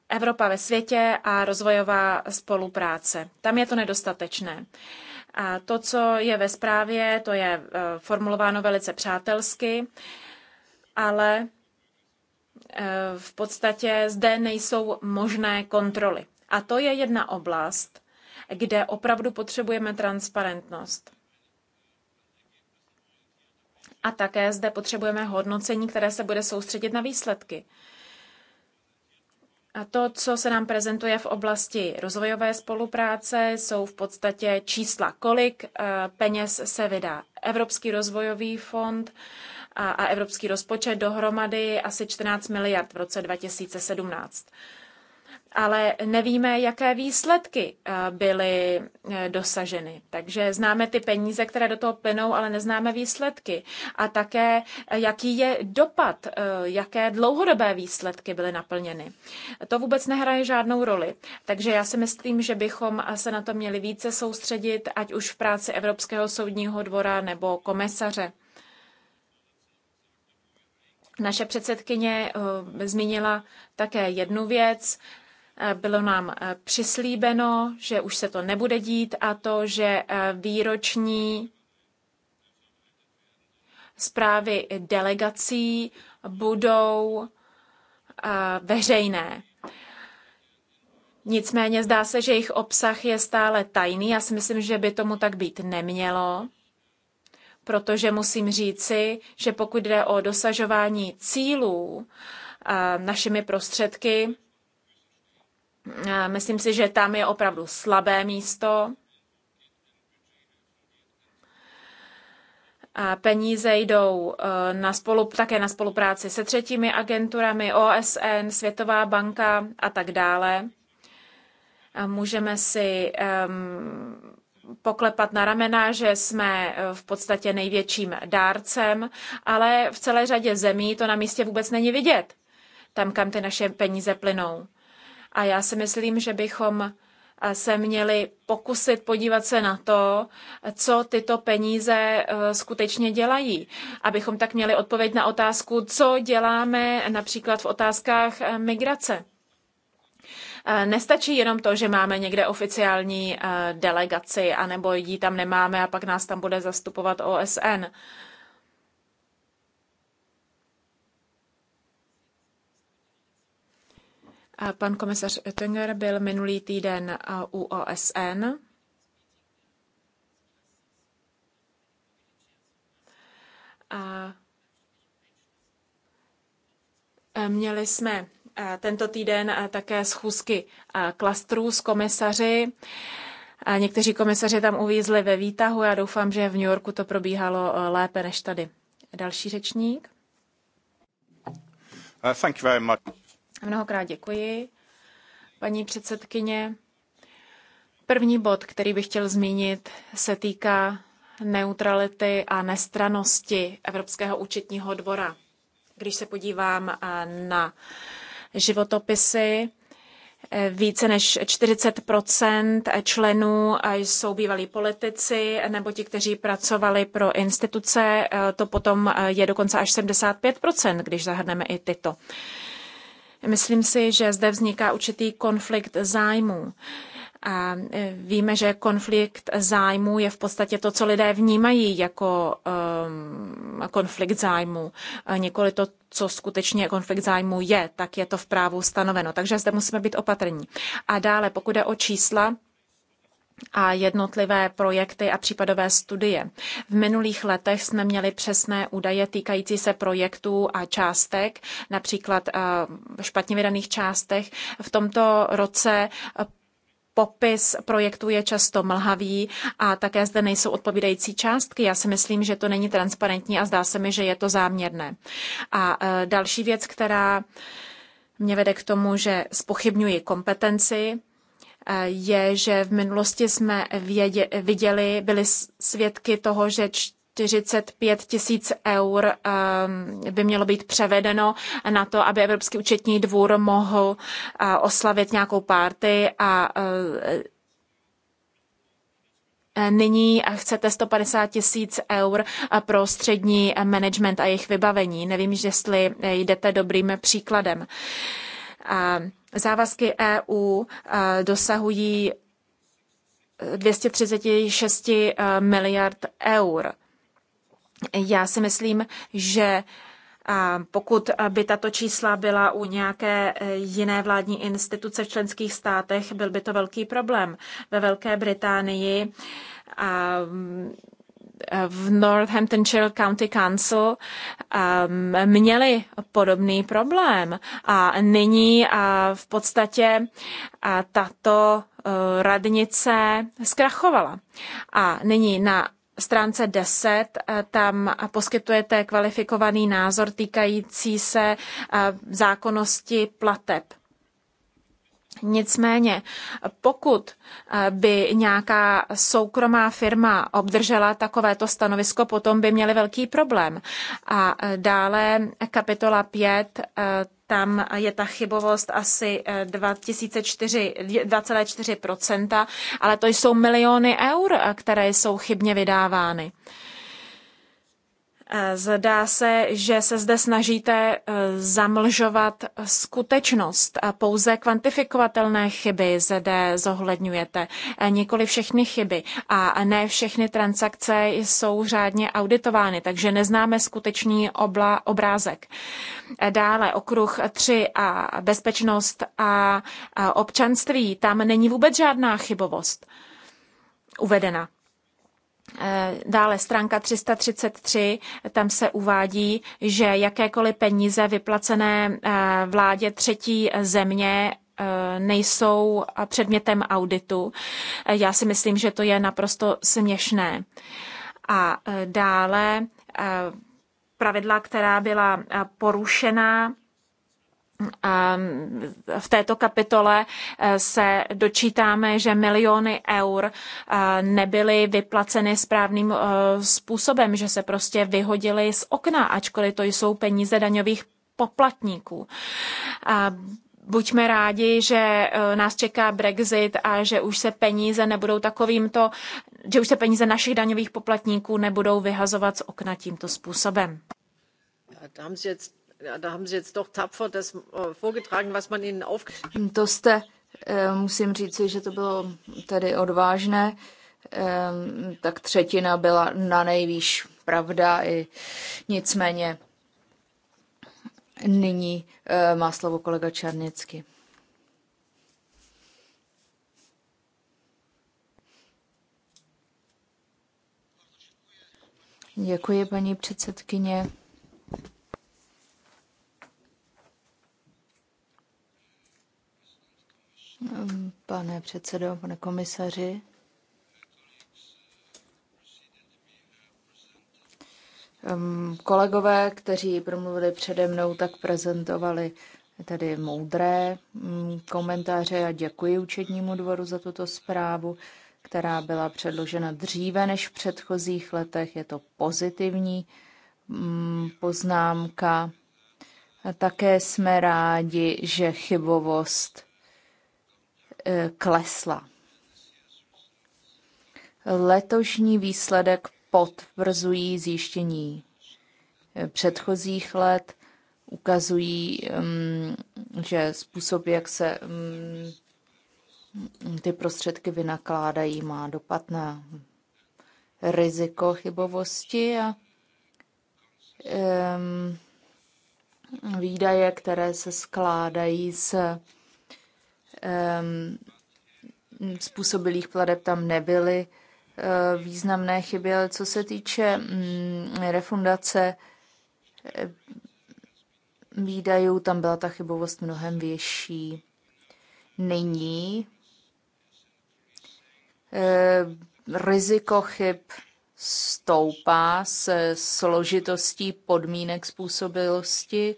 Evropa ve světě a rozvojová spolupráce. Tam je to nedostatečné. A to, co je ve zprávě, to je e, formulováno velice přátelsky, ale e, v podstatě zde nejsou možné kontroly. A to je jedna oblast, kde opravdu potřebujeme transparentnost. A také zde potřebujeme hodnocení, které se bude soustředit na výsledky. A to, co se nám prezentuje v oblasti rozvojové spolupráce, jsou v podstatě čísla, kolik eh, peněz se vydá. Evropský rozvojový fond a, a evropský rozpočet dohromady asi 14 miliard v roce 2017 ale nevíme, jaké výsledky eh, byly eh, dosaženy. Takže známe ty peníze, které do toho plynou, ale neznáme výsledky. A také, eh, jaký je dopad, jaké dlouhodobé výsledky byly naplněny. To vůbec nehraje žádnou roli. Takže já si myslím, že bychom se na to měli více soustředit, ať už v práci Evropského soudního dvora nebo komisaře. Naše předsedkyně zmínila také jednu věc, Eh, bylo nám eh, přislíbeno, že už se to nebude dít a to, že eh, výroční zprávy delegací budou veřejné. Nicméně zdá se, že jejich obsah je stále tajný. Já si myslím, že by tomu tak být nemělo, protože musím říci, že pokud jde o dosažování cílů našimi prostředky, Myslím si, že tam je opravdu slabé místo. A peníze jdou eh, na spolu, také na spolupráci se třetími agenturami, OSN, Světová banka a tak dále. A můžeme si um, poklepat na ramena, že jsme eh, v podstatě největším dárcem, ale v celé řadě zemí to na místě vůbec není vidět, tam, kam ty naše peníze plynou. A já si myslím, že bychom eh, se měli pokusit podívat se na to, co tyto peníze eh, skutečně dělají. Abychom tak měli odpověď na otázku, co děláme například v otázkách eh, migrace. Nestačí jenom to, že máme někde oficiální delegaci, anebo ji tam nemáme a pak nás tam bude zastupovat OSN. Pan komisař Oettinger byl minulý týden u OSN. A měli jsme tento týden také schůzky klastrů s komisaři. A někteří komisaři tam uvízli ve výtahu. Já doufám, že v New Yorku to probíhalo lépe než tady. Další řečník. Uh, thank you very much. Mnohokrát děkuji, paní předsedkyně. První bod, který bych chtěl zmínit, se týká neutrality a nestranosti Evropského účetního dvora. Když se podívám na životopisy, více než 40 členů jsou bývalí politici nebo ti, kteří pracovali pro instituce, to potom je dokonce až 75 když zahrneme i tyto. Myslím si, že zde vzniká určitý konflikt zájmů. A e, víme, že konflikt zájmu je v podstatě to, co lidé vnímají jako um, konflikt zájmu. Nikoli to, co skutečně konflikt zájmu je, tak je to v právu stanoveno. Takže zde musíme být opatrní. A dále, pokud jde o čísla, a jednotlivé projekty a případové studie. V minulých letech jsme měli přesné údaje týkající se projektů a částek, například eh, špatně vydaných částech. V tomto roce eh, popis projektu je často mlhavý a také zde nejsou odpovídající částky. Já si myslím, že to není transparentní a zdá se mi, že je to záměrné. A eh, další věc, která mě vede k tomu, že spochybňuji kompetenci je, že v minulosti jsme vědě, viděli, byli svědky toho, že 45 tisíc eur ehm, by mělo být převedeno na to, aby Evropský účetní dvůr mohl oslavit nějakou párty a e, e, Nyní chcete 150 tisíc eur pro střední management a jejich vybavení. Nevím, jestli jdete dobrým příkladem. Závazky EU eh, dosahují 236 eh, eh, miliard eur. Já si myslím, že pokud by tato čísla byla u nějaké jiné vládní instituce v členských státech, byl by to velký problém. Ve Velké Británii v Northamptonshire County Council um, měli podobný problém a nyní uh, v podstatě uh, tato uh, radnice zkrachovala. A nyní na stránce 10 tam poskytujete kvalifikovaný názor týkající se zákonnosti plateb. Nicméně, pokud eh, by nějaká soukromá firma obdržela takovéto stanovisko, potom by měli velký problém. A eh, dále kapitola 5, eh, tam je ta chybovost asi 2,4%, ale to jsou miliony eur, které jsou chybně vydávány. Zdá se, že se zde snažíte eh, zamlžovat skutečnost a pouze kvantifikovatelné chyby zde zohledňujete, eh, nikoli všechny chyby a ne všechny transakce jsou řádně auditovány, takže neznáme skutečný obla, obrázek. Eh, dále okruh 3 a bezpečnost a občanství, tam není vůbec žádná chybovost uvedena. Eh, dále stránka 333, tam se uvádí, že jakékoliv peníze vyplacené eh, vládě třetí země eh, nejsou předmětem auditu. Já si myslím, že to je naprosto směšné. A dále pravidla, která byla porušena a v této kapitole eh, se dočítáme, že miliony eur eh, nebyly vyplaceny správným eh, způsobem, že se prostě vyhodily z okna, ačkoliv to jsou peníze daňových poplatníků. A buďme rádi, že nás čeká Brexit a že už se peníze nebudou takovýmto, že už se peníze našich daňových poplatníků nebudou vyhazovat z okna tímto způsobem. Ja, to jste, eh, musím říct, že to bylo tedy odvážné, ehm, tak třetina byla na nejvýš pravda i nicméně nyní eh, má slovo kolega Čarnicky. Děkuji, paní předsedkyně. Pane předsedo, pane komisaři, kolegové, kteří promluvili přede mnou, tak prezentovali tady moudré mm, komentáře a děkuji účetnímu dvoru za tuto zprávu, která byla předložena dříve než v předchozích letech. Je to pozitivní mm, poznámka. A také jsme rádi, že chybovost E, klesla. Letošní výsledek potvrzují zjištění e, předchozích let, ukazují, že způsob, jak se ty prostředky vynakládají, má dopad na riziko chybovosti a výdaje, které se skládají z Ehm, způsobilých pladeb tam nebyly eh, významné chyby, ale co se týče mm, refundace eh, výdajů, tam byla ta chybovost mnohem větší. Nyní eh, riziko chyb stoupá se složitostí podmínek způsobilosti.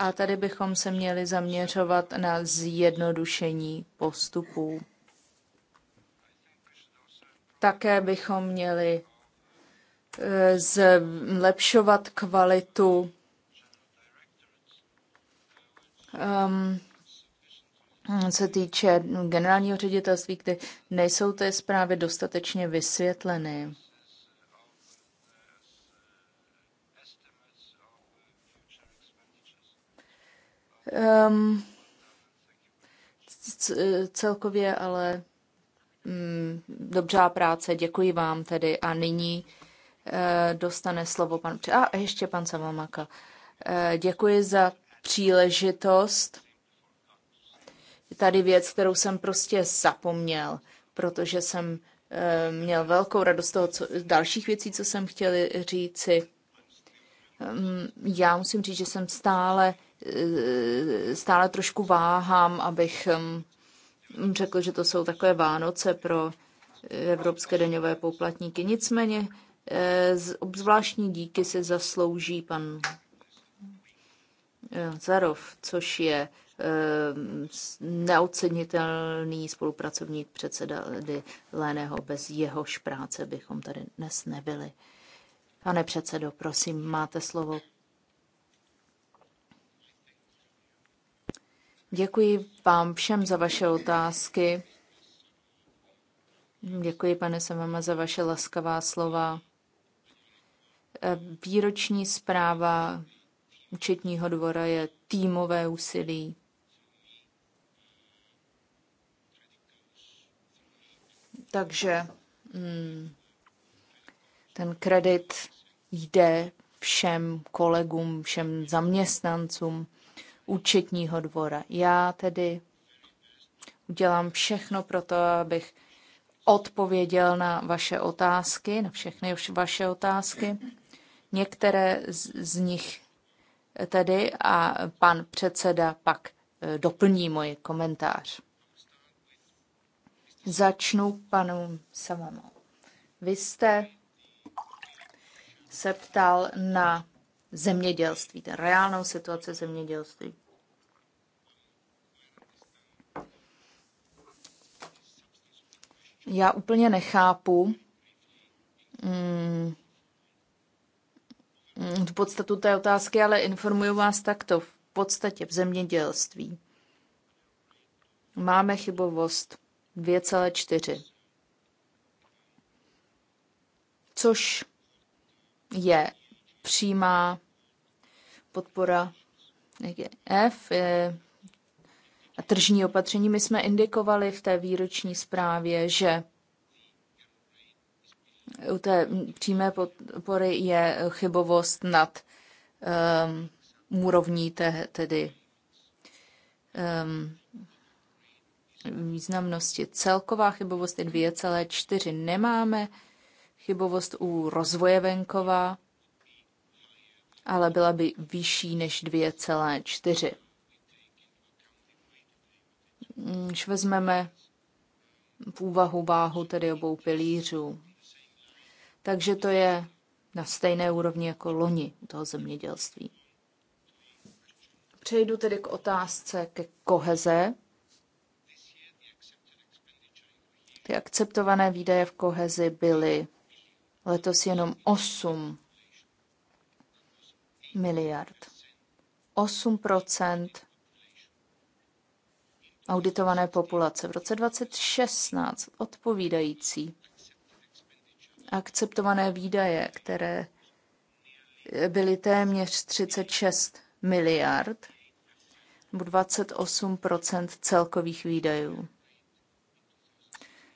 A tady bychom se měli zaměřovat na zjednodušení postupů. Také bychom měli e, zlepšovat kvalitu um, se týče generálního ředitelství, kde nejsou ty zprávy dostatečně vysvětleny. Um, celkově ale um, mm, dobrá práce, děkuji vám tedy. A nyní uh, dostane slovo pan... A ještě pan Samamaka. Uh, eh, děkuji za příležitost. Je tady věc, kterou jsem prostě zapomněl, protože jsem eh, měl velkou radost toho, co, dalších věcí, co jsem chtěl říci. Ehm, já musím říct, že jsem stále Eh, stále trošku váhám, abych mm, řekl, že to jsou takové Vánoce pro eh, evropské daňové poplatníky. Nicméně eh, obzvláštní díky se zaslouží pan Zarov, což je neocenitelný spolupracovník předseda Léného. Bez jehož práce bychom tady dnes nebyli. Pane předsedo, prosím, máte slovo. Děkuji vám všem za vaše otázky. Děkuji, pane Samama, za vaše laskavá slova. Eh, výroční zpráva účetního dvora je týmové úsilí. Takže mm, ten kredit jde všem kolegům, všem zaměstnancům, účetního dvora. Já tedy udělám všechno pro to, abych odpověděl na vaše otázky, na všechny vaše otázky. Některé z, z nich tedy a pan předseda pak eh, doplní můj komentář. Začnu panu Savanou. Vy jste se ptal na zemědělství, ta reálnou situaci zemědělství. Já úplně nechápu mm, v mm, podstatu té otázky, ale informuju vás takto. V podstatě v zemědělství máme chybovost 2,4, což je přímá podpora EGF a tržní opatření. My jsme indikovali v té výroční zprávě, že u té přímé podpory je chybovost nad um, úrovní té tedy um, významnosti. Celková chybovost je 2,4. Nemáme chybovost u rozvoje venkova, ale byla by vyšší než 2,4. Když vezmeme v úvahu váhu tedy obou pilířů, takže to je na stejné úrovni jako loni toho zemědělství. Přejdu tedy k otázce ke koheze. Ty akceptované výdaje v kohezi byly letos jenom 8 miliard. 8 auditované populace. V roce 2016 odpovídající akceptované výdaje, které byly téměř 36 miliard, nebo 28 celkových výdajů.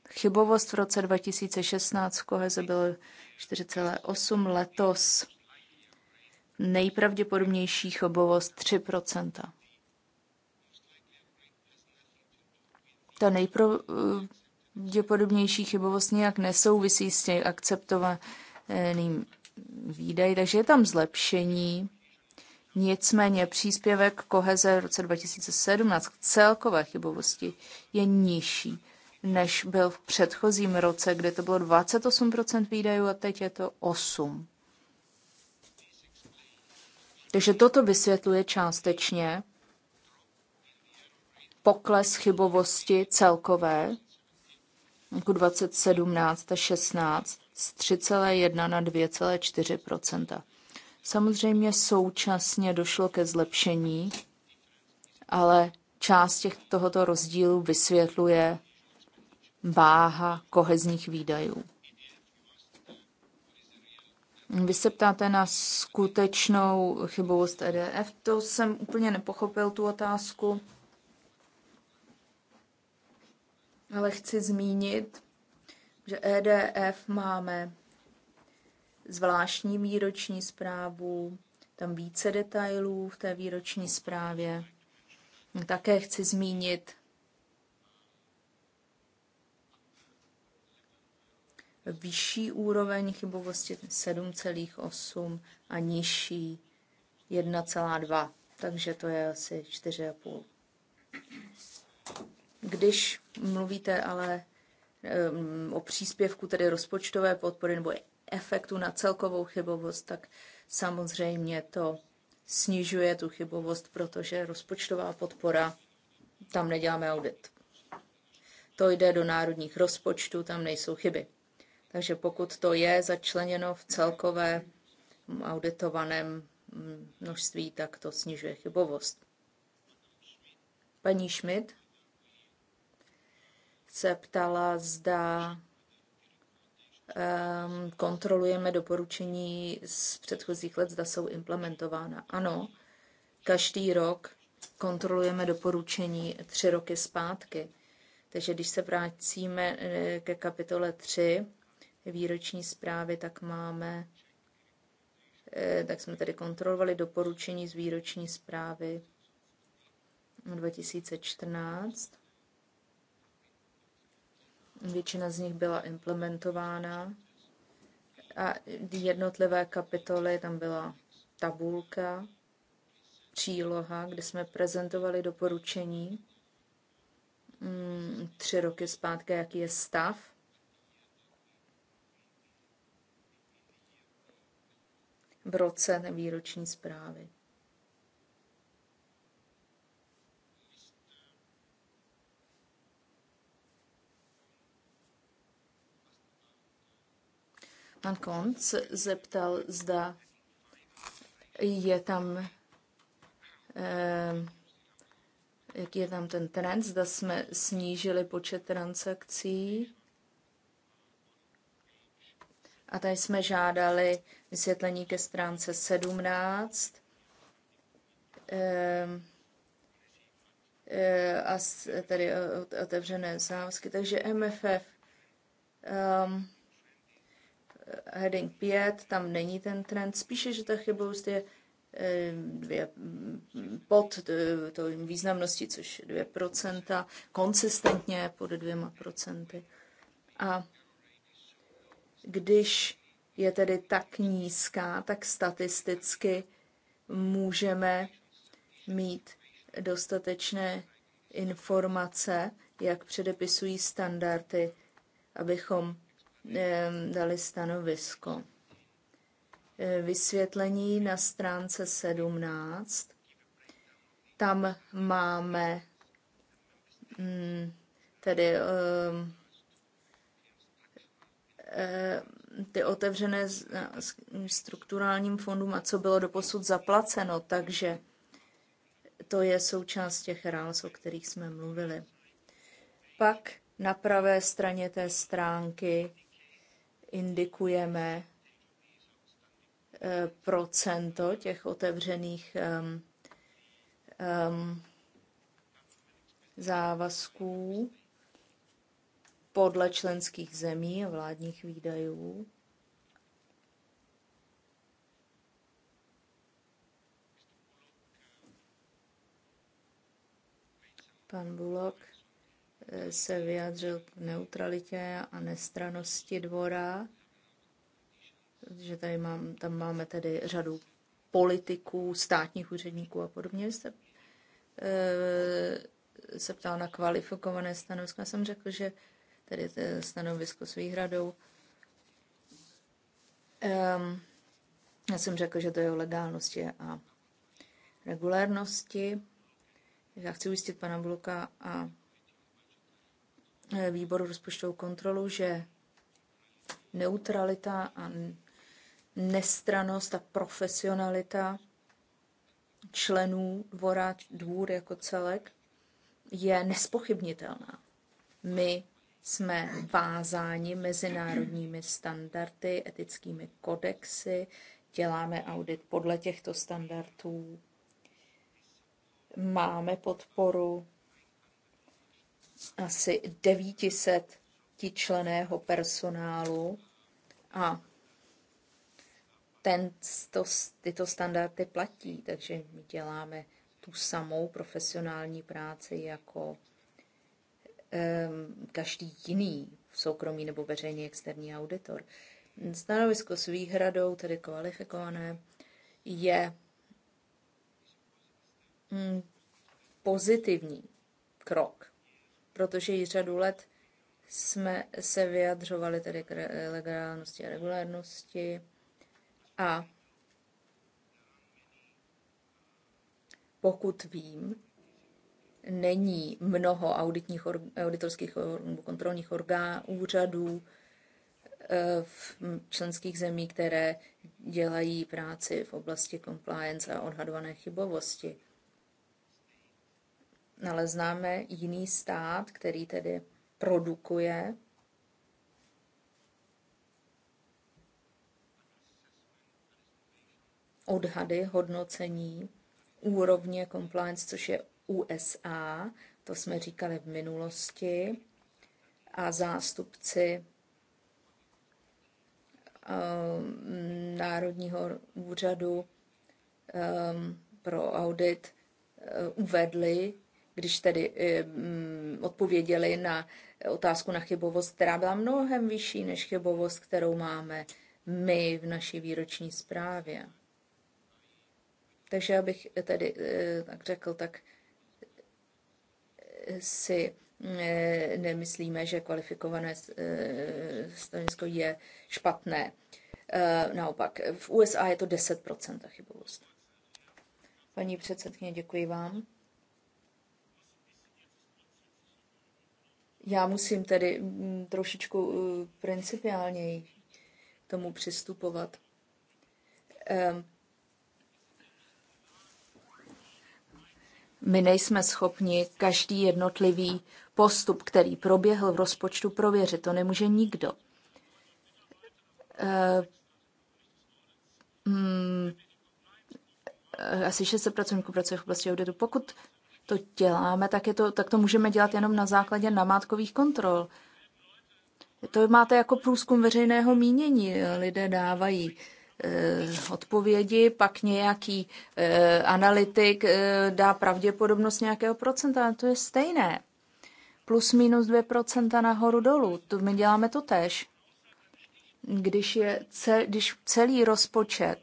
Chybovost v roce 2016 v koheze bylo 4,8 letos nejpravděpodobnější chybovost 3 Ta nejpravděpodobnější chybovost nějak nesouvisí s těm akceptovaným výdaj, takže je tam zlepšení. Nicméně příspěvek koheze v roce 2017 k celkové chybovosti je nižší, než byl v předchozím roce, kde to bylo 28% výdajů a teď je to 8%. Takže toto vysvětluje částečně pokles chybovosti celkové roku 2017 a 16 z 3,1 na 2,4 Samozřejmě současně došlo ke zlepšení, ale část těch tohoto rozdílu vysvětluje váha kohezních výdajů. Vy se ptáte na skutečnou chybovost EDF. To jsem úplně nepochopil, tu otázku. Ale chci zmínit, že EDF máme zvláštní výroční zprávu, tam více detailů v té výroční zprávě. Také chci zmínit vyšší úroveň chybovosti 7,8 a nižší 1,2. Takže to je asi 4,5. Když mluvíte ale um, o příspěvku tedy rozpočtové podpory nebo efektu na celkovou chybovost, tak samozřejmě to snižuje tu chybovost, protože rozpočtová podpora, tam neděláme audit. To jde do národních rozpočtů, tam nejsou chyby. Takže pokud to je začleněno v celkové mm, auditovaném mm, množství, tak to snižuje chybovost. Paní Schmidt se ptala, zda um, kontrolujeme doporučení z předchozích let, zda jsou implementována. Ano, každý rok kontrolujeme doporučení tři roky zpátky. Takže když se vrátíme eh, ke kapitole 3, výroční zprávy, tak máme, eh, tak jsme tady kontrolovali doporučení z výroční zprávy 2014. Většina z nich byla implementována a jednotlivé kapitoly, tam byla tabulka, příloha, kde jsme prezentovali doporučení mm, tři roky zpátky, jaký je stav v roce výroční zprávy. Pan Konc zeptal, zda je tam ehm, jaký je tam ten trend, zda jsme snížili počet transakcí a tady jsme žádali vysvětlení ke stránce 17 ehm, ehm, a tady otevřené závazky. Takže MFF um, ehm, heading 5, tam není ten trend, spíše, že ta chybovost je dvě, pod to významností, což 2%, konsistentně pod dvěma procenty. A když je tedy tak nízká, tak statisticky můžeme mít dostatečné informace, jak předepisují standardy, abychom dali stanovisko. Vysvětlení na stránce 17. Tam máme mm, tedy um, Eh, ty otevřené strukturálním fondům a co bylo doposud zaplaceno, takže to je součást těch ráz, o kterých jsme mluvili. Pak na pravé straně té stránky indikujeme eh, procento těch otevřených um, um, závazků podle členských zemí a vládních výdajů. Pan Bulok eh, se vyjádřil k neutralitě a nestranosti dvora, že tady mám, tam máme tedy řadu politiků, státních úředníků a podobně. Jste eh, se ptal na kvalifikované stanovisko. Já jsem řekl, že tedy stanovisko s výhradou. Um, já jsem řekl, že to je o legálnosti a regulérnosti. Já chci ujistit pana Bluka a e, výboru rozpočtovou kontrolu, že neutralita a nestranost a profesionalita členů dvora, dvůr jako celek je nespochybnitelná. My jsme vázáni mezinárodními standardy, etickými kodexy, děláme audit podle těchto standardů, máme podporu asi 900 členého personálu a tento, tyto standardy platí, takže my děláme tu samou profesionální práci jako Ehm, každý jiný soukromý nebo veřejný externí auditor. Stanovisko s výhradou, tedy kvalifikované, je hm, pozitivní krok, protože již řadu let jsme se vyjadřovali tedy k legálnosti a regulárnosti a pokud vím, není mnoho auditních, auditorských nebo kontrolních orgánů úřadů eh, v členských zemí, které dělají práci v oblasti compliance a odhadované chybovosti. Ale známe jiný stát, který tedy produkuje odhady, hodnocení úrovně compliance, což je USA, to jsme říkali v minulosti, a zástupci ehm, Národního úřadu ehm, pro audit eh, uvedli, když tedy ehm, odpověděli na otázku na chybovost, která byla mnohem vyšší než chybovost, kterou máme my v naší výroční zprávě. Takže abych tedy eh, tak řekl, tak si eh, nemyslíme, že kvalifikované eh, stanovisko je špatné. Eh, naopak, v USA je to 10% chybovost. Paní předsedkyně, děkuji vám. Já musím tedy mm, trošičku principiálněji k tomu přistupovat. Ehm, My nejsme schopni každý jednotlivý postup, který proběhl v rozpočtu, prověřit. To nemůže nikdo. Eh, mm, eh, asi 600 pracovníků pracuje v oblasti auditu. Pokud to děláme, tak, je to, tak to můžeme dělat jenom na základě namátkových kontrol. To máte jako průzkum veřejného mínění. Lidé dávají Eh, odpovědi, pak nějaký eh, analytik eh, dá pravděpodobnost nějakého procenta, ale to je stejné. Plus minus 2% nahoru dolů. To my děláme to tež. Když, je cel, když celý rozpočet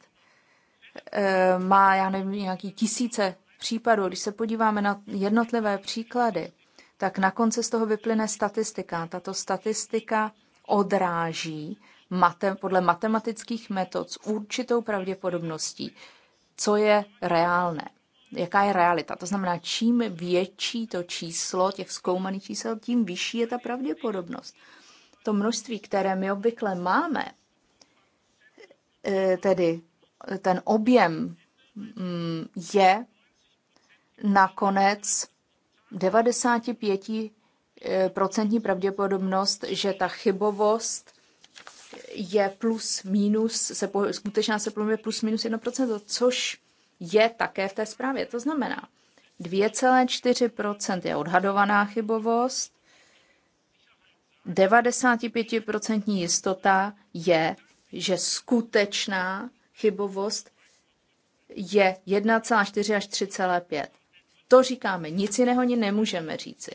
má, já nevím, nějaký tisíce případů, když se podíváme na jednotlivé příklady, tak na konci z toho vyplyne statistika. Tato statistika odráží mate, podle matematických metod s určitou pravděpodobností, co je reálné, jaká je realita. To znamená, čím větší to číslo těch zkoumaných čísel, tím vyšší je ta pravděpodobnost. To množství, které my obvykle máme, e, tedy ten objem mm, je nakonec 95% pravděpodobnost, že ta chybovost je plus minus, se po, skutečná se pohybuje plus minus 1%, což je také v té zprávě. To znamená, 2,4% je odhadovaná chybovost, 95% jistota je, že skutečná chybovost je 1,4 až 3,5. To říkáme, nic jiného ni nemůžeme říci.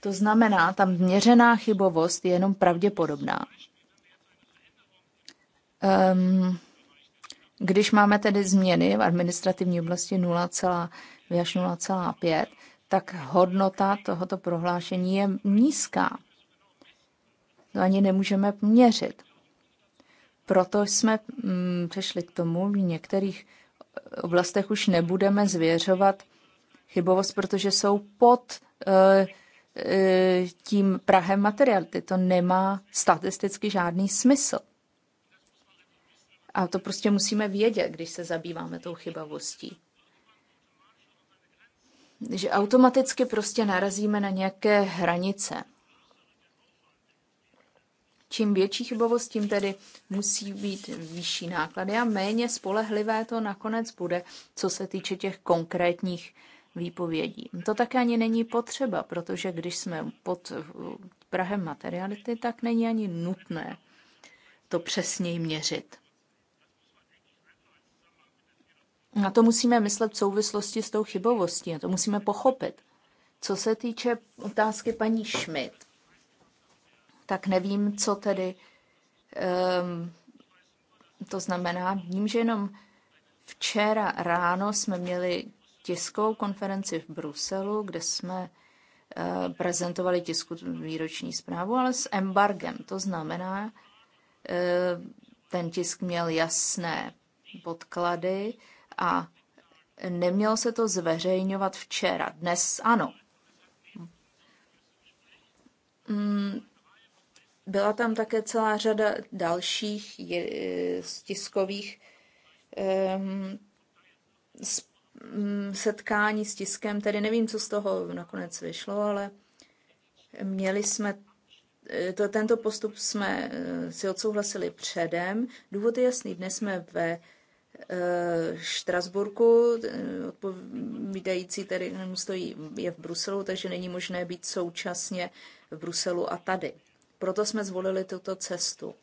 To znamená, tam měřená chybovost je jenom pravděpodobná. Um, když máme tedy změny v administrativní oblasti 0, 0,5, tak hodnota tohoto prohlášení je nízká. To ani nemůžeme měřit. Proto jsme mm, přešli k tomu, v některých oblastech už nebudeme zvěřovat chybovost, protože jsou pod e, e, tím Prahem materiality. To nemá statisticky žádný smysl. A to prostě musíme vědět, když se zabýváme tou chybavostí. Že automaticky prostě narazíme na nějaké hranice. Čím větší chybovost, tím tedy musí být vyšší náklady a méně spolehlivé to nakonec bude, co se týče těch konkrétních výpovědí. To také ani není potřeba, protože když jsme pod Prahem materiality, tak není ani nutné to přesněji měřit. Na to musíme myslet v souvislosti s tou chybovostí, na to musíme pochopit. Co se týče otázky paní Schmidt, tak nevím, co tedy um, to znamená. Vím, že jenom včera ráno jsme měli tiskovou konferenci v Bruselu, kde jsme eh, prezentovali tisku výroční zprávu, ale s embargem. To znamená, eh, ten tisk měl jasné podklady, a nemělo se to zveřejňovat včera. Dnes ano. Mm, byla tam také celá řada dalších stiskových mm, setkání s tiskem, tedy nevím, co z toho nakonec vyšlo, ale měli jsme e, to, tento postup jsme e, si odsouhlasili předem. Důvod je jasný, dnes jsme ve Eh, Štrasburku, eh, odpovídající tedy stojí, je v Bruselu, takže není možné být současně v Bruselu a tady. Proto jsme zvolili tuto cestu.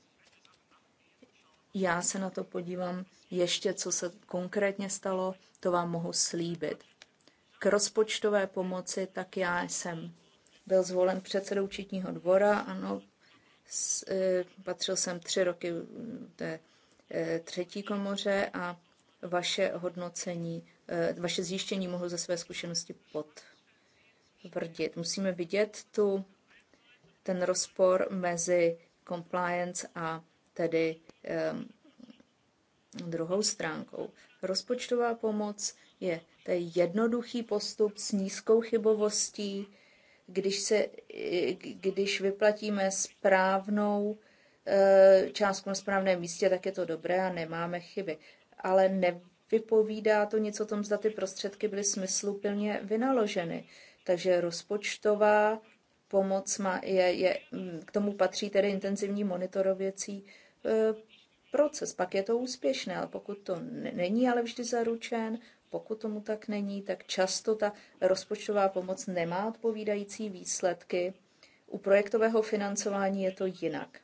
Já se na to podívám ještě, co se konkrétně stalo, to vám mohu slíbit. K rozpočtové pomoci, tak já jsem byl zvolen předsedou Četního dvora, ano, eh, patřil jsem tři roky té Eh, třetí komoře a vaše hodnocení, eh, vaše zjištění mohu ze své zkušenosti potvrdit. Musíme vidět tu, ten rozpor mezi compliance a tedy um, druhou stránkou. Rozpočtová pomoc je, to je jednoduchý postup s nízkou chybovostí, když, se, když vyplatíme správnou Eh, částku na správném místě, tak je to dobré a nemáme chyby. Ale nevypovídá to nic o tom, zda ty prostředky byly smysluplně vynaloženy. Takže rozpočtová pomoc má, je, je, k tomu patří tedy intenzivní monitorovací eh, proces. Pak je to úspěšné, ale pokud to není ale vždy zaručen, pokud tomu tak není, tak často ta rozpočtová pomoc nemá odpovídající výsledky. U projektového financování je to jinak.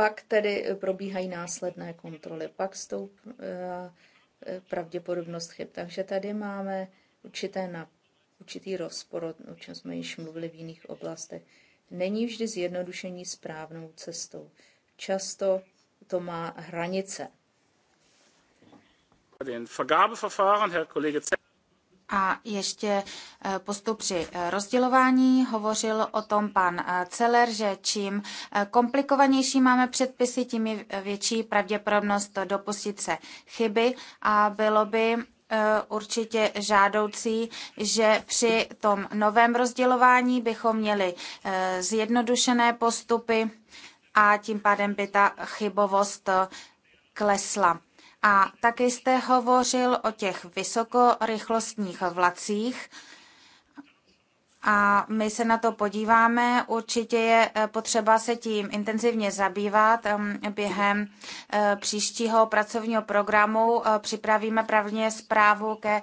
Pak tedy eh, probíhají následné kontroly, pak stoup eh, eh, pravděpodobnost chyb. Takže tady máme určité na, určitý rozpor, o čem jsme již mluvili v jiných oblastech. Není vždy zjednodušení správnou cestou. Často to má hranice. Den Vergabeverfahren, Herr Kollege a ještě eh, postup při eh, rozdělování. Hovořil o tom pan eh, Celer, že čím komplikovanější máme předpisy, tím je větší pravděpodobnost dopustit se chyby a bylo by určitě žádoucí, že při tom novém rozdělování bychom měli zjednodušené postupy a tím pádem by ta chybovost klesla. A taky jste hovořil o těch vysokorychlostních vlacích. A my se na to podíváme. Určitě je eh, potřeba se tím intenzivně zabývat. Ehm, během eh, příštího pracovního programu eh, připravíme právě zprávu ke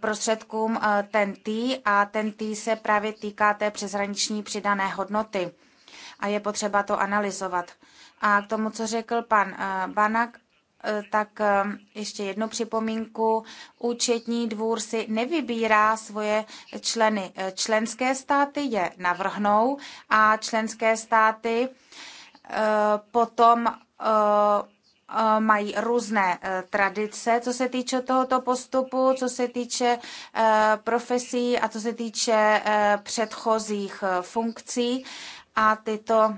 prostředkům TNT a TNT se právě týká té přeshraniční přidané hodnoty. A je potřeba to analyzovat. A k tomu, co řekl pan Banak, Eh, tak eh, ještě jednu připomínku. Účetní dvůr si nevybírá svoje členy. Eh, členské státy je navrhnou a členské státy potom mají různé tradice, co se týče tohoto postupu, co se týče profesí a co se týče předchozích funkcí. A tyto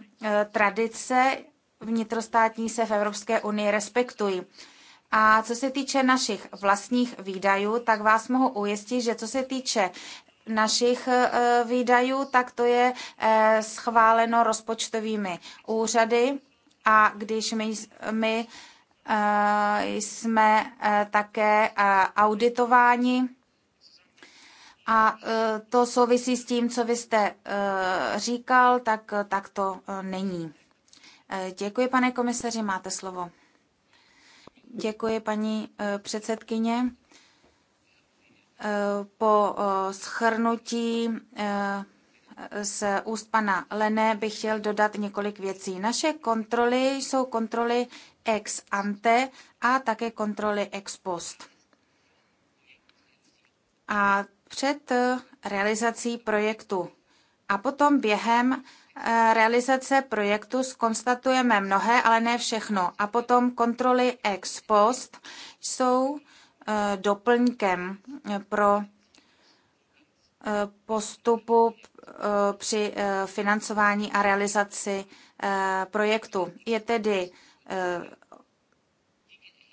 tradice vnitrostátní se v Evropské unii respektují. A co se týče našich vlastních výdajů, tak vás mohu ujistit, že co se týče našich e, výdajů, tak to je e, schváleno rozpočtovými úřady a když my, my e, jsme také auditováni, a to souvisí s tím, co vy jste říkal, tak, tak to není. Eh, děkuji, pane komisaři, máte slovo. Děkuji, paní eh, předsedkyně. Eh, po schrnutí z úst pana Lené bych chtěl dodat několik věcí. Naše kontroly jsou kontroly ex ante a také kontroly ex post. A před realizací projektu a potom během Eh, realizace projektu skonstatujeme mnohé, ale ne všechno. A potom kontroly ex post jsou eh, doplňkem eh, pro postupu při financování a realizaci projektu. Je tedy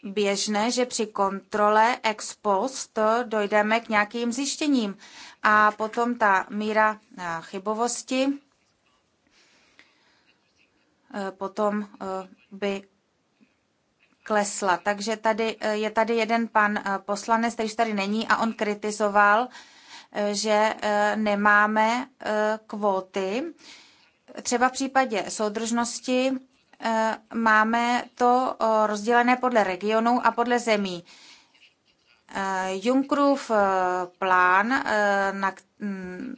běžné, že při kontrole ex post dojdeme k nějakým zjištěním a potom ta míra chybovosti Eh, potom eh, by klesla. Takže tady eh, je tady jeden pan poslanec, který tady není a on kritizoval, že nemáme kvóty. Třeba v případě soudržnosti máme to rozdělené podle regionů a podle zemí. Junkrův plán, na mm,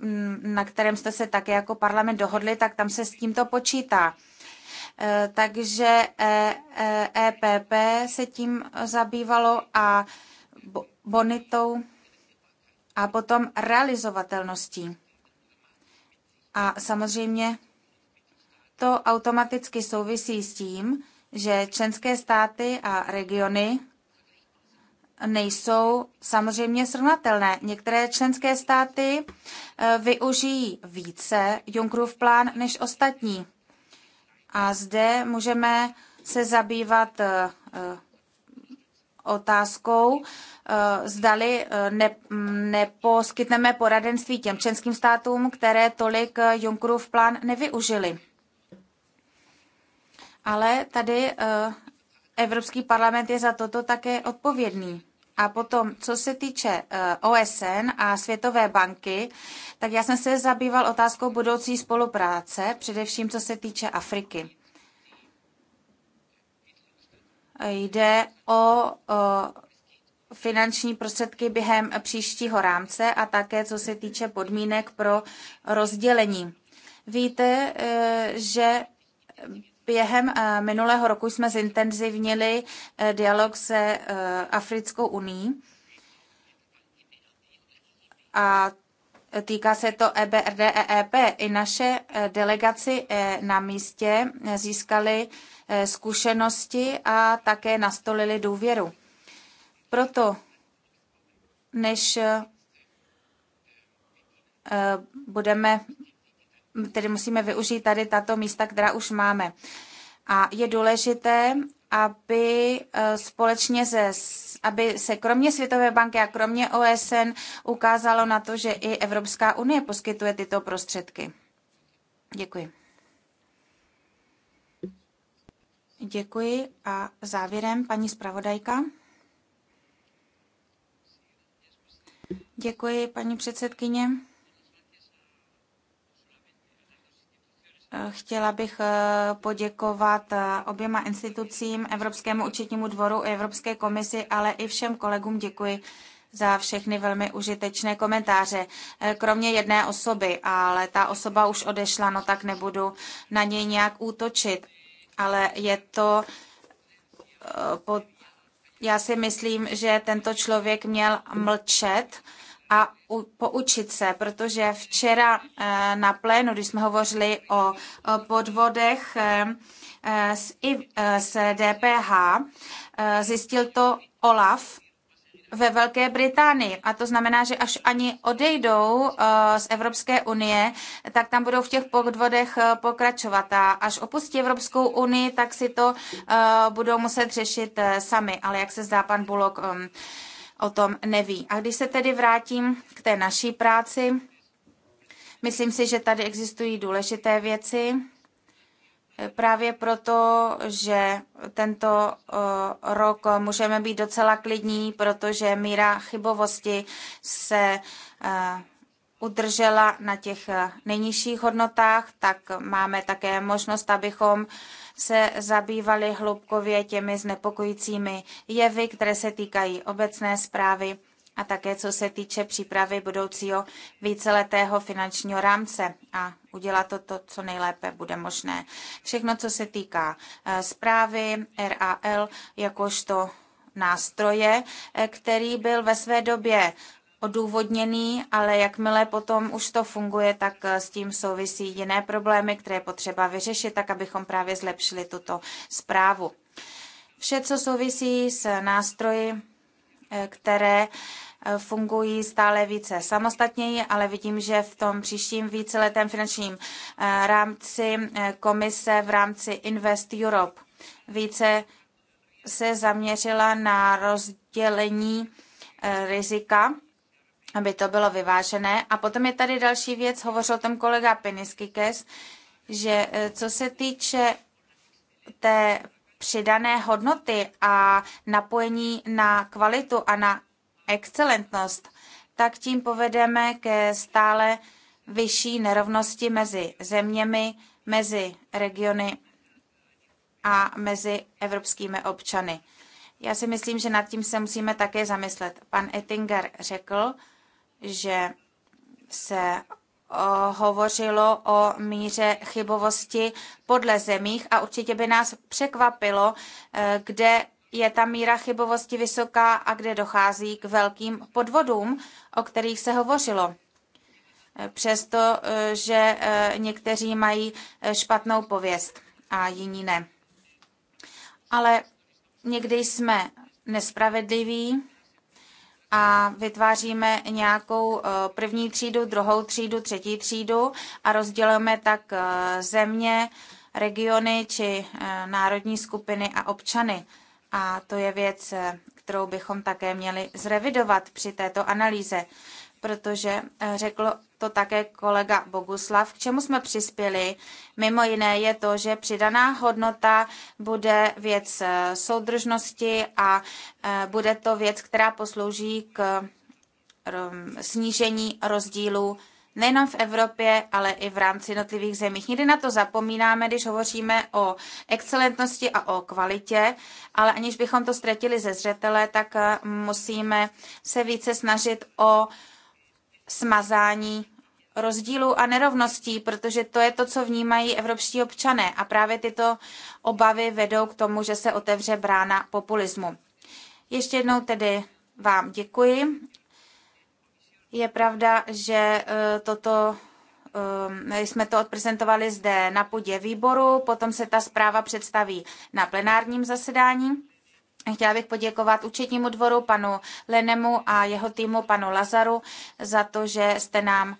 Mm, na kterém jste se také jako parlament dohodli, tak tam se s tímto počítá. Eh, takže EPP eh, eh, e se tím zabývalo a bonitou a potom realizovatelností. A samozřejmě to automaticky souvisí s tím, že členské státy a regiony nejsou samozřejmě srovnatelné. Některé členské státy e, využijí více Junckerův plán než ostatní. A zde můžeme se zabývat e, otázkou, e, zdali neposkytneme poradenství těm členským státům, které tolik Junckerův plán nevyužili. Ale tady Evropský parlament je za toto také odpovědný. A potom, co se týče eh, OSN a Světové banky, tak já jsem se zabýval otázkou budoucí spolupráce, především co se týče Afriky. Jde o finanční prostředky během příštího rámce a také co se týče podmínek pro rozdělení. Víte, eh, že Během eh, minulého roku jsme zintenzivnili eh, dialog se eh, Africkou unii a týká se to EBRD, EEP. I naše delegaci na místě získali zkušenosti a také nastolili důvěru. Proto, než budeme tedy musíme využít tady tato místa, která už máme. A je důležité, aby e, společně se, aby se kromě Světové banky a kromě OSN ukázalo na to, že i Evropská unie poskytuje tyto prostředky. Děkuji. Děkuji a závěrem paní zpravodajka. Děkuji, paní předsedkyně. Chtěla bych eh, poděkovat eh, oběma institucím, Evropskému účetnímu dvoru i Evropské komisi, ale i všem kolegům děkuji za všechny velmi užitečné komentáře, eh, kromě jedné osoby, ale ta osoba už odešla, no tak nebudu na něj nějak útočit, ale je to já si myslím, že tento člověk měl mlčet a poučit se, protože včera eh, na plénu, když jsme hovořili o podvodech eh, eh, s DPH, zjistil to Olaf ve Velké Británii. A to znamená, že až ani odejdou z Evropské unie, tak tam budou v těch podvodech pokračovat. A až opustí Evropskou unii, tak si to budou muset řešit sami. Ale jak se zdá pan Bulok, ehm, o tom neví. A když se tedy vrátím k té naší práci, myslím si, že tady existují důležité věci. Právě proto, že tento rok můžeme být docela klidní, protože míra chybovosti se e, udržela na těch e, nejnižších hodnotách, tak máme také možnost, abychom se zabývali hloubkově těmi znepokojícími jevy, které se týkají obecné zprávy a také co se týče přípravy budoucího víceletého finančního rámce a udělat to, to co nejlépe bude možné. Všechno, co se týká eh, zprávy RAL, jakožto nástroje, eh, který byl ve své době odůvodněný, ale jakmile potom už to funguje, tak eh, s tím souvisí jiné problémy, které je potřeba vyřešit, tak abychom právě zlepšili tuto zprávu. Vše, co souvisí s nástroji, eh, které eh, fungují stále více samostatněji, ale vidím, že v tom příštím víceletém finančním rámci komise v rámci Invest Europe více se zaměřila na rozdělení rizika aby to bylo vyvážené. A potom je tady další věc, hovořil o tom kolega Piniskikes, že e, co se týče té přidané hodnoty a napojení na kvalitu a na excelentnost, tak tím povedeme ke stále vyšší nerovnosti mezi zeměmi, mezi regiony a mezi evropskými občany. Já si myslím, že nad tím se musíme také zamyslet. Pan Ettinger řekl, že se hovořilo o míře chybovosti podle zemích a určitě by nás překvapilo, e, kde je ta míra chybovosti vysoká a kde dochází k velkým podvodům, o kterých se hovořilo. E, přesto, e, že někteří mají špatnou pověst a jiní ne. Ale někdy jsme nespravedliví a vytváříme nějakou eh, první třídu, druhou třídu, třetí třídu a rozdělujeme tak eh, země, regiony či eh, národní skupiny a občany. A to je věc, kterou bychom také měli zrevidovat při této analýze, protože řeklo to také kolega Boguslav, k čemu jsme přispěli. Mimo jiné je to, že přidaná hodnota bude věc eh, soudržnosti a eh, bude to věc, která poslouží k snížení rozdílu nejenom v Evropě, ale i v rámci jednotlivých zemích. Nikdy na to zapomínáme, když hovoříme o excelentnosti a o kvalitě, ale aniž bychom to ztratili ze zřetele, tak eh, musíme se více snažit o smazání rozdílů a nerovností, protože to je to, co vnímají evropští občané a právě tyto obavy vedou k tomu, že se otevře brána populismu. Ještě jednou tedy vám děkuji. Je pravda, že e, toto e, jsme to odprezentovali zde na půdě výboru, potom se ta zpráva představí na plenárním zasedání. Chtěla bych poděkovat účetnímu dvoru panu Lenemu a jeho týmu panu Lazaru za to, že jste nám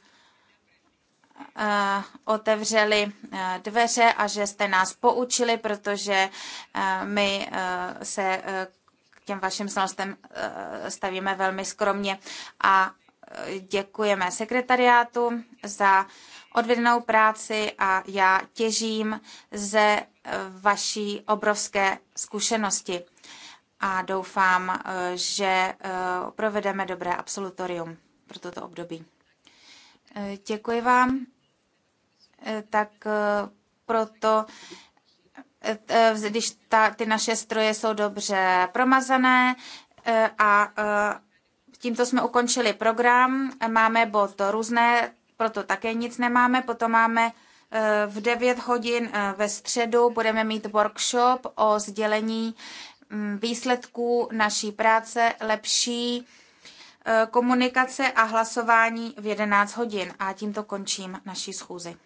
eh, otevřeli eh, dveře a že jste nás poučili, protože eh, my se k těm vašim znalostem stavíme velmi skromně a děkujeme sekretariátu za odvedenou práci a já těžím ze vaší obrovské zkušenosti a doufám, eh, že eh, provedeme dobré absolutorium pro toto období. Eh, děkuji vám. Tak proto, když ta, ty naše stroje jsou dobře promazané a tímto jsme ukončili program, máme bod různé, proto také nic nemáme, potom máme v 9 hodin ve středu budeme mít workshop o sdělení Mm, výsledků naší práce, lepší eh, komunikace a hlasování v 11 hodin. A tímto končím naší schůzi.